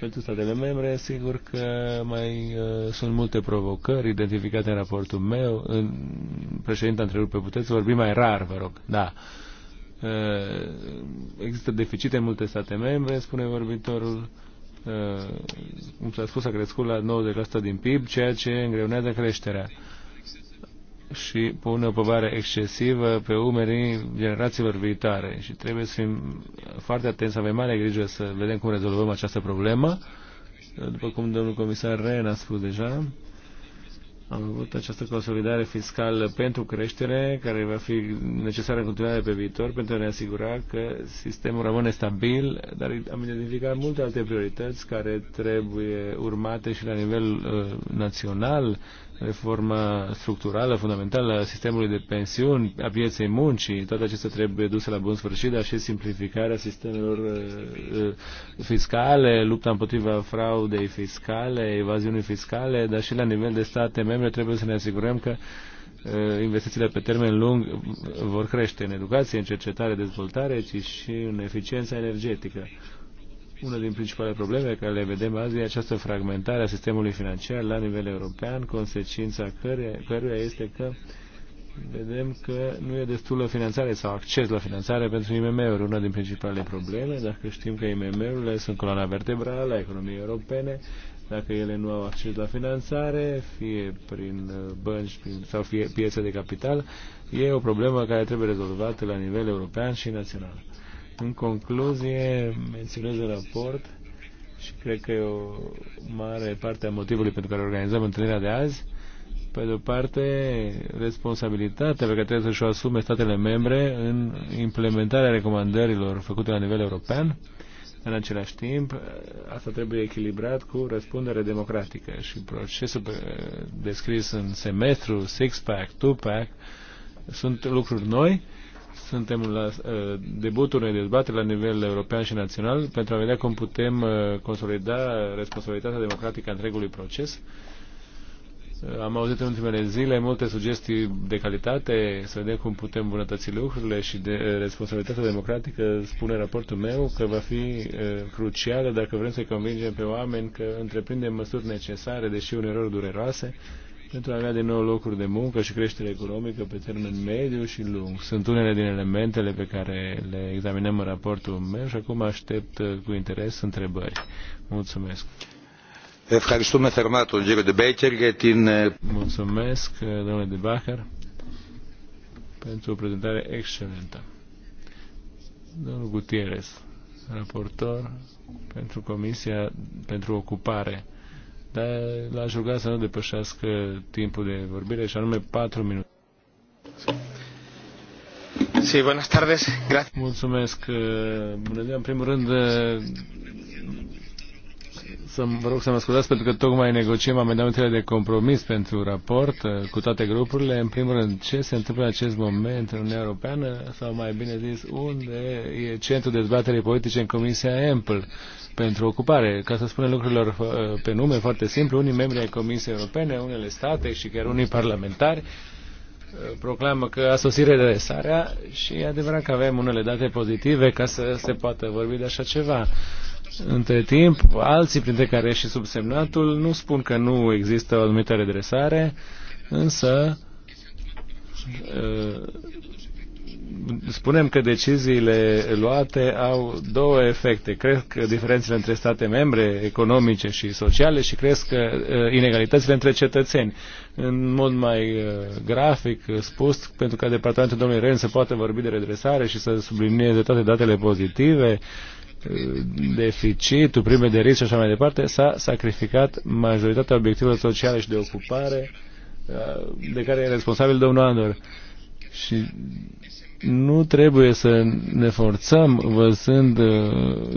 B: Pentru statele membre, sigur că mai uh, sunt multe provocări identificate în raportul meu. În, președinte, întrerupe, puteți vorbi mai rar, vă rog. Da. Uh, Uh, există deficite în multe state membre, spune vorbitorul. Uh, cum s-a spus, a crescut la 90% din PIB, ceea ce îngreunează creșterea și pune o povară excesivă pe umerii generațiilor viitoare și trebuie să fim foarte atenți, să avem mare grijă să vedem cum rezolvăm această problemă. După cum domnul comisar Ren a spus deja, am avut această consolidare fiscală pentru creștere, care va fi necesară în continuare pe viitor, pentru a ne asigura că sistemul rămâne stabil, dar am identificat multe alte priorități care trebuie urmate și la nivel uh, național, reforma structurală, fundamentală a sistemului de pensiuni, a pieței muncii, toate acestea trebuie duse la bun sfârșit, dar și simplificarea sistemelor uh, uh, fiscale, lupta împotriva fraudei fiscale, evaziunii fiscale, dar și la nivel de state membre trebuie să ne asigurăm că uh, investițiile pe termen lung vor crește în educație, în cercetare, dezvoltare, ci și în eficiența energetică. Una din principalele probleme care le vedem azi e această fragmentare a sistemului financiar la nivel european, consecința căruia este că vedem că nu e destulă finanțare sau acces la finanțare pentru IMM-uri, una din principalele probleme, dacă știm că IMM-urile sunt coloana vertebrală a economiei europene, dacă ele nu au acces la finanțare, fie prin uh, bănci prin, sau fie piețe de capital, e o problemă care trebuie rezolvată la nivel european și național. În concluzie, menționez în raport și cred că e o mare parte a motivului pentru care organizăm întâlnirea de azi. Pe de o parte, responsabilitatea pe care trebuie să-și o asume statele membre în implementarea recomandărilor făcute la nivel european. În același timp, asta trebuie echilibrat cu răspundere democratică și procesul descris în semestru, six-pack, two-pack, sunt lucruri noi suntem la uh, debutul unei dezbateri la nivel european și național pentru a vedea cum putem uh, consolida responsabilitatea democratică a întregului proces. Uh, am auzit în ultimele zile multe sugestii de calitate, să vedem cum putem îmbunătăți lucrurile și de responsabilitatea democratică, spune raportul meu, că va fi crucială dacă vrem să convingem pe oameni că întreprindem măsuri necesare, deși uneori dureroase, pentru a avea din nou locuri de muncă și creștere economică pe termen mediu și lung. Sunt unele din elementele pe care le examinăm în raportul meu și acum aștept uh, cu interes întrebări. Mulțumesc! Mulțumesc, uh, domnule De Bacher, pentru o prezentare excelentă. Domnul Gutierrez, raportor pentru Comisia pentru Ocupare dar l-aș ruga să nu depășească timpul de vorbire și anume 4 minute. Sí, buenas tardes. Gracias. Mulțumesc. Uh, bună ziua. În primul rând, uh, să vă rog să mă scuzați pentru că tocmai negociem amendamentele de compromis pentru raport uh, cu toate grupurile. În primul rând, ce se întâmplă în acest moment în Uniunea Europeană sau mai bine zis, unde e centrul dezbaterii politice în Comisia Ample pentru ocupare. Ca să spunem lucrurilor uh, pe nume, foarte simplu, unii membri ai Comisiei Europene, unele state și chiar unii parlamentari uh, proclamă că a sosit redresarea și e adevărat că avem unele date pozitive ca să se poată vorbi de așa ceva. Între timp, alții, printre care și subsemnatul, nu spun că nu există o anumită redresare, însă ă, spunem că deciziile luate au două efecte. Cresc diferențele între state membre economice și sociale și cresc ă, inegalitățile între cetățeni. În mod mai ă, grafic spus, pentru ca departamentul domnului Ren să poată vorbi de redresare și să sublinieze toate datele pozitive, deficitul, prime de risc și așa mai departe, s-a sacrificat majoritatea obiectivelor sociale și de ocupare uh, de care e responsabil domnul Andor. Și nu trebuie să ne forțăm văzând uh,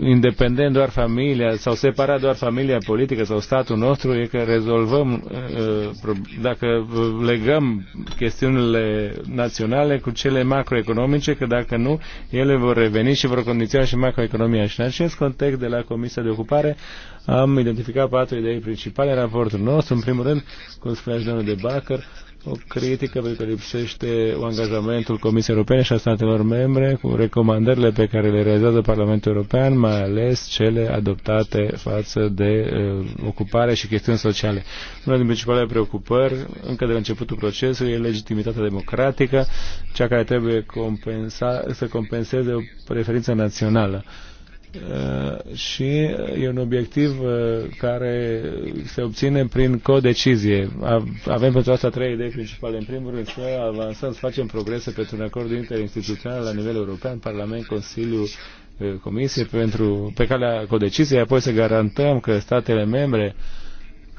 B: independent doar familia sau separat doar familia politică sau statul nostru, e că rezolvăm, uh, dacă legăm chestiunile naționale cu cele macroeconomice, că dacă nu, ele vor reveni și vor condiționa și macroeconomia. Și în acest context de la Comisia de Ocupare am identificat patru idei principale în raportul nostru. În primul rând, cum spunea și domnul de Bacăr, o critică pentru că lipsește o angajamentul Comisiei Europene și a statelor membre cu recomandările pe care le realizează Parlamentul European, mai ales cele adoptate față de uh, ocupare și chestiuni sociale. Una din principalele preocupări, încă de la începutul procesului, e legitimitatea democratică, cea care trebuie compensa, să compenseze o preferință națională. Uh, Uh, și e un obiectiv uh, care se obține prin codecizie. Avem pentru asta trei idei principale. În primul rând să avansăm, să facem progrese pentru un acord interinstituțional la nivel european, Parlament, Consiliu, uh, Comisie pentru, pe calea codeciziei, apoi să garantăm că statele membre uh,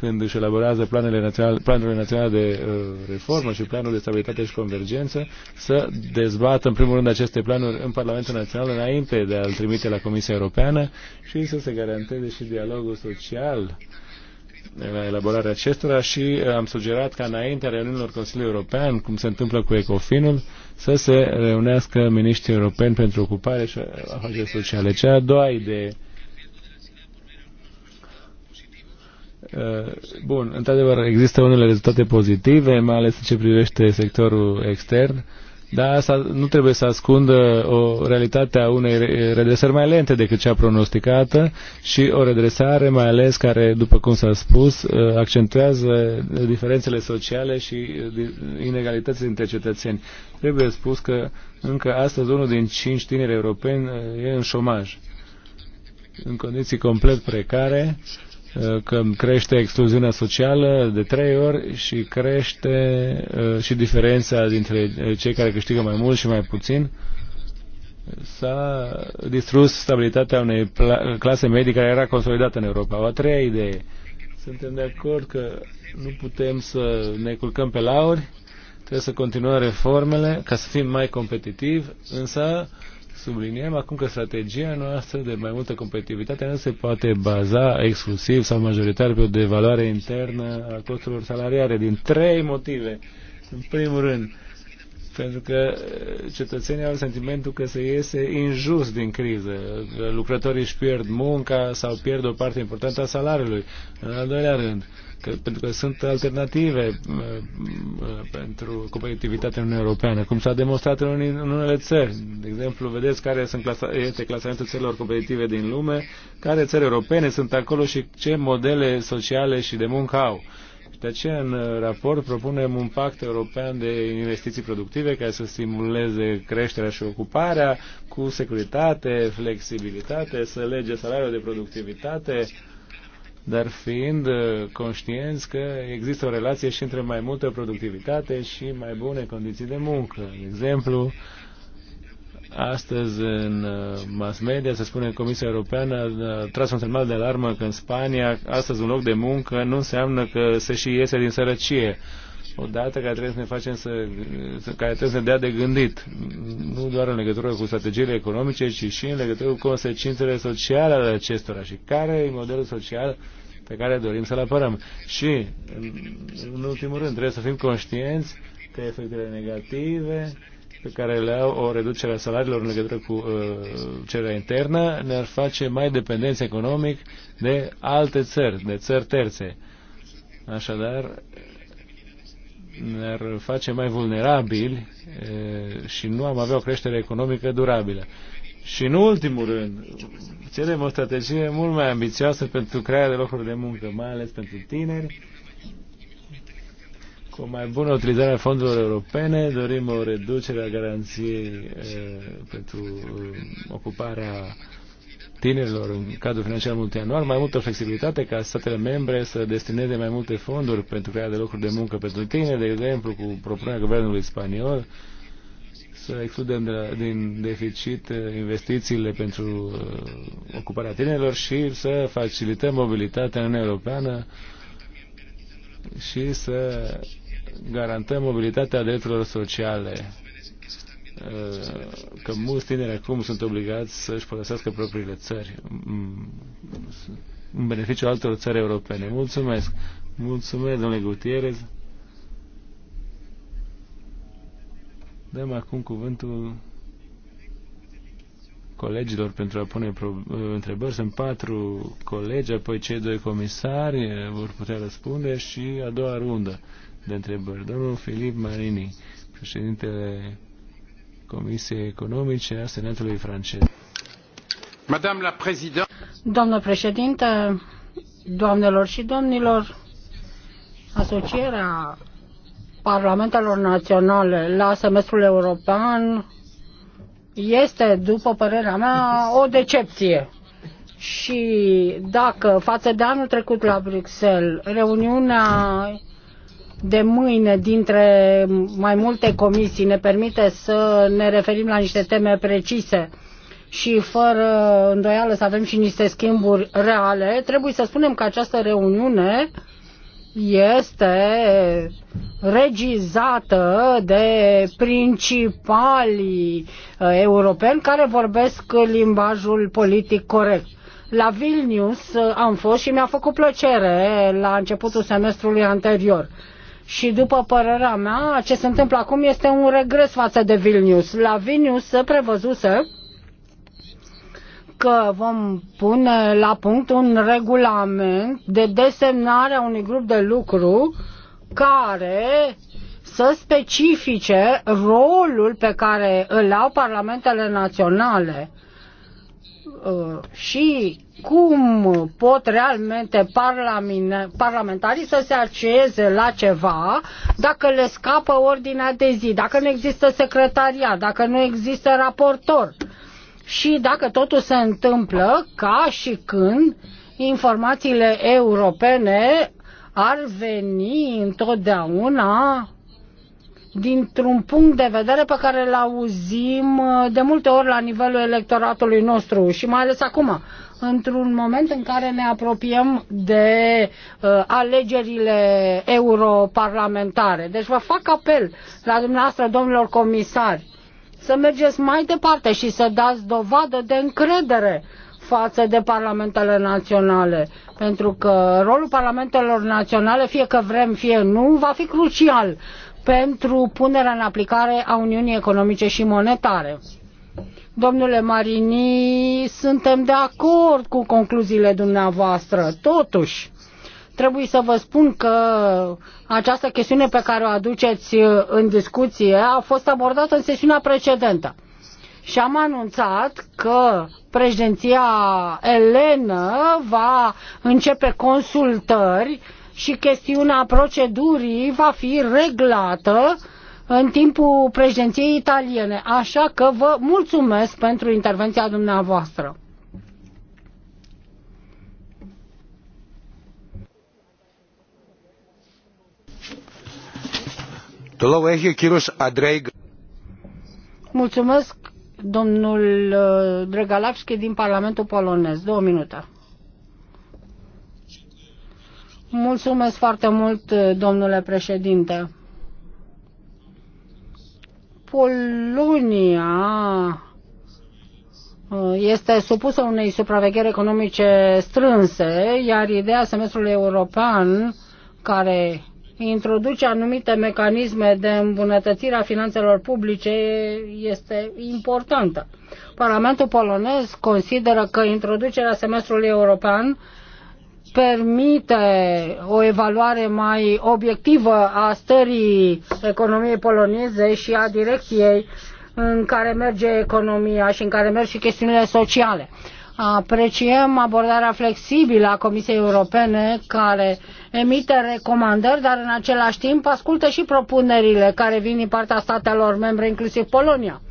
B: când își elaborează planele naționale, planurile naționale de uh, reformă și planul de stabilitate și convergență, să dezbată în primul rând aceste planuri în Parlamentul Național înainte de a-l trimite la Comisia Europeană și să se garanteze și dialogul social la elaborarea acestora și uh, am sugerat ca înaintea reuniunilor Consiliului European, cum se întâmplă cu Ecofinul, să se reunească miniștrii europeni pentru ocupare și afaceri sociale. Cea a doua idee Uh, bun, într-adevăr există unele rezultate pozitive, mai ales în ce privește sectorul extern, dar asta nu trebuie să ascundă o realitate a unei redresări mai lente decât cea pronosticată și o redresare mai ales care, după cum s-a spus, uh, accentuează diferențele sociale și uh, inegalitățile dintre cetățeni. Trebuie spus că încă astăzi unul din cinci tineri europeni e în șomaj, în condiții complet precare Uh, că crește excluziunea socială de trei ori și crește uh, și diferența dintre uh, cei care câștigă mai mult și mai puțin. S-a distrus stabilitatea unei clase medii care era consolidată în Europa. O a treia idee. Suntem de acord că nu putem să ne culcăm pe lauri, trebuie să continuăm reformele ca să fim mai competitivi, însă subliniem acum că strategia noastră de mai multă competitivitate nu se poate baza exclusiv sau majoritar pe o devaluare internă a costurilor salariare, din trei motive. În primul rând, pentru că eh, cetățenii au sentimentul că se iese injust din criză. Lucrătorii își pierd munca sau pierd o parte importantă a salariului. În al doilea rând, că, pentru că sunt alternative uh, uh, pentru competitivitatea în Uniunea Europeană, cum s-a demonstrat în, în unele țări. De exemplu, vedeți care sunt clasa, este clasamentul țărilor competitive din lume, care țări europene sunt acolo și ce modele sociale și de muncă au. De aceea, în raport, propunem un pact european de investiții productive care să stimuleze creșterea și ocuparea cu securitate, flexibilitate, să lege salariul de productivitate, dar fiind uh, conștienți că există o relație și între mai multă productivitate și mai bune condiții de muncă. De exemplu, astăzi în uh, mass media se spune Comisia Europeană a tras un semnal de alarmă că în Spania astăzi un loc de muncă nu înseamnă că se și iese din sărăcie o dată care trebuie să ne facem să, care trebuie să ne dea de gândit, nu doar în legătură cu strategiile economice, ci și în legătură cu consecințele sociale ale acestora și care e modelul social pe care dorim să-l apărăm. Și, în ultimul rând, trebuie să fim conștienți că efectele negative pe care le au o reducere a salariilor în legătură cu uh, cererea internă ne-ar face mai dependenți economic de alte țări, de țări terțe. Așadar, ne-ar face mai vulnerabili e, uh, și nu am avea o creștere economică durabilă. Și în ultimul rând, cerem o strategie mult mai ambițioasă pentru crearea de locuri de muncă, mai ales pentru tineri, cu o mai bună utilizare a fondurilor europene, dorim o reducere a garanției pentru uh, ocuparea tinerilor în cadrul financiar multianual, mai multă flexibilitate ca statele membre să destineze mai multe fonduri pentru crearea de locuri de muncă pentru tineri, de exemplu, cu propunerea Guvernului Spaniol, să excludem de la, din deficit uh, investițiile pentru uh, ocuparea tinerilor și să facilităm mobilitatea în Europeană și să garantăm mobilitatea drepturilor sociale. Uh, că mulți tineri acum sunt obligați să-și folosească propriile țări în beneficiul altor țări europene. Mulțumesc! Mulțumesc, domnule Gutierrez! Dăm acum cuvântul colegilor pentru a pune întrebări. Sunt patru colegi, apoi cei doi comisari eh, vor putea răspunde și a doua rundă de întrebări. Domnul Filip Marini, președintele Comisiei Economice a Senatului francez. President...
C: Doamnă președintă, doamnelor și domnilor, asocierea parlamentelor naționale la semestrul european este, după părerea mea, o decepție. Și dacă față de anul trecut la Bruxelles, reuniunea de mâine dintre mai multe comisii ne permite să ne referim la niște teme precise și fără îndoială să avem și niște schimburi reale, trebuie să spunem că această reuniune uh, este regizată de principalii uh, europeni care vorbesc limbajul politic corect. La Vilnius uh, am fost și mi-a făcut plăcere la începutul semestrului anterior. Și după părerea mea, ce se întâmplă acum este un regres față de Vilnius. La Vilnius se prevăzuse că vom pune la punct un regulament de desemnare a unui grup de lucru care să specifice rolul pe care îl au parlamentele naționale uh, și cum pot realmente parlamentarii să se acceeze la ceva dacă le scapă ordinea de zi, dacă nu există secretariat, dacă nu există raportor și dacă totul se întâmplă ca și când informațiile europene ar veni întotdeauna dintr-un punct de vedere pe care îl auzim uh, de multe ori la nivelul electoratului nostru și mai ales acum, într-un moment în care ne apropiem de uh, alegerile europarlamentare. Deci vă fac apel la dumneavoastră, domnilor comisari, să mergeți mai departe și să dați dovadă de încredere față de parlamentele naționale, pentru că rolul parlamentelor naționale, fie că vrem, fie nu, va fi crucial pentru punerea în aplicare a Uniunii Economice și Monetare. Domnule Marini, suntem de acord cu concluziile dumneavoastră. Totuși, trebuie să vă spun că această chestiune pe care o aduceți uh, în discuție a fost abordată în sesiunea precedentă. Și am anunțat că președinția elenă va începe consultări și chestiunea procedurii va fi reglată în timpul președinției italiene. Așa că vă mulțumesc pentru intervenția dumneavoastră. Το λόγο έχει Mulțumesc, domnul uh, Dregalavski din Parlamentul Polonez. Două minute. Mulțumesc foarte mult, uh, domnule președinte. Polonia uh, este supusă unei supravegheri economice strânse, iar ideea semestrului european, care introduce anumite mecanisme de îmbunătățire a finanțelor publice este importantă. Parlamentul polonez consideră că introducerea semestrului european permite o evaluare mai obiectivă a stării economiei poloneze și a direcției în care merge economia și în care merg și chestiunile sociale. Apreciem abordarea flexibilă a Comisiei Europene care uh, emite recomandări, dar în același timp ascultă și propunerile care vin din partea statelor membre, inclusiv Polonia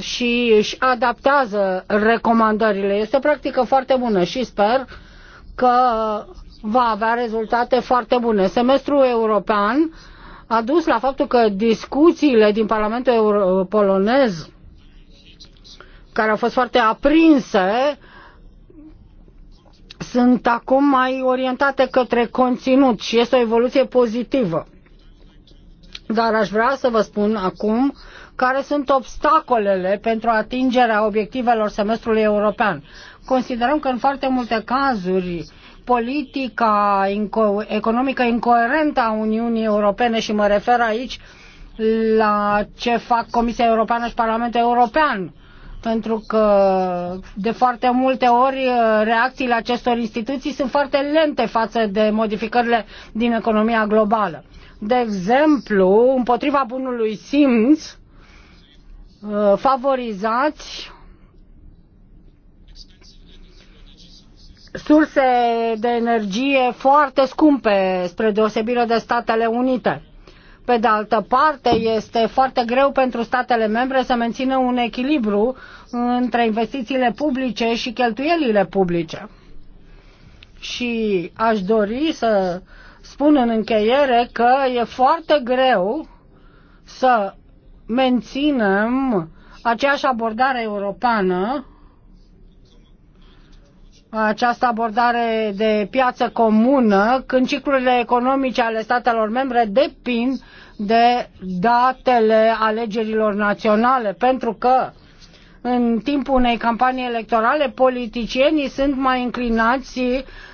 C: și își adaptează recomandările. Este o practică foarte bună și sper că va avea rezultate foarte bune. Semestrul european a dus la faptul că discuțiile din Parlamentul Euro- polonez, care au fost foarte aprinse, sunt acum mai orientate către conținut și este o evoluție pozitivă. Dar aș vrea să vă spun acum care sunt obstacolele pentru atingerea obiectivelor semestrului european. Considerăm că în foarte multe cazuri politica inco- economică incoerentă a Uniunii Europene și mă refer aici la ce fac Comisia Europeană și Parlamentul European pentru că de foarte multe ori uh, reacțiile acestor instituții sunt foarte lente față de modificările din economia globală. De exemplu, împotriva bunului simț, uh, favorizați surse de energie foarte scumpe, spre deosebire de Statele Unite pe de altă parte, este foarte greu pentru statele membre să mențină un echilibru între investițiile publice și cheltuielile publice. Și aș dori să spun în încheiere că e foarte greu să menținem aceeași abordare europeană această abordare de piață comună când ciclurile economice ale statelor membre depind de datele alegerilor naționale, pentru că în timpul unei campanii electorale politicienii sunt mai înclinați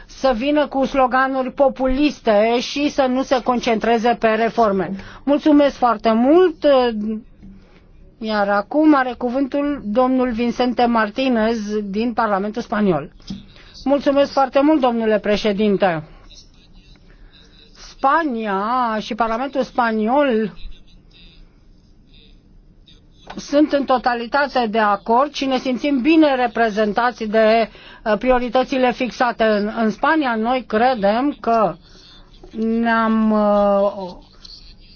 C: să vină cu sloganuri populiste și să nu se concentreze pe reforme. Mulțumesc foarte mult, iar acum are cuvântul domnul Vincente Martinez din Parlamentul Spaniol. Mulțumesc foarte mult, domnule președinte. Spania și Parlamentul Spaniol sunt în totalitate de acord și ne simțim bine reprezentați de uh, prioritățile fixate în, în Spania. Noi credem că ne-am uh,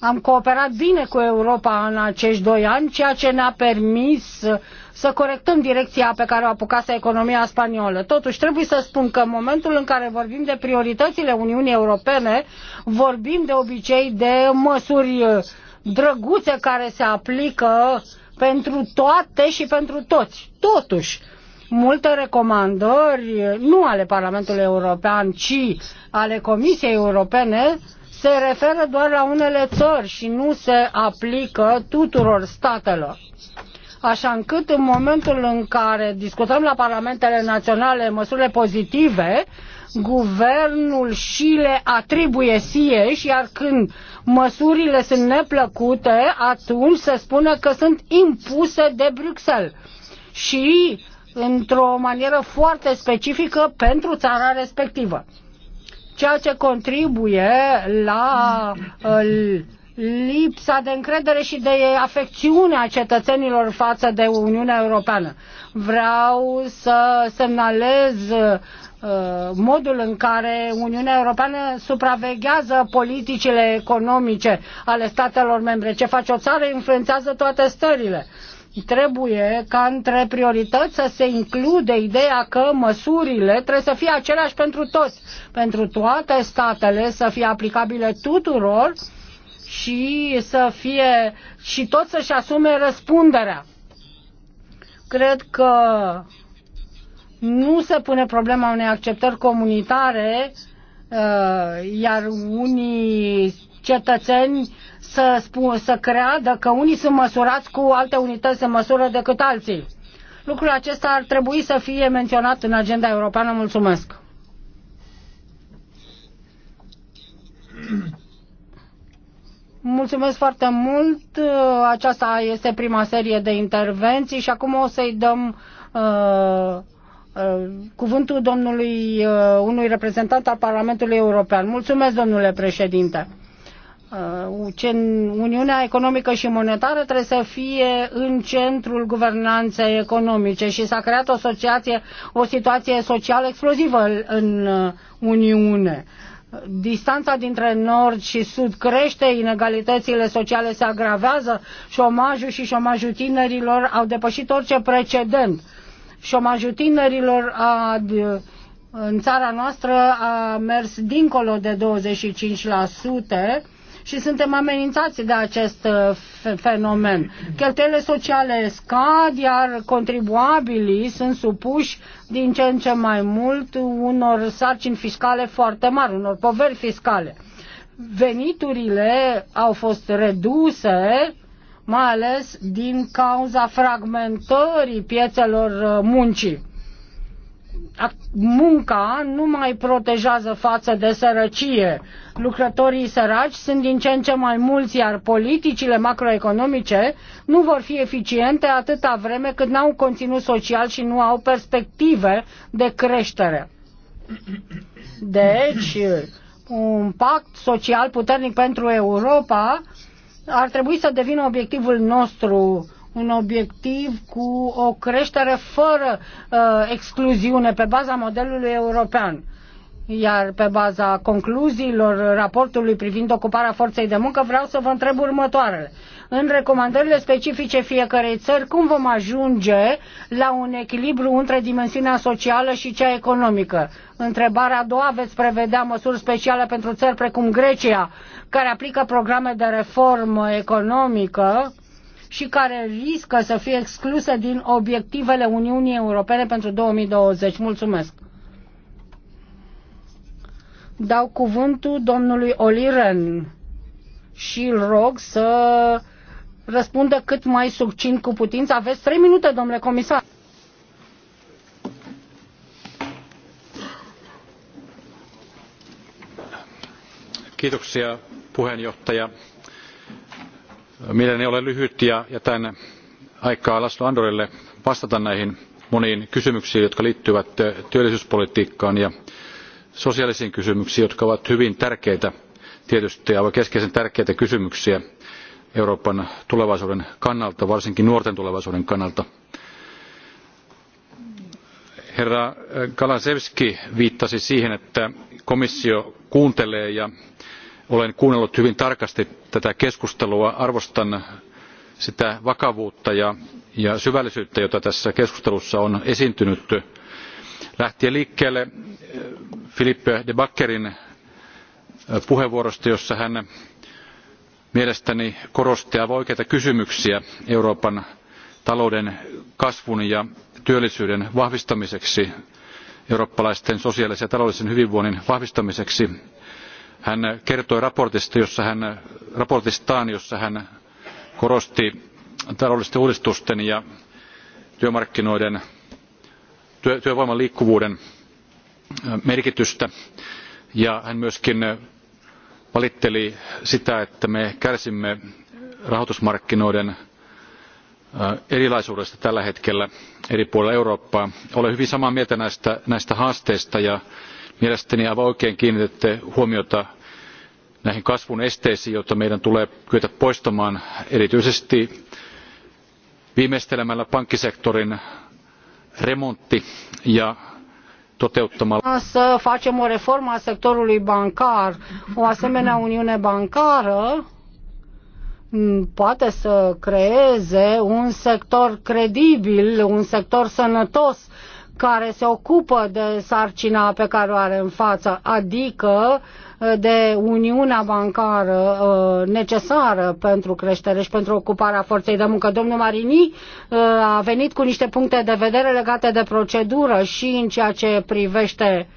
C: am cooperat bine cu Europa în acești doi ani, ceea ce ne-a permis să corectăm direcția pe care o apucase economia spaniolă. Totuși, trebuie să spun că în momentul în care vorbim de prioritățile Uniunii Europene, vorbim de obicei de măsuri drăguțe care se aplică pentru toate și pentru toți. Totuși, multe recomandări, nu ale Parlamentului European, ci ale Comisiei Europene, se referă doar la unele țări și nu se aplică tuturor statelor. Așa încât în momentul în care discutăm la parlamentele naționale măsurile pozitive, guvernul și le atribuie sie și iar când măsurile sunt neplăcute, atunci se spune că sunt impuse de Bruxelles. Și într-o manieră foarte specifică pentru țara respectivă ceea ce contribuie la uh, lipsa de încredere și de afecțiune a cetățenilor față de Uniunea Europeană. Vreau să semnalez uh, modul în care Uniunea Europeană supraveghează politicile economice ale statelor membre. Ce face o țară influențează toate stările. Trebuie ca între priorități să se include ideea că măsurile trebuie să fie aceleași pentru toți, pentru toate statele, să fie aplicabile tuturor și să fie și tot să-și asume răspunderea. Cred că nu se pune problema unei acceptări comunitare, uh, iar unii cetățeni să, spun, să creadă că unii sunt măsurați cu alte unități în măsură decât alții. Lucrul acesta ar trebui să fie menționat în agenda europeană. Mulțumesc! Mulțumesc foarte mult. Aceasta este prima serie de intervenții și acum o să-i dăm uh, uh, cuvântul domnului uh, unui reprezentant al Parlamentului European. Mulțumesc, domnule președinte. Uh, Uniunea economică și monetară trebuie să fie în centrul guvernanței economice și s-a creat o, asociație, o situație socială explozivă în uh, Uniune. Distanța dintre nord și sud crește, inegalitățile sociale se agravează, șomajul și șomajul tinerilor au depășit orice precedent. Șomajul tinerilor a, în țara noastră a mers dincolo de 25%, și suntem amenințați de acest uh, fenomen. Cheltuielile sociale scad, iar contribuabilii sunt supuși din ce în ce mai mult unor sarcini fiscale foarte mari, unor poveri fiscale. Veniturile au fost reduse mai ales din cauza fragmentării piețelor uh, muncii munca nu mai protejează față de sărăcie. Lucrătorii săraci sunt din ce în ce mai mulți, iar politicile macroeconomice nu vor fi eficiente atâta vreme cât n-au conținut social și nu au perspective de creștere. Deci, un pact social puternic pentru Europa ar trebui să devină obiectivul nostru un obiectiv cu o creștere fără uh, excluziune pe baza modelului european. Iar pe baza concluziilor raportului privind ocuparea forței de muncă vreau să vă întreb următoarele. În recomandările specifice fiecarei țări, cum vom ajunge la un echilibru între dimensiunea socială și cea economică? Întrebarea a doua, veți prevedea măsuri speciale pentru țări precum Grecia, care aplică programe de reformă economică și care riscă să fie excluse din obiectivele Uniunii Europene pentru 2020. Mulțumesc! Dau cuvântul domnului Oliren și îl rog să răspundă cât mai succint cu putință. Aveți trei minute, domnule comisar.
D: Kiitoksia puheenjohtaja mieleni ole lyhyt ja jätän aikaa Laszlo Andorille vastata näihin moniin kysymyksiin, jotka liittyvät työllisyyspolitiikkaan ja sosiaalisiin kysymyksiin, jotka ovat hyvin tärkeitä tietysti aivan keskeisen tärkeitä kysymyksiä Euroopan tulevaisuuden kannalta, varsinkin nuorten tulevaisuuden kannalta. Herra kalaevski viittasi siihen, että komissio kuuntelee ja olen kuunnellut hyvin tarkasti tätä keskustelua arvostan sitä vakavuutta ja, ja syvällisyyttä jota tässä keskustelussa on esiintynyt lähtien liikkeelle eh, philippe de backerin eh, puheenvuorosta jossa hän mielestäni korosti aivan oikeita kysymyksiä euroopan talouden kasvun ja työllisyyden vahvistamiseksi eurooppalaisten sosiaalisen ja taloudellisen hyvinvoinnin vahvistamiseksi hän kertoi raportista, jossa hän, raportistaan, jossa hän korosti taloudellisten uudistusten ja työmarkkinoiden työ, työvoiman liikkuvuuden merkitystä ja hän myöskin valitteli sitä, että me kärsimme rahoitusmarkkinoiden erilaisuudesta tällä hetkellä eri puolilla Eurooppaa. Olen hyvin samaa mieltä näistä, näistä haasteista ja mielestäni aivan oikein kiinnititte huomiota näihin kasvun esteisiin joita meidän tulee kyetä poistamaan erityisesti viimeistelemällä pankkisektorin remontti ja toteuttamalla.
C: Să facem o reformă a sectorului bancar, o asemenea uniune bancară poate să creeze un sector credibil, un sector sănătos care se ocupă de sarcina pe care o are în față, adică uh, de uniunea bancară uh, necesară pentru creștere și pentru ocuparea forței de muncă. Domnul Marini uh, a venit cu niște puncte de vedere legate de procedură și în ceea ce privește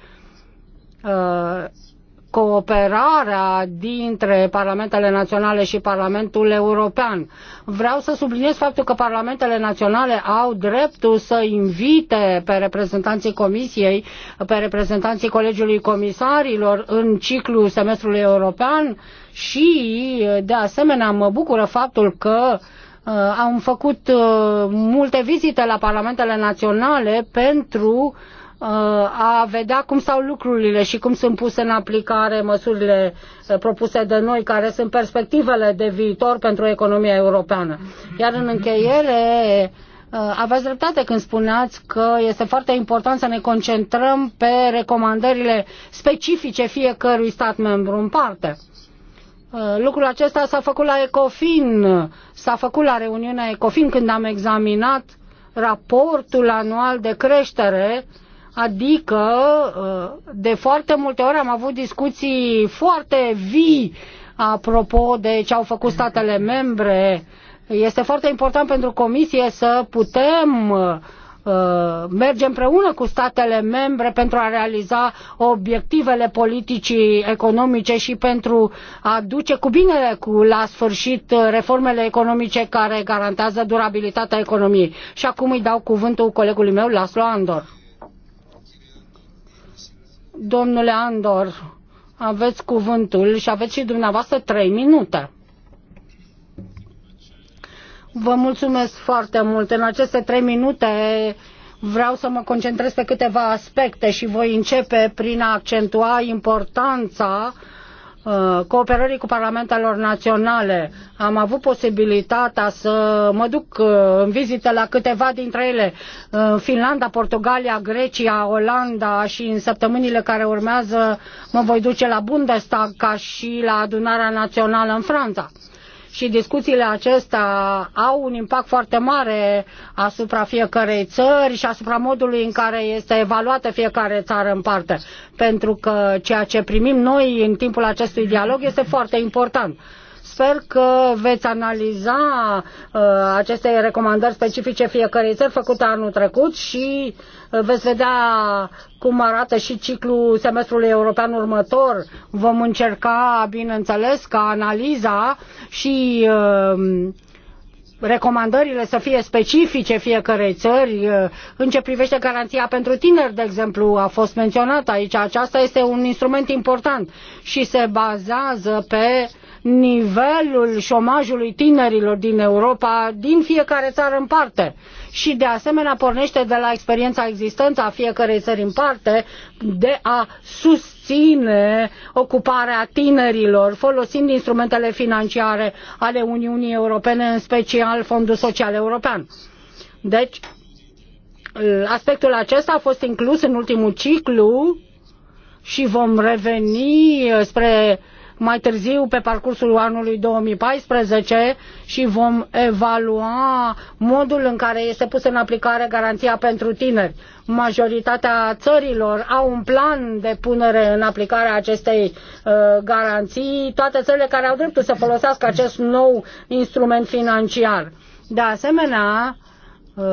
C: cooperarea dintre parlamentele naționale și Parlamentul European. Vreau să subliniez faptul că parlamentele naționale au dreptul să invite pe reprezentanții Comisiei, pe reprezentanții Colegiului Comisarilor în ciclul semestrului european și, de asemenea, mă bucură faptul că uh, am făcut uh, multe vizite la parlamentele naționale pentru uh, Uh, a vedea cum stau lucrurile și cum sunt puse în aplicare măsurile uh, propuse de noi, care sunt perspectivele de viitor pentru economia europeană. Iar în încheiere, uh, aveți dreptate când spuneați că este foarte important să ne concentrăm pe recomandările specifice fiecărui stat membru în parte. Lucrul acesta s-a făcut la Ecofin, s-a făcut la reuniunea Ecofin când am examinat raportul anual de creștere uh, Adică, uh, de foarte multe ori am avut discuții foarte vii apropo de ce au făcut statele membre. Este foarte important pentru Comisie să putem uh, merge împreună cu statele membre pentru a realiza obiectivele politicii economice și pentru a duce cu bine cu, la sfârșit reformele economice care garantează durabilitatea economiei. Și acum îi dau cuvântul colegului meu, Laslo Andor. Domnule Andor, aveți cuvântul și aveți și dumneavoastră trei minute. Vă mulțumesc foarte mult. În aceste trei minute vreau să mă concentrez pe câteva aspecte și voi începe prin a accentua importanța uh, Uh, cooperării cu parlamentelor naționale. Am avut posibilitatea să mă duc uh, în vizită la câteva dintre ele, Finlanda, Portugalia, Grecia, Olanda și în săptămânile care urmează mă voi duce la Bundestag ca și la adunarea națională în Franța și discuțiile acestea au un impact foarte mare asupra fiecărei țări și asupra modului în care este evaluată fiecare țară în parte. Pentru că ceea ce primim noi în timpul acestui dialog este foarte important. Sper că veți analiza uh, aceste recomandări specifice fiecărei țări făcute anul trecut și uh, veți vedea cum arată și ciclul semestrului european următor. Vom încerca, bineînțeles, ca analiza și uh, recomandările să fie specifice fiecarei țări. Uh, în ce privește garanția pentru tineri, de exemplu, a fost menționată aici. Aceasta este un instrument important și se bazează pe nivelul șomajului tinerilor din Europa, din fiecare țară în parte. Și de asemenea pornește de la experiența existentă a fiecărei țări în parte de a susține ocuparea tinerilor folosind instrumentele financiare ale Uniunii Europene, în special Fondul Social European. Deci, aspectul acesta a fost inclus în ultimul ciclu și vom reveni spre uh, mai târziu pe parcursul anului 2014 și vom evalua modul în care este pusă în aplicare garanția pentru tineri. Majoritatea țărilor au un plan de punere în aplicare a acestei uh, garanții, toate țările care au dreptul să folosească acest nou instrument financiar. De asemenea, uh,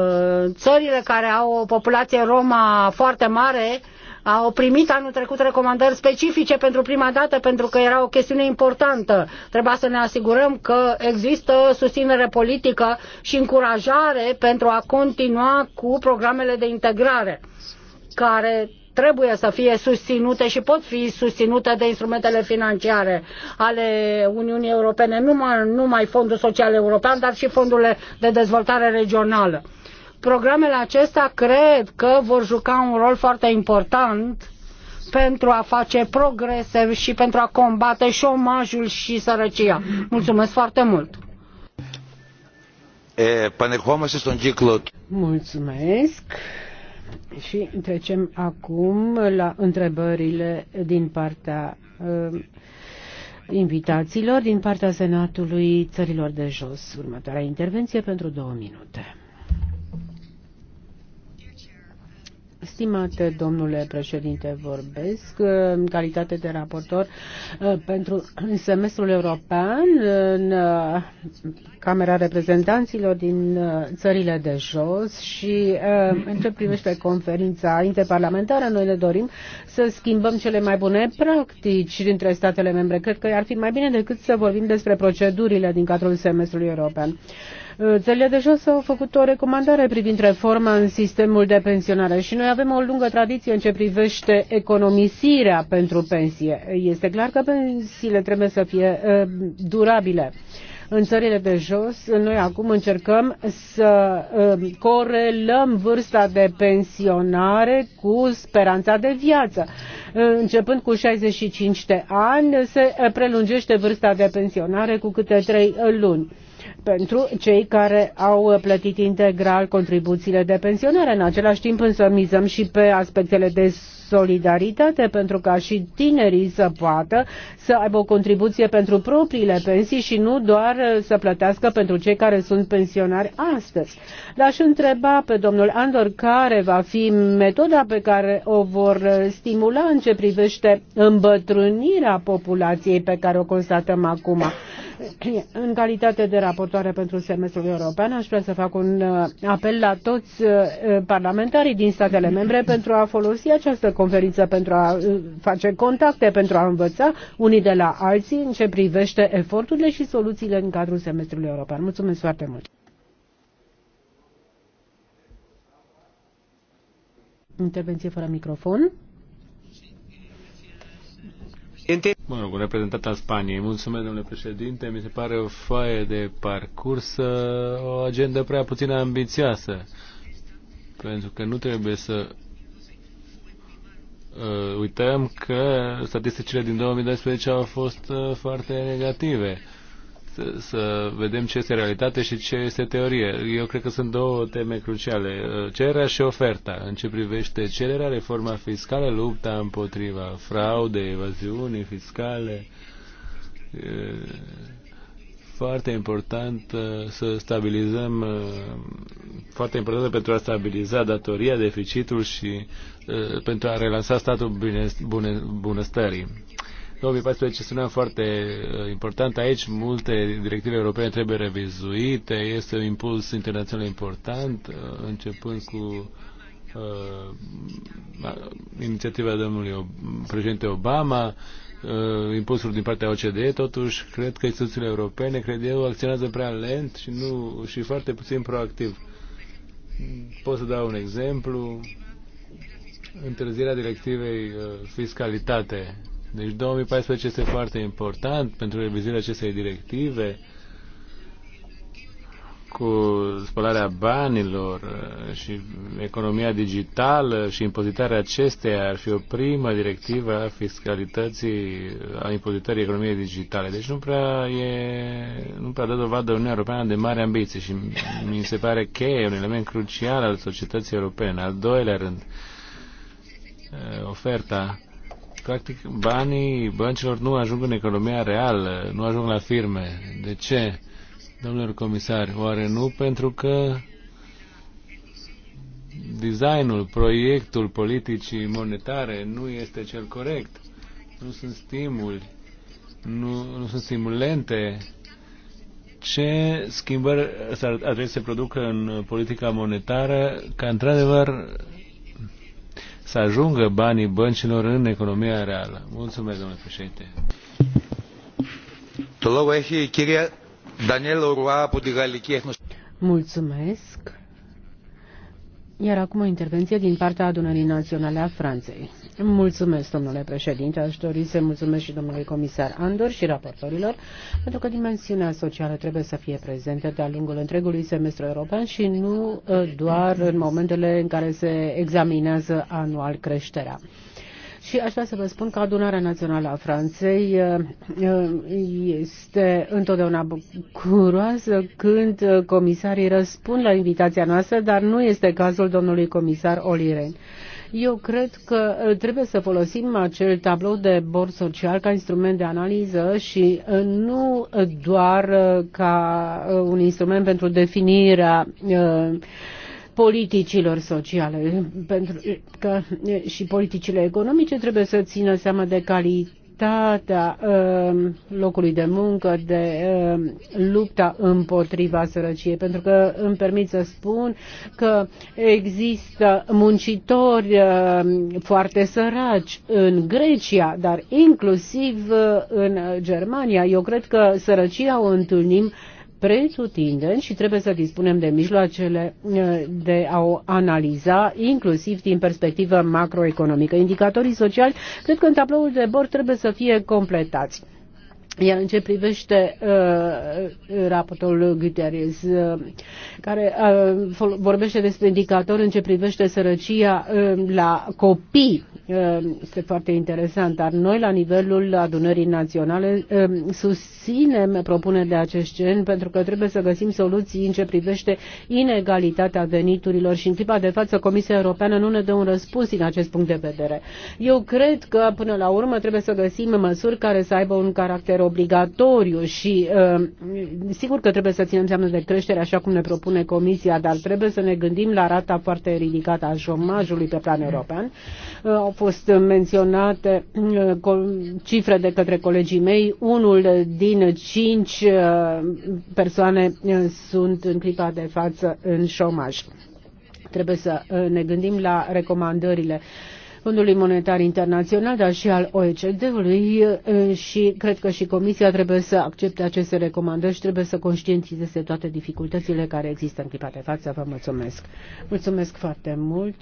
C: țările care au o populație Roma foarte mare au primit anul trecut recomandări specifice pentru prima dată pentru că era o chestiune importantă. Trebuia să ne asigurăm că există susținere politică și încurajare pentru a continua cu programele de integrare care trebuie să fie susținute și pot fi susținute de instrumentele financiare ale Uniunii Europene, nu numai Fondul Social European, dar și fondurile de dezvoltare regională Programele acestea cred că vor juca un rol foarte important pentru a face progrese și pentru a combate șomajul și sărăcia. Mulțumesc
A: foarte mult! Mulțumesc! Și trecem acum la întrebările din partea uh, invitaților, din partea Senatului Țărilor de Jos. Următoarea intervenție pentru două minute. Stimate domnule președinte, vorbesc uh, în calitate de raportor uh, pentru semestrul european în uh, Camera Reprezentanților din țările de jos și în ce privește conferința interparlamentară, noi ne dorim să schimbăm cele mai bune practici dintre statele membre. Cred că ar fi mai bine decât să vorbim despre procedurile din cadrul semestrului european. Eh, țările de jos au făcut o recomandare privind reforma în sistemul de pensionare și noi avem o lungă tradiție în ce privește economisirea pentru pensie. Este clar că pensiile trebuie să fie eh, durabile în țările de jos, noi acum încercăm să eh, corelăm vârsta de pensionare cu speranța de viață. Începând cu 65 de ani, se prelungește vârsta de pensionare cu câte 3 luni pentru cei care au plătit integral contribuțiile de pensionare. În același timp însă mizăm și pe aspectele de solidaritate pentru ca și tinerii să poată să aibă o contribuție pentru propriile pensii și nu doar să plătească pentru cei care sunt pensionari astăzi. L-aș întreba pe domnul Andor care va fi metoda pe care o vor stimula în ce privește îmbătrânirea populației pe care o constatăm acum. În calitate de raportoare pentru semestrul european, aș vrea să fac un uh, apel la toți uh, parlamentarii din statele membre pentru a folosi această conferință pentru a uh, face contacte, pentru a învăța unii de la alții în ce privește eforturile și soluțiile în cadrul semestrului european. Mulțumesc foarte mult! Intervenție fără microfon.
B: Mă rog, reprezentant al Spaniei. Mulțumesc, domnule președinte. Mi se pare o foaie de parcurs, uh, o agendă prea puțin ambițioasă. Pentru că nu trebuie să uh, uităm că statisticile din 2012 au fost uh, foarte negative. Să, să vedem ce este realitate și ce este teorie. Eu cred că sunt două teme cruciale. Uh, cererea și oferta. În ce privește cererea, reforma fiscală, lupta împotriva fraudei, evaziunii fiscale. Uh, foarte important uh, să stabilizăm, uh, foarte importantă pentru a stabiliza datoria, deficitul și uh, pentru a relansa statul bunăstării. 2014 sună foarte important aici, multe directive europene trebuie revizuite, este un impuls internațional important, începând cu uh, inițiativa domnului președinte Obama, uh, impulsuri din partea OCDE, totuși cred că instituțiile europene, cred eu, acționează prea lent și, nu, și foarte puțin proactiv. Pot să dau un exemplu. Întârzierea directivei uh, fiscalitate. Deci 2014 este foarte important pentru revizuirea acestei directive. Uh, cu spălarea banilor uh, și economia digitală și impozitarea acesteia ar fi o primă directivă a fiscalității, a impozitării economiei digitale. Deci nu prea, e, nu prea dă dovadă Uniunea Europeană de mare ambiție și mi se pare că e un element crucial al societății europene. Al doilea rând, uh, oferta practic banii băncilor nu ajung în economia reală, nu ajung la firme. De ce? Domnilor comisari, oare nu pentru că designul, proiectul politicii monetare nu este cel corect? Nu sunt stimuli, nu, nu sunt stimulente. Ce schimbări ar trebui să se producă în politica monetară ca într-adevăr să ajungă banii băncilor în economia reală? Mulțumesc, domnule președinte. Daniel
A: Mulțumesc. Iar acum o intervenție din partea Adunării Naționale a Franței. Mulțumesc, domnule președinte. Aș dori să mulțumesc și domnului comisar Andor și raportorilor, pentru că dimensiunea socială trebuie să fie prezentă de-a lungul întregului semestru european și nu eh, doar în momentele în care se examinează anual creșterea. Și aș vrea să vă spun că adunarea națională a Franței uh, uh, este întotdeauna bucuroasă când comisarii răspund la invitația noastră, dar nu este cazul domnului comisar Oliren. Eu cred că uh, trebuie să folosim acel tablou de bord social ca instrument de analiză și nu doar ca un instrument pentru definirea uh, politicilor sociale, pentru că și politicile economice trebuie să țină seama de calitate calitatea um, locului de muncă, de um, lupta împotriva sărăciei, pentru că îmi permit să spun că există muncitori um, foarte săraci în Grecia, dar inclusiv uh, în Germania. Eu cred că sărăcia o întâlnim pretutindeni și trebuie să dispunem de mijloacele eh, de a o analiza, inclusiv din perspectivă macroeconomică. Indicatorii sociali, cred că în tabloul de bord trebuie să fie completați. Iar în ce privește uh, raportul Guterres, uh, care uh, vorbește despre indicator în ce privește sărăcia uh, la copii, este foarte interesant, dar noi la nivelul adunării naționale um, susținem propuneri de acest gen pentru că trebuie să găsim soluții în ce privește inegalitatea veniturilor și în clipa de față Comisia Europeană nu ne dă un răspuns din acest punct de vedere. Eu cred că până la urmă trebuie să găsim măsuri care să aibă un caracter obligatoriu și um, sigur că trebuie să ținem seama de creștere așa cum ne propune Comisia, dar trebuie să ne gândim la rata foarte ridicată a șomajului pe plan european. Au uh, fost menționate uh, cifre de către colegii mei. Unul din cinci uh, persoane uh, sunt în clipa de față în șomaj. Trebuie să ne gândim la recomandările Fondului Monetar Internațional, dar și al OECD-ului și cred că și Comisia trebuie să accepte aceste recomandări și trebuie să conștientizeze toate dificultățile care există în clipa de față. Vă mulțumesc. Mulțumesc foarte mult.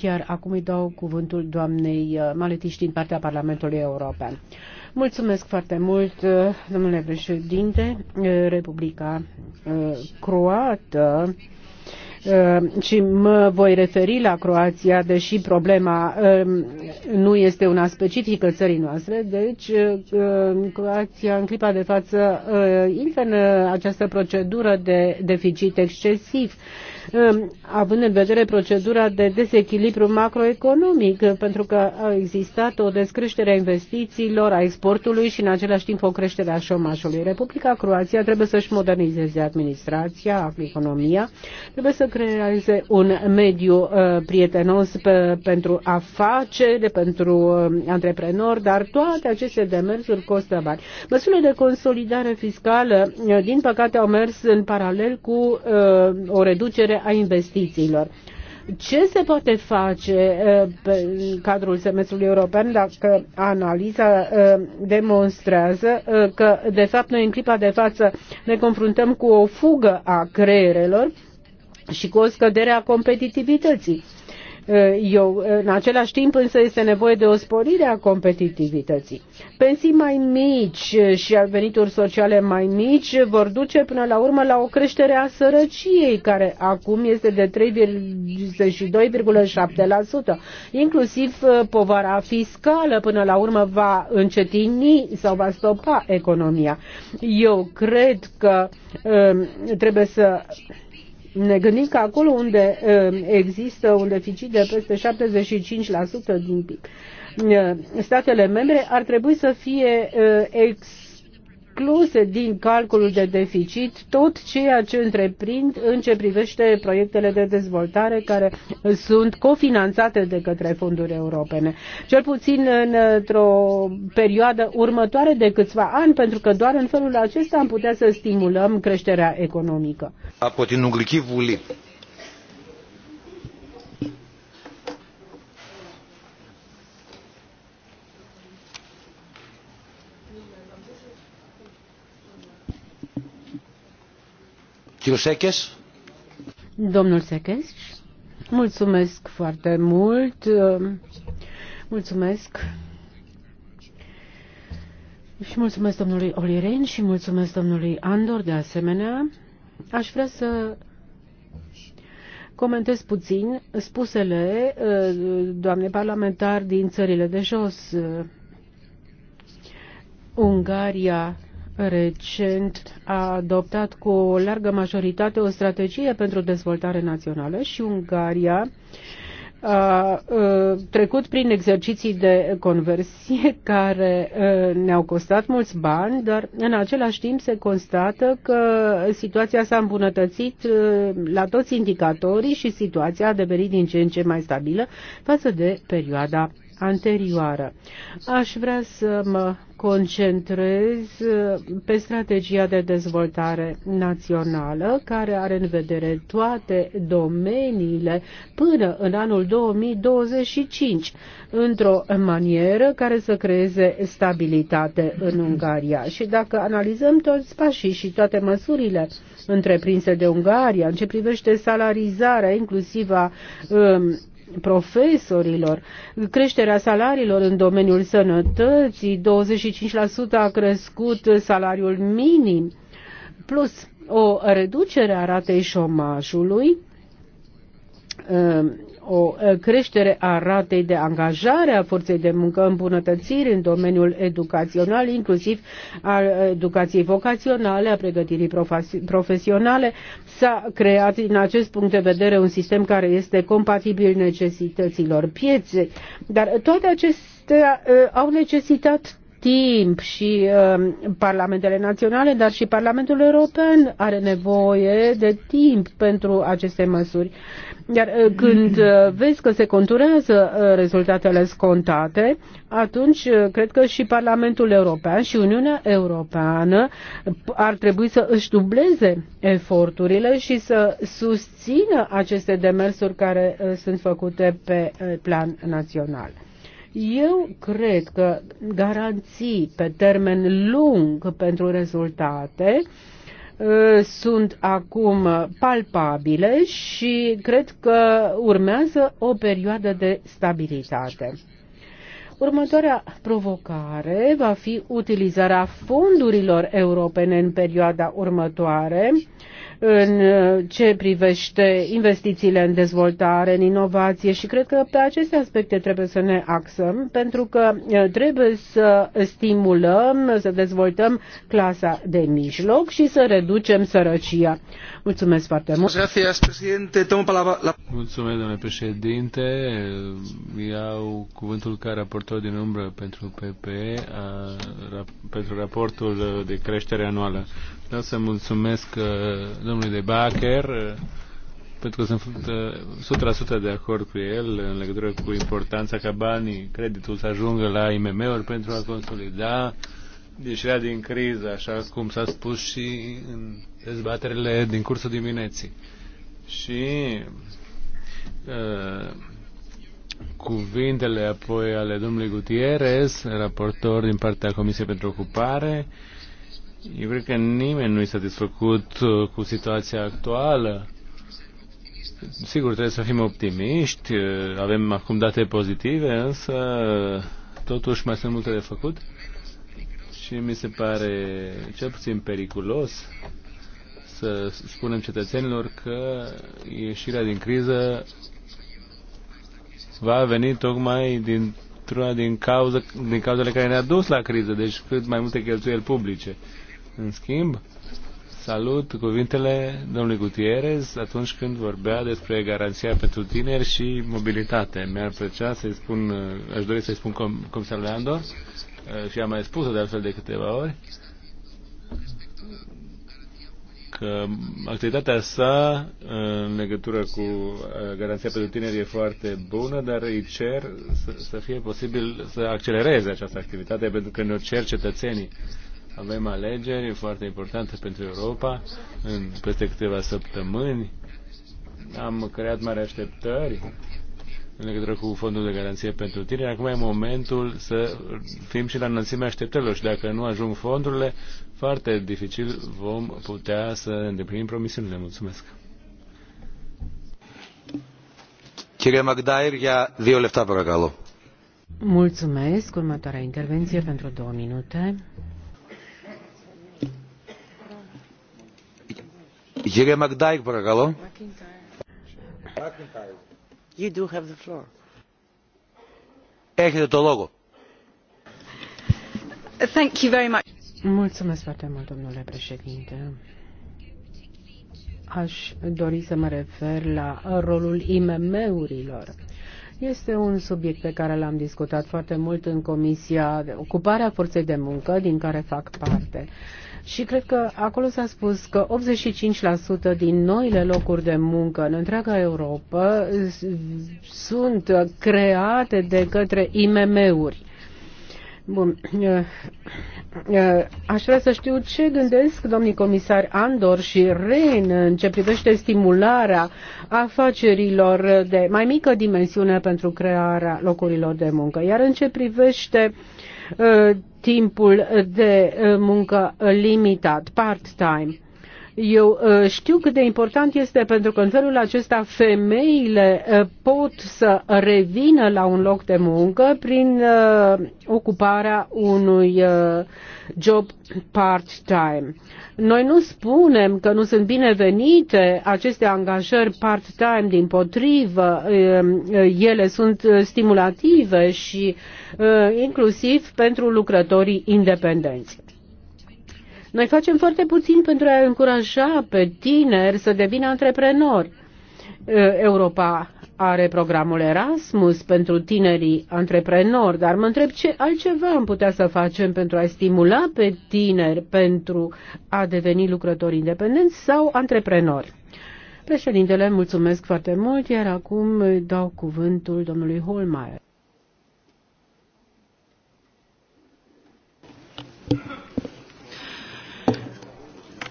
A: Iar acum îi dau cuvântul doamnei Maletiști din partea Parlamentului European. Mulțumesc foarte mult, domnule președinte. Republica Croată Uh, și mă voi referi la Croația, deși problema uh, nu este una specifică țării noastre, deci uh, Croația în clipa de față intră în această procedură de deficit excesiv având în vedere procedura de dezechilibru macroeconomic, pentru că a existat o descreștere a investițiilor, a exportului și în același timp o creștere a șomajului. Republica Croația trebuie să-și modernizeze administrația, economia, trebuie să creeze un mediu uh, prietenos pe, pentru afaceri, pentru uh, antreprenori, dar toate aceste demersuri costă bani. Măsurile de consolidare fiscală, uh, din păcate, au mers în paralel cu o reducere creștere a investițiilor. Ce se poate face în uh, cadrul semestrului european dacă analiza uh, demonstrează uh, că, de fapt, noi în clipa de față ne confruntăm cu o fugă a creierelor și cu o scădere a competitivității? Eh, eu. În același timp însă este nevoie de o sporire a competitivității. Pensii mai mici eh, și venituri sociale mai mici vor duce până la urmă la o creștere a sărăciei, care acum este de 3,2,7%. Inclusiv eh, povara fiscală până la urmă va încetini sau va stopa economia. Eu cred că trebuie să ne gândim că acolo unde um, există un deficit de peste 75% din PIB, um, statele membre ar trebui să fie uh, ex excluse din calculul de deficit tot ceea ce întreprind în ce privește proiectele de dezvoltare care sunt cofinanțate de către fonduri europene. Cel puțin într-o perioadă următoare de câțiva ani, pentru că doar în felul acesta am putea să stimulăm creșterea economică. Chiu Domnul Seches, mulțumesc foarte mult. Mulțumesc. Și mulțumesc domnului Oliren și mulțumesc domnului Andor de asemenea. Aș vrea să comentez puțin spusele uh, doamnei parlamentar din țările de jos. Uh, Ungaria recent a adoptat cu o largă majoritate o strategie pentru dezvoltare națională și Ungaria a trecut prin exerciții de conversie care ne-au costat mulți bani, dar în același timp se constată că situația s-a îmbunătățit la toți indicatorii și situația a devenit din ce în ce mai stabilă față de perioada anterioară. Aș vrea să mă concentrez uh, pe strategia de dezvoltare națională, care are în vedere toate domeniile până în anul 2025, într-o manieră care să creeze stabilitate în Ungaria. Și dacă analizăm toți pașii și toate măsurile întreprinse de Ungaria în ce privește salarizarea, inclusiv a um, profesorilor, creșterea salariilor în domeniul sănătății, 25% a crescut salariul minim, plus o reducere a ratei șomajului ehm, o creștere a ratei de angajare a forței de muncă, îmbunătățiri în domeniul educațional, inclusiv al educației vocaționale, a pregătirii profesionale. S-a creat din acest punct de vedere un sistem care este compatibil necesităților pieței, dar toate acestea au necesitat timp și uh, parlamentele naționale, dar și Parlamentul European are nevoie de timp pentru aceste măsuri. Iar uh, când uh, vezi că se conturează uh, rezultatele scontate, atunci cred că și Parlamentul European și Uniunea Europeană ar trebui să își dubleze eforturile și să susțină aceste demersuri care sunt făcute pe plan național. Eu cred că garanții pe termen lung pentru rezultate uh, Uh, sunt acum palpabile și cred că urmează o perioadă de stabilitate. Următoarea provocare va fi utilizarea fondurilor europene în perioada următoare în uh, ce privește investițiile în dezvoltare, în inovație și cred că pe aceste aspecte trebuie să ne axăm pentru că uh, trebuie să stimulăm, să dezvoltăm clasa de mijloc și să reducem sărăcia. Mulțumesc foarte mult.
B: Mulțumesc, domnule președinte. Iau cuvântul ca raportor din umbră pentru PPE, a, pentru raportul de creștere anuală. Vreau să mulțumesc uh, domnului de Bacher uh, pentru că sunt 100% uh, de acord cu el în legătură cu importanța ca banii, creditul să ajungă la IMM-uri pentru a consolida ieșirea din criză, așa cum s-a spus și în dezbaterile din cursul dimineții. Și uh, cuvintele apoi ale domnului Gutierrez, raportor din partea Comisiei pentru Ocupare, uh, eu cred că nimeni nu e satisfăcut uh, cu situația actuală. Sigur, trebuie să fim optimiști, uh, avem acum date pozitive, însă uh, totuși mai sunt multe de făcut și mi se pare cel puțin periculos să spunem cetățenilor că ieșirea din criză va veni tocmai dintr-una din, cauza, din cauzele care ne-a dus la criză, deci cât mai multe cheltuieli publice. În schimb, salut cuvintele domnului Gutierrez atunci când vorbea despre garanția pentru tineri și mobilitate. Mi-ar plăcea să-i spun, aș dori să-i spun com comisarul Andor uh, și am mai spus-o de altfel de câteva ori că activitatea sa uh, în legătură cu uh, garanția pentru tineri e foarte bună, dar îi cer să, să fie posibil să accelereze această activitate pentru că ne-o cer cetățenii avem alegeri foarte importante pentru Europa în peste câteva săptămâni. Am creat mari așteptări în legătură cu fondul de garanție pentru tineri. Acum e momentul să fim și la înălțimea așteptărilor și dacă nu ajung fondurile, foarte dificil vom putea să îndeplinim promisiunile. Mulțumesc.
A: Mulțumesc. Următoarea intervenție pentru două minute. Η κυρία You do have the
C: floor.
D: Έχετε το λόγο.
A: Thank you very much. Mulțumesc foarte mult, domnule președinte. Aș dori să mă refer la rolul IMM-urilor. Este un subiect pe care l-am discutat foarte mult în Comisia de Ocuparea Forței de Muncă, din care fac parte. Și cred că acolo s-a spus că 85% din noile locuri de muncă în întreaga Europa sunt create de către IMM-uri. Bun. Eh, eh, aș vrea să știu ce gândesc domnii comisari Andor și Ren în ce privește stimularea afacerilor de mai mică dimensiune pentru crearea locurilor de muncă. Iar în ce privește uh, Uh, timpul de uh, muncă limitat, part-time. Eu uh, știu cât de important este pentru că în felul acesta femeile uh, pot să revină la un loc de muncă prin uh, ocuparea unui job part-time. Noi nu spunem că nu sunt binevenite aceste angajări part-time, din potrivă, um, ele sunt stimulative și inclusiv pentru lucrătorii independenți. Noi facem foarte puțin pentru a încuraja pe tineri să devină antreprenori. Europa are programul Erasmus pentru tinerii antreprenori, dar mă întreb ce altceva am putea să facem pentru a stimula pe tineri pentru a deveni lucrători independenți sau antreprenori. Președintele, mulțumesc foarte mult, iar acum dau cuvântul domnului Holmeier.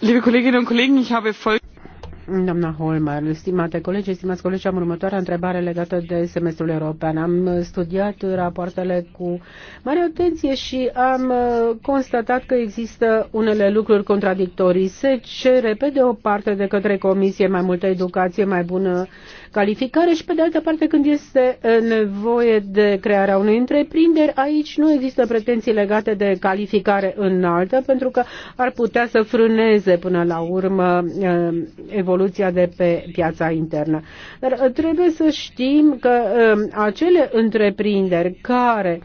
A: Liebe Kolleginnen und Kollegen, ich habe voll... Doamna Holmer, stimate colegi, stimați colegi, am următoarea întrebare legată de semestrul european. Am studiat rapoartele cu mare atenție și am uh, constatat că există unele lucruri contradictorii. Se cere, pe de o parte, de către Comisie mai multă educație, mai bună calificare și, pe de altă parte, când este nevoie de crearea unei întreprinderi, aici nu există pretenții legate de calificare înaltă, pentru că ar putea să frâneze până la urmă evoluția de pe piața internă. Dar trebuie să știm că acele întreprinderi care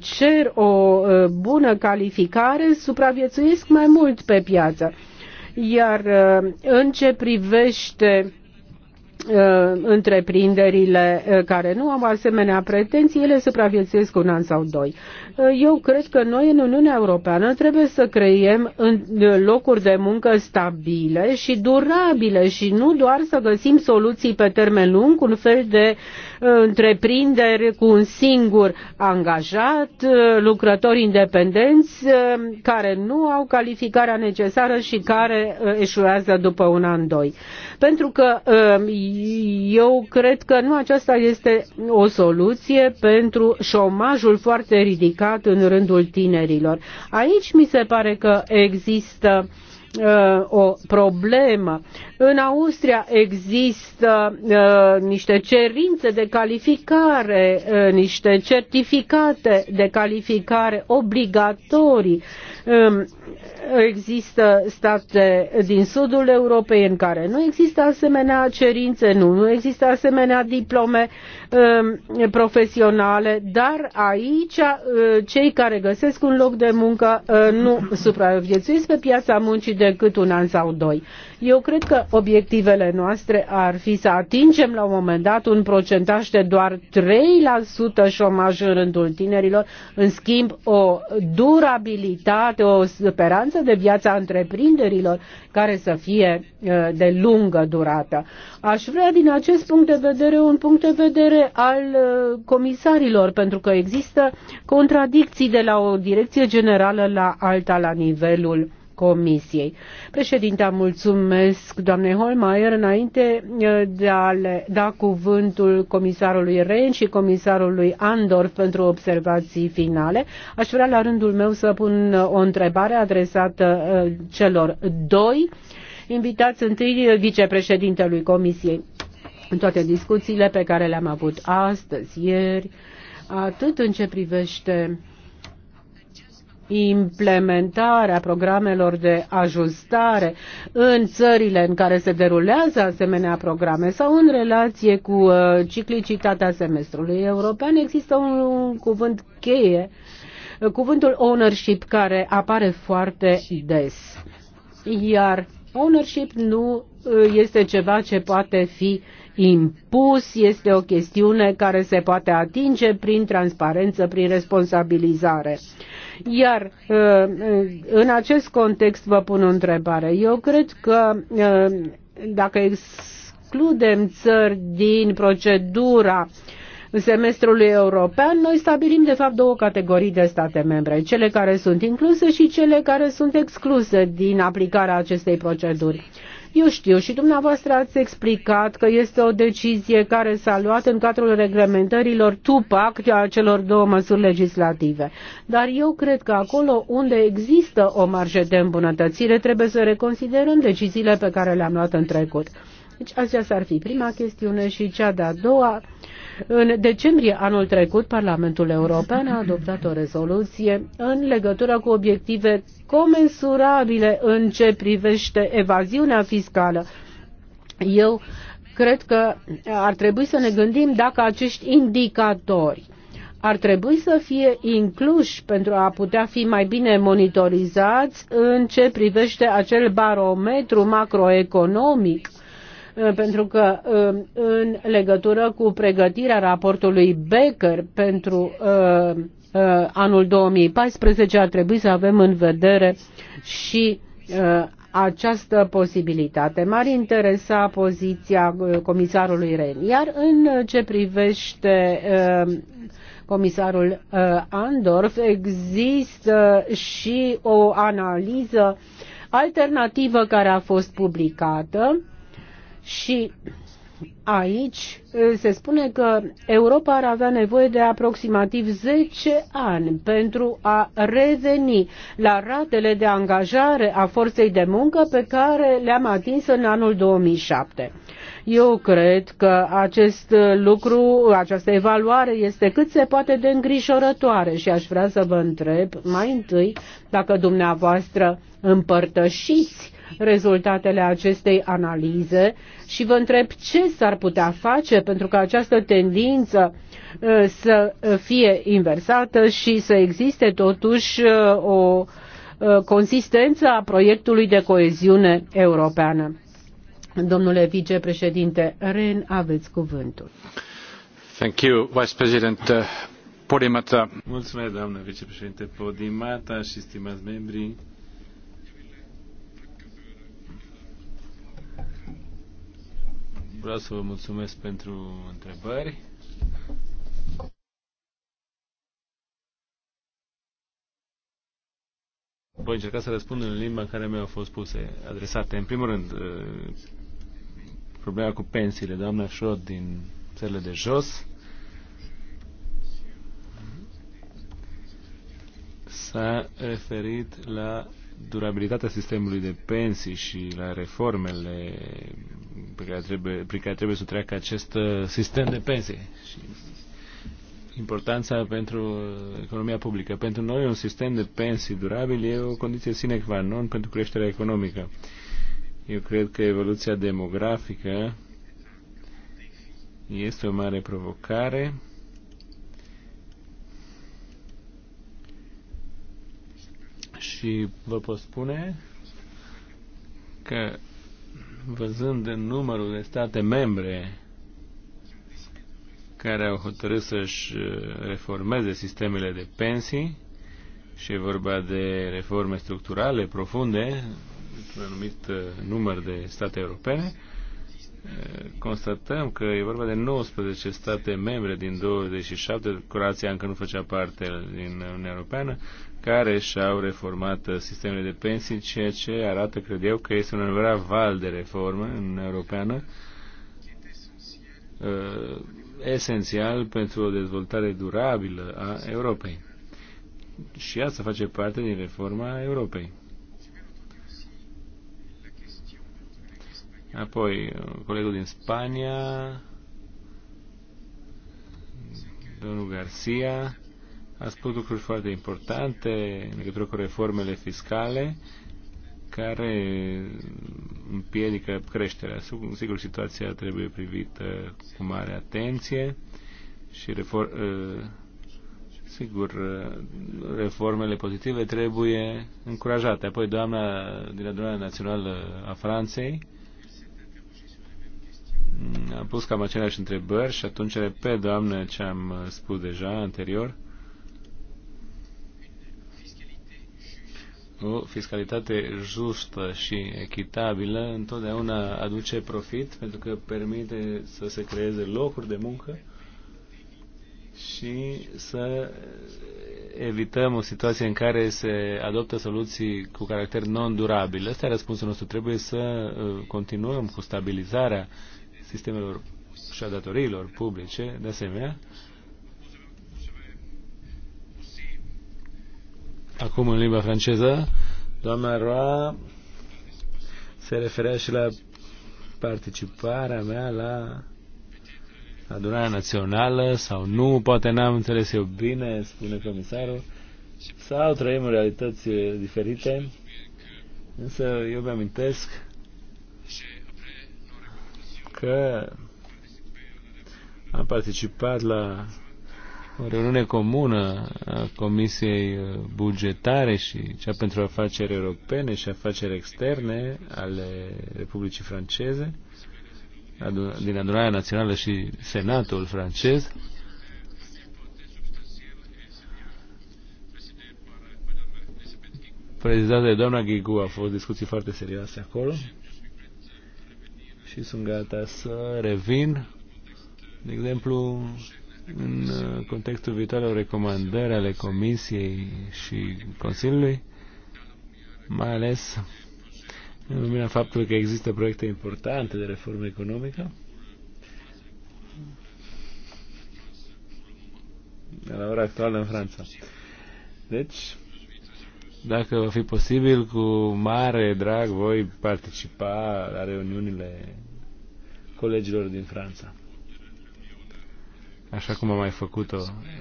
A: cer o bună calificare supraviețuiesc mai mult pe piață. Iar în ce privește Uh, întreprinderile uh, care nu au asemenea pretenții, ele supraviețuiesc un an sau doi. Uh, eu cred că noi în Uniunea Europeană trebuie să creiem locuri de muncă stabile și durabile și nu doar să găsim soluții pe termen lung, un fel de întreprinderi cu un singur angajat, lucrători independenți care nu au calificarea necesară și care eșuează după un an, doi. Pentru că um, eu cred că nu aceasta este o soluție pentru șomajul foarte ridicat în rândul tinerilor. Aici mi se pare că există uh, o problemă. În Austria există uh, niște cerințe de calificare, uh, niște certificate de calificare obligatorii Există state din sudul Europei în care nu există asemenea cerințe, nu, nu există asemenea diplome um, profesionale, dar aici uh, cei care găsesc un loc de muncă uh, nu supraviețuiesc pe piața muncii decât un an sau doi. Eu cred că obiectivele noastre ar fi să atingem la un moment dat un procentaj de doar 3% șomaj în rândul tinerilor, în schimb o durabilitate poate o speranță de viața întreprinderilor care să fie uh, de lungă durată. Aș vrea din acest punct de vedere un punct de vedere al uh, comisarilor, pentru că există contradicții de la o direcție generală la alta la nivelul Comisiei. Președinte, mulțumesc doamne Holmeier. Înainte eh, de a le da cuvântul comisarului Ren și comisarului Andorf pentru observații finale, aș vrea la rândul meu să pun eh, o întrebare adresată eh, celor doi invitați întâi vicepreședintelui Comisiei. În toate discuțiile pe care le-am avut astăzi, ieri, atât în ce privește uh, implementarea programelor de ajustare în țările în care se derulează asemenea programe sau în relație cu uh, ciclicitatea semestrului european, există un cuvânt cheie, uh, cuvântul ownership, care apare foarte des. Iar ownership nu este ceva ce poate fi impus, este o chestiune care se poate atinge prin transparență, prin responsabilizare. Iar uh, în acest context vă pun o întrebare. Eu cred că uh, dacă excludem țări din procedura semestrului european, noi stabilim de fapt două categorii de state membre, cele care sunt incluse și cele care sunt excluse din aplicarea acestei proceduri. Eu știu și dumneavoastră ați explicat că este o decizie care s-a luat în cadrul reglementărilor TUPAC, a celor două măsuri legislative. Dar eu cred că acolo unde există o marjă de îmbunătățire trebuie să reconsiderăm deciziile pe care le-am luat în trecut. Deci s ar fi prima chestiune și cea de-a doua. În decembrie anul trecut, Parlamentul European a adoptat o rezoluție în legătură cu obiective comensurabile în ce privește evaziunea fiscală. Eu cred că ar trebui să ne gândim dacă acești indicatori ar trebui să fie incluși pentru a putea fi mai bine monitorizați în ce privește acel barometru macroeconomic uh, Uh, pentru că uh, în legătură cu pregătirea raportului Becker pentru uh, anul 2014 ar trebui să avem în vedere și această posibilitate. M-ar interesa poziția comisarului Ren. Iar în ce privește comisarul Andorf, există și o analiză alternativă care a fost publicată și aici eh, se spune că Europa ar avea nevoie de aproximativ 10 ani pentru a reveni la ratele de angajare a forței de muncă pe care le-am atins în anul 2007. Eu cred că acest lucru, această evaluare este cât se poate de îngrijorătoare și aș vrea să vă întreb mai întâi dacă dumneavoastră împărtășiți rezultatele acestei analize și vă întreb ce s-ar putea face pentru că această tendință uh, să fie inversată și să existe totuși uh, o uh, consistență a proiectului de coeziune europeană. Domnule vicepreședinte Ren, aveți cuvântul.
D: Thank you, Vice President Podimata.
B: Mulțumesc, doamnă vicepreședinte Podimata și stimați membri. Vreau să vă mulțumesc pentru întrebări. Voi încerca să răspund în limba care mi-au fost puse, adresate. În primul rând, uh, problema cu pensiile, doamna Șot din țările de jos. S-a referit la durabilitatea sistemului de pensii și la reformele pe care trebuie, prin care trebuie să treacă acest uh, sistem de pensii și importanța pentru economia publică. Pentru noi un sistem de pensii durabil e o condiție sine qua non pentru creșterea economică. Eu cred că evoluția demografică este o mare provocare Și vă pot spune că văzând în numărul de state membre care au hotărât să-și uh, reformeze sistemele de pensii, și e vorba de reforme structurale profunde, într un anumit uh, număr de state europene, uh, constatăm că e vorba de 19 state membre din 27, Croația încă nu făcea parte din Uniunea Europeană, care și-au reformat uh, sistemele de pensii, ceea ce arată, cred eu, că este un adevărat val de reformă în Europeană, uh, esențial pentru o dezvoltare durabilă a Europei. Și asta face parte din reforma Europei. Apoi, uh, colegul din Spania, domnul Garcia, a spus lucruri foarte importante în legătură cu reformele fiscale care împiedică creșterea. Sigur, situația trebuie privită cu mare atenție și refor ă, sigur, ă, reformele pozitive trebuie încurajate. Apoi doamna din Adunarea Națională a Franței am pus cam aceleași întrebări și atunci repet, doamnă, ce am spus deja anterior o fiscalitate justă și echitabilă întotdeauna aduce profit pentru că permite să se creeze locuri de muncă și să evităm o situație în care se adoptă soluții cu caracter non-durabil. Asta e răspunsul nostru. Trebuie să uh, continuăm cu stabilizarea sistemelor și a datoriilor publice, de asemenea, Acum în limba franceză, doamna Roa se referea și la participarea mea la adunarea națională sau nu, poate n-am înțeles eu bine, spune comisarul, sau trăim realități eh, diferite, însă eu mi amintesc că am participat la o reuniune comună a Comisiei Bugetare și cea pentru afaceri europene și afaceri externe ale Republicii Franceze, din Adunarea Națională și Senatul francez, prezidat de doamna Ghigu, a fost discuții foarte serioase acolo și sunt gata să revin, de exemplu, în uh, contextul viitoarelor recomandări ale Comisiei și Consiliului, mai ales în lumina faptului că există proiecte importante de reformă economică. la ora actuală în Franța. Deci, dacă va fi posibil, cu mare drag voi participa la reuniunile colegilor din Franța așa cum am mai făcut-o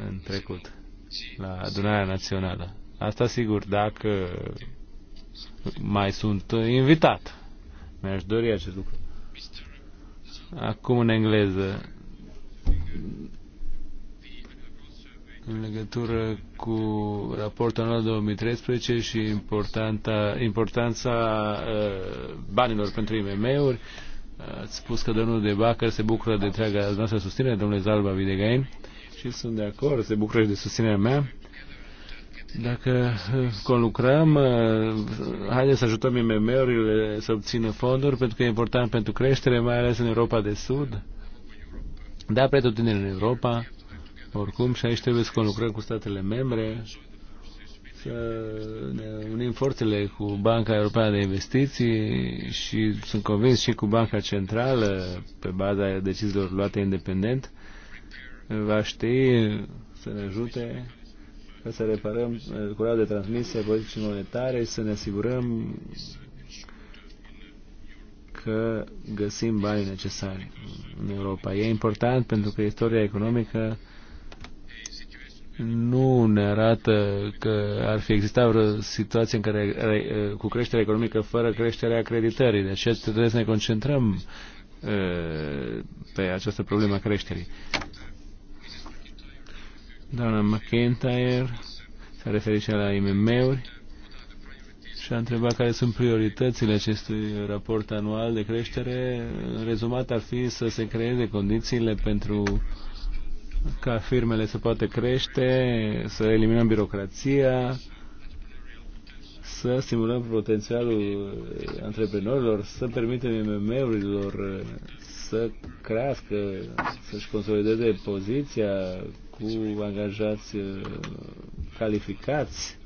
B: în trecut, la adunarea națională. Asta sigur, dacă mai sunt invitat. Mi-aș dori acest lucru. Acum în engleză. În legătură cu raportul anual 2013 și importanța, importanța uh, banilor pentru IMM-uri, uh, Ați spus că domnul de Bacăr se bucură de întreaga noastră susținere, domnule Zalba Videgain, și sunt de acord, se bucură de susținerea mea. Dacă uh, conlucrăm, uh, haideți să ajutăm IMM-urile să obțină fonduri, pentru că e important pentru creștere, mai ales în Europa de Sud. Da, pretutindeni în Europa, oricum, și aici trebuie să conlucrăm cu statele membre să ne unim forțele cu Banca Europeană de Investiții și sunt convins și cu Banca Centrală, pe baza deciziilor luate independent, va ști să ne ajute să reparăm curarea de transmisie a monetare și să ne asigurăm că găsim banii necesari în Europa. E important pentru că istoria economică nu ne arată că ar fi existat vreo situație în care, cu creșterea economică fără creșterea acreditării. Deci trebuie să ne concentrăm uh, pe această problemă a creșterii. Doamna McIntyre s-a referit și la IMM-uri și a întrebat care sunt prioritățile acestui raport anual de creștere. Rezumat ar fi să se creeze condițiile pentru uh, ca firmele să poată crește, să eliminăm birocrația, să stimulăm potențialul antreprenorilor, să permitem mmm urilor uh, să crească, să-și consolideze poziția cu angajați uh, calificați.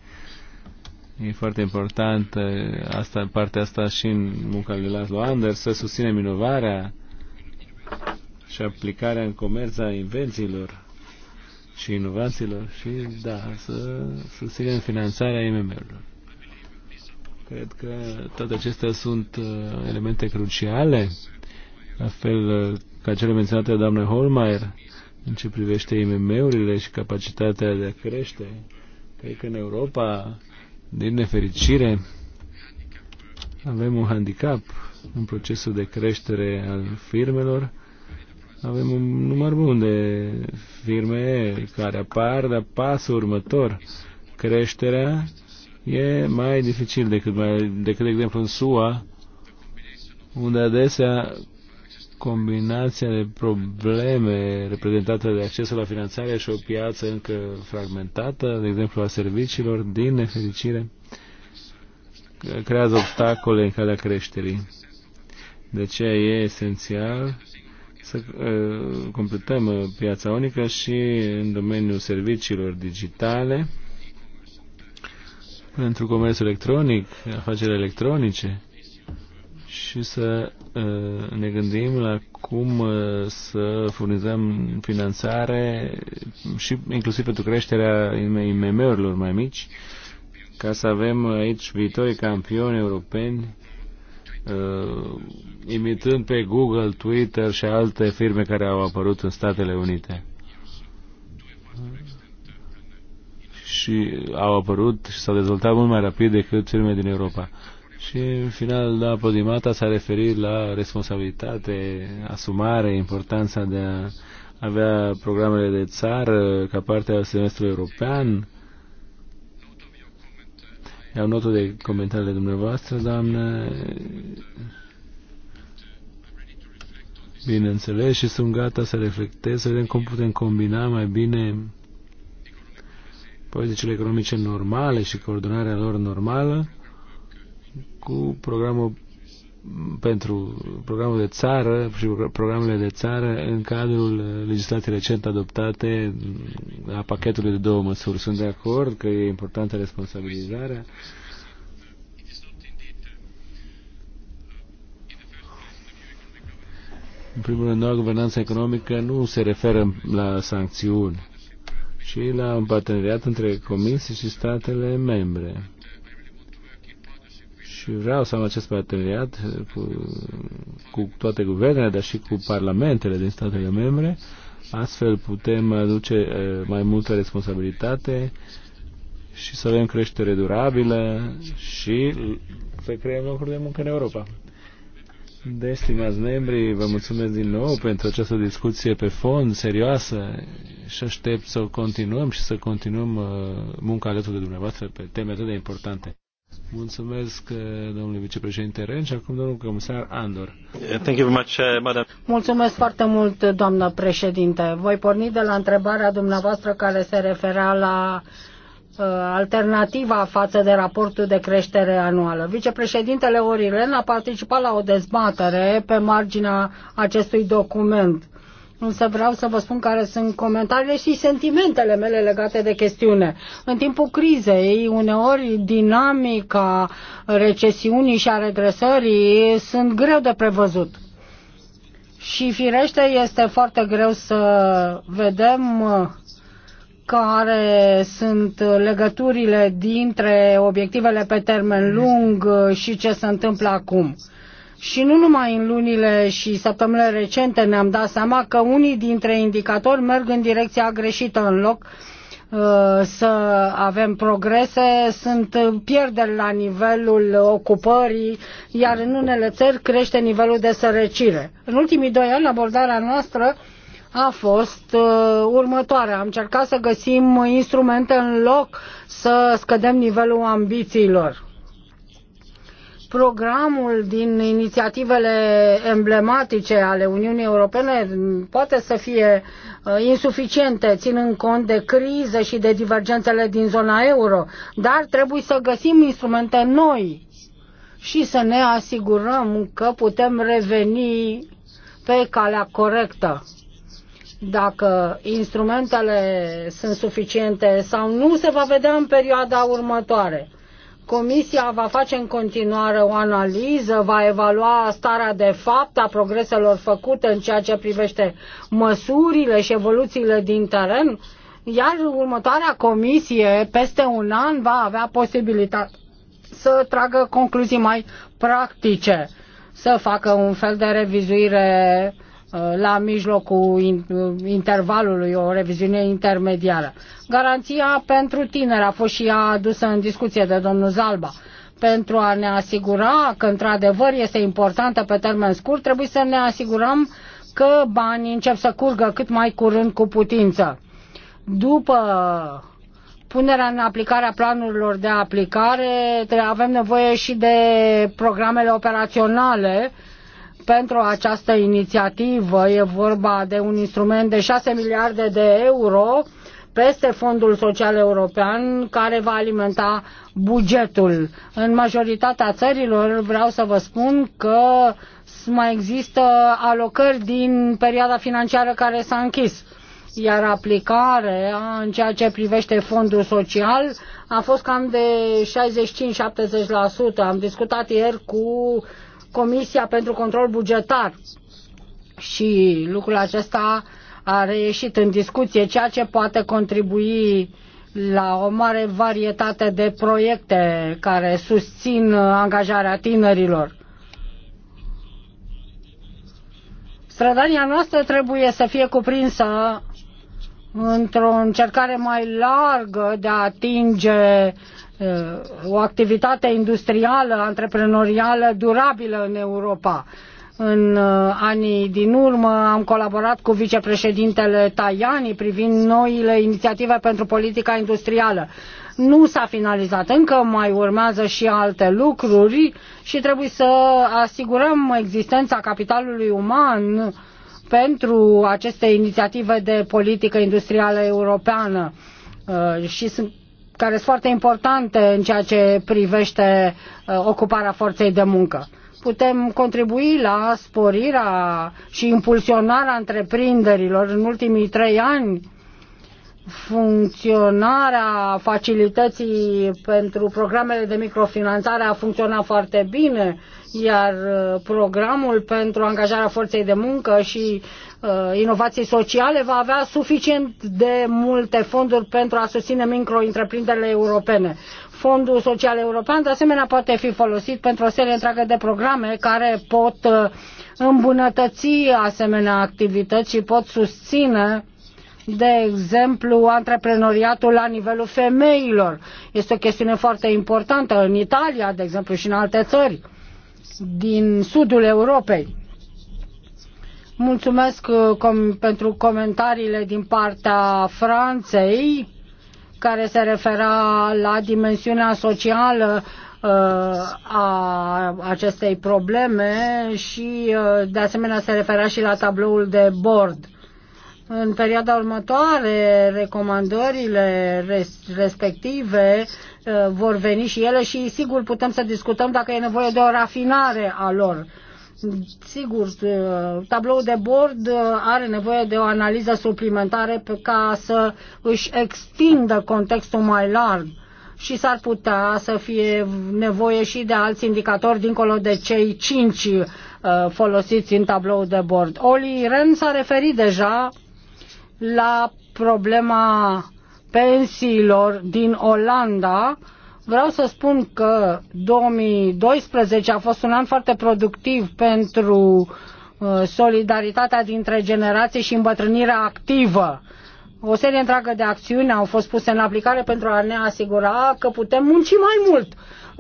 B: E foarte important uh, asta, partea asta și în munca lui Laszlo Anders, să susținem inovarea, și aplicarea în comerț a invențiilor și inovațiilor și, da, să susținem finanțarea IMM-urilor. Cred că toate acestea sunt uh, elemente cruciale, la fel uh, ca cele menționate de doamna Holmeier, în ce privește IMM-urile și capacitatea de a crește. Cred că în Europa, din nefericire, avem un handicap în procesul de creștere al firmelor avem un număr bun de firme care apar, dar pasul următor, creșterea, e mai dificil decât, mai, decât de exemplu, în SUA, unde adesea combinația de probleme reprezentate de accesul la finanțare și o piață încă fragmentată, de exemplu a serviciilor, din nefericire, creează obstacole în calea creșterii. De aceea e esențial să uh, completăm uh, piața unică și în domeniul serviciilor digitale pentru comerțul electronic, afaceri electronice și să uh, ne gândim la cum să furnizăm finanțare și inclusiv pentru creșterea IMM-urilor mai mici ca să avem aici viitorii campioni europeni uh, imitând pe Google, Twitter și alte firme care au apărut în Statele Unite. Și au apărut și s-au dezvoltat mult mai rapid decât firme din Europa. Și în final, la da, Podimata s-a referit la responsabilitate, asumare, importanța de a avea programele de țară ca parte a semestrului european, Iau notă de comentariile dumneavoastră, doamnă. Bineînțeles și sunt gata să reflectez, să vedem cum putem combina mai bine politicile economice normale și coordonarea lor normală cu programul pentru programul de țară și programele de țară în cadrul legislației recent adoptate a pachetului de două măsuri. Sunt de acord că e importantă responsabilizarea. În primul rând, noua guvernanță economică nu se referă la sancțiuni, ci la un parteneriat între comisii și statele membre și vreau să am acest parteneriat eh, cu, cu toate guvernele, dar și cu parlamentele din statele membre. Astfel putem aduce eh, mai multă responsabilitate și să avem creștere durabilă și să creăm locuri de muncă în Europa. De stimați membri, vă mulțumesc din nou pentru această discuție pe fond, serioasă și aștept să o continuăm și să continuăm eh, munca alături de dumneavoastră pe teme atât de importante. Mulțumesc, eh, domnule vicepreședinte Ren și acum domnul comisar Andor. Thank you very much, eh, madam.
C: Mulțumesc foarte mult, doamnă președinte. Voi porni de la întrebarea dumneavoastră care se refera la eh, alternativa față de raportul de creștere anuală. Vicepreședintele Orilen a participat la o dezbatere pe marginea acestui document Însă vreau să vă spun care sunt comentariile și sentimentele mele legate de chestiune. În timpul crizei, uneori dinamica recesiunii și a regresării sunt greu de prevăzut. Și firește este foarte greu să vedem uh, care sunt legăturile dintre obiectivele pe termen lung uh, și ce se întâmplă acum. Și nu numai în lunile și săptămânile recente ne-am dat seama că unii dintre indicatori merg în direcția greșită în loc uh, să avem progrese, sunt pierderi la nivelul ocupării, iar în unele țări crește nivelul de sărăcire. În ultimii doi ani, abordarea noastră a fost uh, următoarea. Am încercat să găsim instrumente în loc să scădem nivelul ambițiilor programul din inițiativele emblematice ale Uniunii Europene poate să fie uh, insuficiente, ținând cont de criză și de divergențele din zona euro, dar trebuie să găsim instrumente noi și să ne asigurăm că putem reveni pe calea corectă dacă instrumentele sunt suficiente sau nu, se va vedea în perioada următoare. Comisia va face în continuare o analiză, va evalua starea de fapt a progreselor făcute în ceea ce privește măsurile și evoluțiile din teren, iar următoarea comisie, peste un an, va avea posibilitatea să tragă concluzii mai practice, să facă un fel de revizuire uh, Uh, la mijlocul uh, intervalului, o reviziune intermediară. Garanția pentru tineri a fost și ea adusă în discuție de domnul Zalba. Pentru a ne asigura că într-adevăr este importantă pe termen scurt, trebuie să ne asigurăm că banii încep să curgă cât mai curând cu putință. După punerea în aplicare a planurilor de aplicare, avem nevoie și de programele operaționale uh, pentru această inițiativă. E vorba de un instrument de 6 miliarde de euro peste Fondul Social European care va alimenta bugetul. În majoritatea țărilor vreau să vă spun că mai există alocări din perioada financiară care s-a închis iar aplicarea în ceea ce privește fondul social a fost cam de 65-70%. Am discutat ieri cu Comisia pentru Control Bugetar. Și lucrul acesta a reieșit în discuție, ceea ce poate contribui la o mare varietate de proiecte care susțin angajarea tinerilor. Strădania noastră trebuie să fie cuprinsă într-o încercare mai largă de a atinge uh, o activitate industrială, antreprenorială durabilă în Europa. În uh, anii din urmă am colaborat cu vicepreședintele Tajani privind noile inițiative pentru politica industrială. Nu s-a finalizat încă, mai urmează și alte lucruri și trebuie să asigurăm existența capitalului uman pentru aceste inițiative de politică industrială europeană uh, și sunt care sunt foarte importante în ceea ce privește uh, ocuparea forței de muncă. Putem contribui la sporirea și impulsionarea întreprinderilor în ultimii trei ani funcționarea facilității pentru programele de microfinanțare a funcționat foarte bine, iar uh, programul pentru angajarea forței de muncă și uh, inovații sociale va avea suficient de multe fonduri pentru a susține micro europene. Fondul Social European, de asemenea, poate fi folosit pentru o serie întreagă de programe care pot uh, îmbunătăți asemenea activități și pot susține uh, de exemplu, antreprenoriatul la nivelul femeilor. Este o chestiune foarte importantă în Italia, de exemplu, și în alte țări din sudul Europei. Mulțumesc uh, com- pentru comentariile din partea Franței, care se refera la dimensiunea socială uh, a acestei probleme și uh, de asemenea se refera și la tabloul de bord în perioada următoare recomandările respective uh, vor veni și ele și sigur putem să discutăm dacă e nevoie de o rafinare a lor. Sigur, uh, tabloul de bord uh, are nevoie de o analiză suplimentară pe ca să își extindă contextul mai larg și s-ar putea să fie nevoie și de alți indicatori dincolo de cei cinci folosiți în tabloul de bord. Oli Ren s-a referit deja la problema pensiilor din Olanda, vreau să spun că 2012 a fost un an foarte productiv pentru uh, solidaritatea dintre generații și îmbătrânirea activă. O serie întreagă de acțiuni au fost puse în aplicare pentru a ne asigura că putem munci mai mult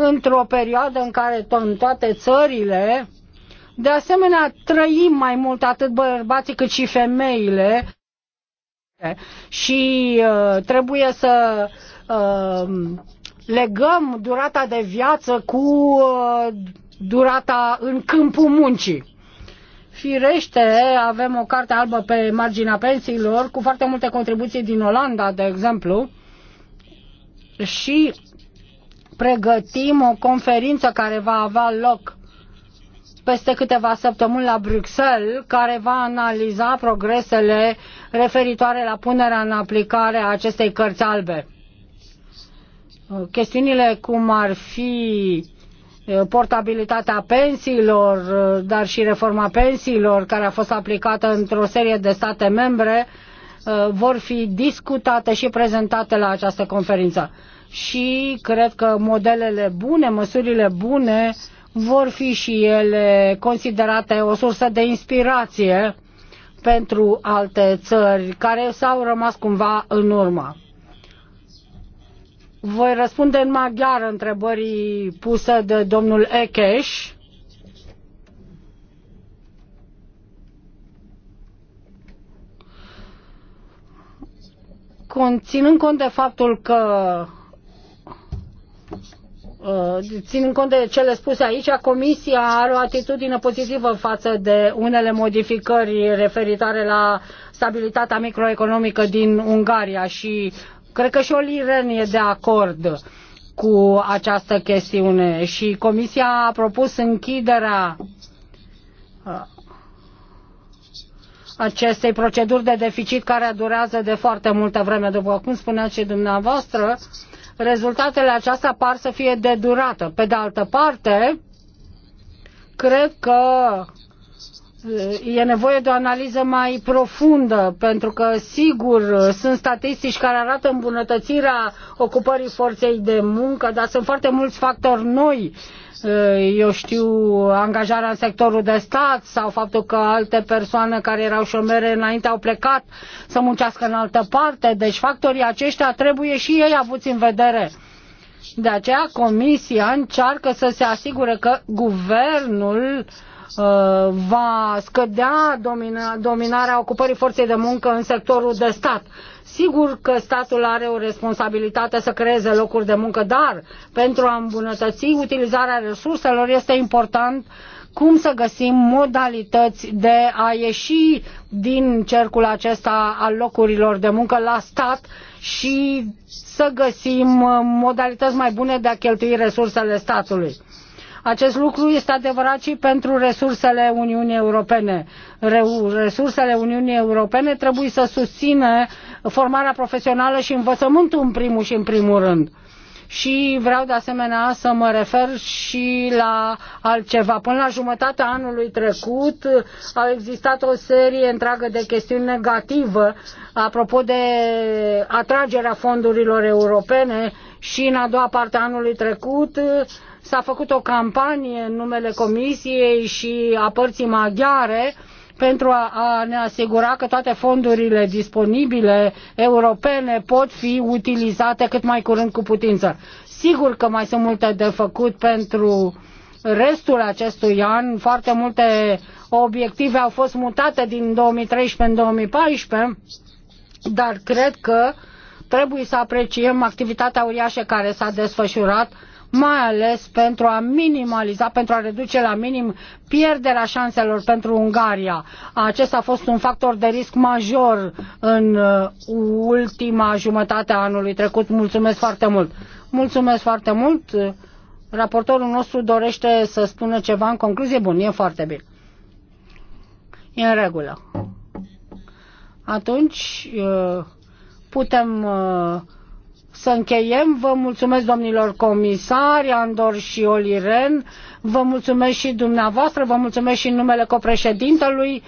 C: într-o perioadă în care în toate țările, de asemenea, trăim mai mult atât bărbații cât și femeile și uh, trebuie să uh, legăm durata de viață cu uh, durata în câmpul muncii. Firește, avem o carte albă pe marginea pensiilor cu foarte multe contribuții din Olanda, de exemplu, și pregătim o conferință care va avea loc peste câteva săptămâni la Bruxelles, care va analiza progresele referitoare la punerea în aplicare a acestei cărți albe. Chestiunile cum ar fi portabilitatea pensiilor, dar și reforma pensiilor care a fost aplicată într-o serie de state membre, vor fi discutate și prezentate la această conferință. Și cred că modelele bune, măsurile bune, vor fi și ele considerate o sursă de inspirație pentru alte țări care s-au rămas cumva în urmă. Voi răspunde în maghiară întrebării puse de domnul Ekeș. Conținând cont de faptul că Uh, ținând cont de cele spuse aici, Comisia are o atitudine pozitivă față de unele modificări referitoare la stabilitatea microeconomică din Ungaria și cred că și Oliren e de acord cu această chestiune și Comisia a propus închiderea uh, acestei proceduri de deficit care durează de foarte multă vreme. După cum spuneați și dumneavoastră, rezultatele acestea par să fie de durată. Pe de altă parte, cred că e nevoie de o analiză mai profundă, pentru că, sigur, sunt statistici care arată îmbunătățirea ocupării forței de muncă, dar sunt foarte mulți factori noi uh, eu știu, angajarea în sectorul de stat sau faptul că alte persoane care erau șomere înainte au plecat să muncească în altă parte. Deci factorii aceștia trebuie și ei avuți în vedere. De aceea Comisia încearcă să se asigure că guvernul uh, va scădea domina, dominarea ocupării forței de muncă în sectorul de stat Sigur că statul are o responsabilitate să creeze locuri de muncă, dar pentru a îmbunătăți utilizarea resurselor este important cum să găsim modalități de a ieși din cercul acesta al locurilor de muncă la stat și să găsim modalități mai bune de a cheltui resursele statului acest lucru este adevărat și pentru resursele Uniunii Europene. Resursele Uniunii Europene trebuie să susțină formarea profesională și învățământul în primul și în primul rând. Și vreau de asemenea să mă refer și la altceva. Până la jumătatea anului trecut a existat o serie întreagă de chestiuni negative apropo de atragerea fondurilor europene și în a doua parte a anului trecut S-a făcut o campanie în numele Comisiei și a părții maghiare pentru a, a ne asigura că toate fondurile disponibile europene pot fi utilizate cât mai curând cu putință. Sigur că mai sunt multe de făcut pentru restul acestui an. Foarte multe obiective au fost mutate din 2013 în 2014, dar cred că trebuie să apreciem activitatea uriașă care s-a desfășurat mai ales pentru a minimaliza, pentru a reduce la minim pierderea șanselor pentru Ungaria. Acesta a fost un factor de risc major în uh, ultima jumătate a anului trecut. Mulțumesc foarte mult! Mulțumesc foarte mult! Raportorul nostru dorește să spună ceva în concluzie? Bun, e foarte bine. E în regulă. Atunci uh, putem uh, să încheiem. Vă mulțumesc domnilor comisari, Andor și Oliren, vă mulțumesc și dumneavoastră, vă mulțumesc și în numele copreședintelui.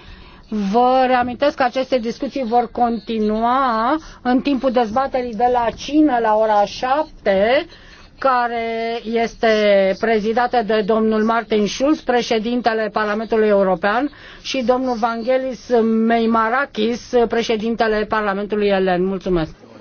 C: Vă reamintesc că aceste discuții vor continua în timpul dezbaterii de la cină la ora 7, care este prezidată de domnul Martin Schulz, președintele Parlamentului European, și domnul Vangelis Meimarakis, președintele Parlamentului Elen. Mulțumesc!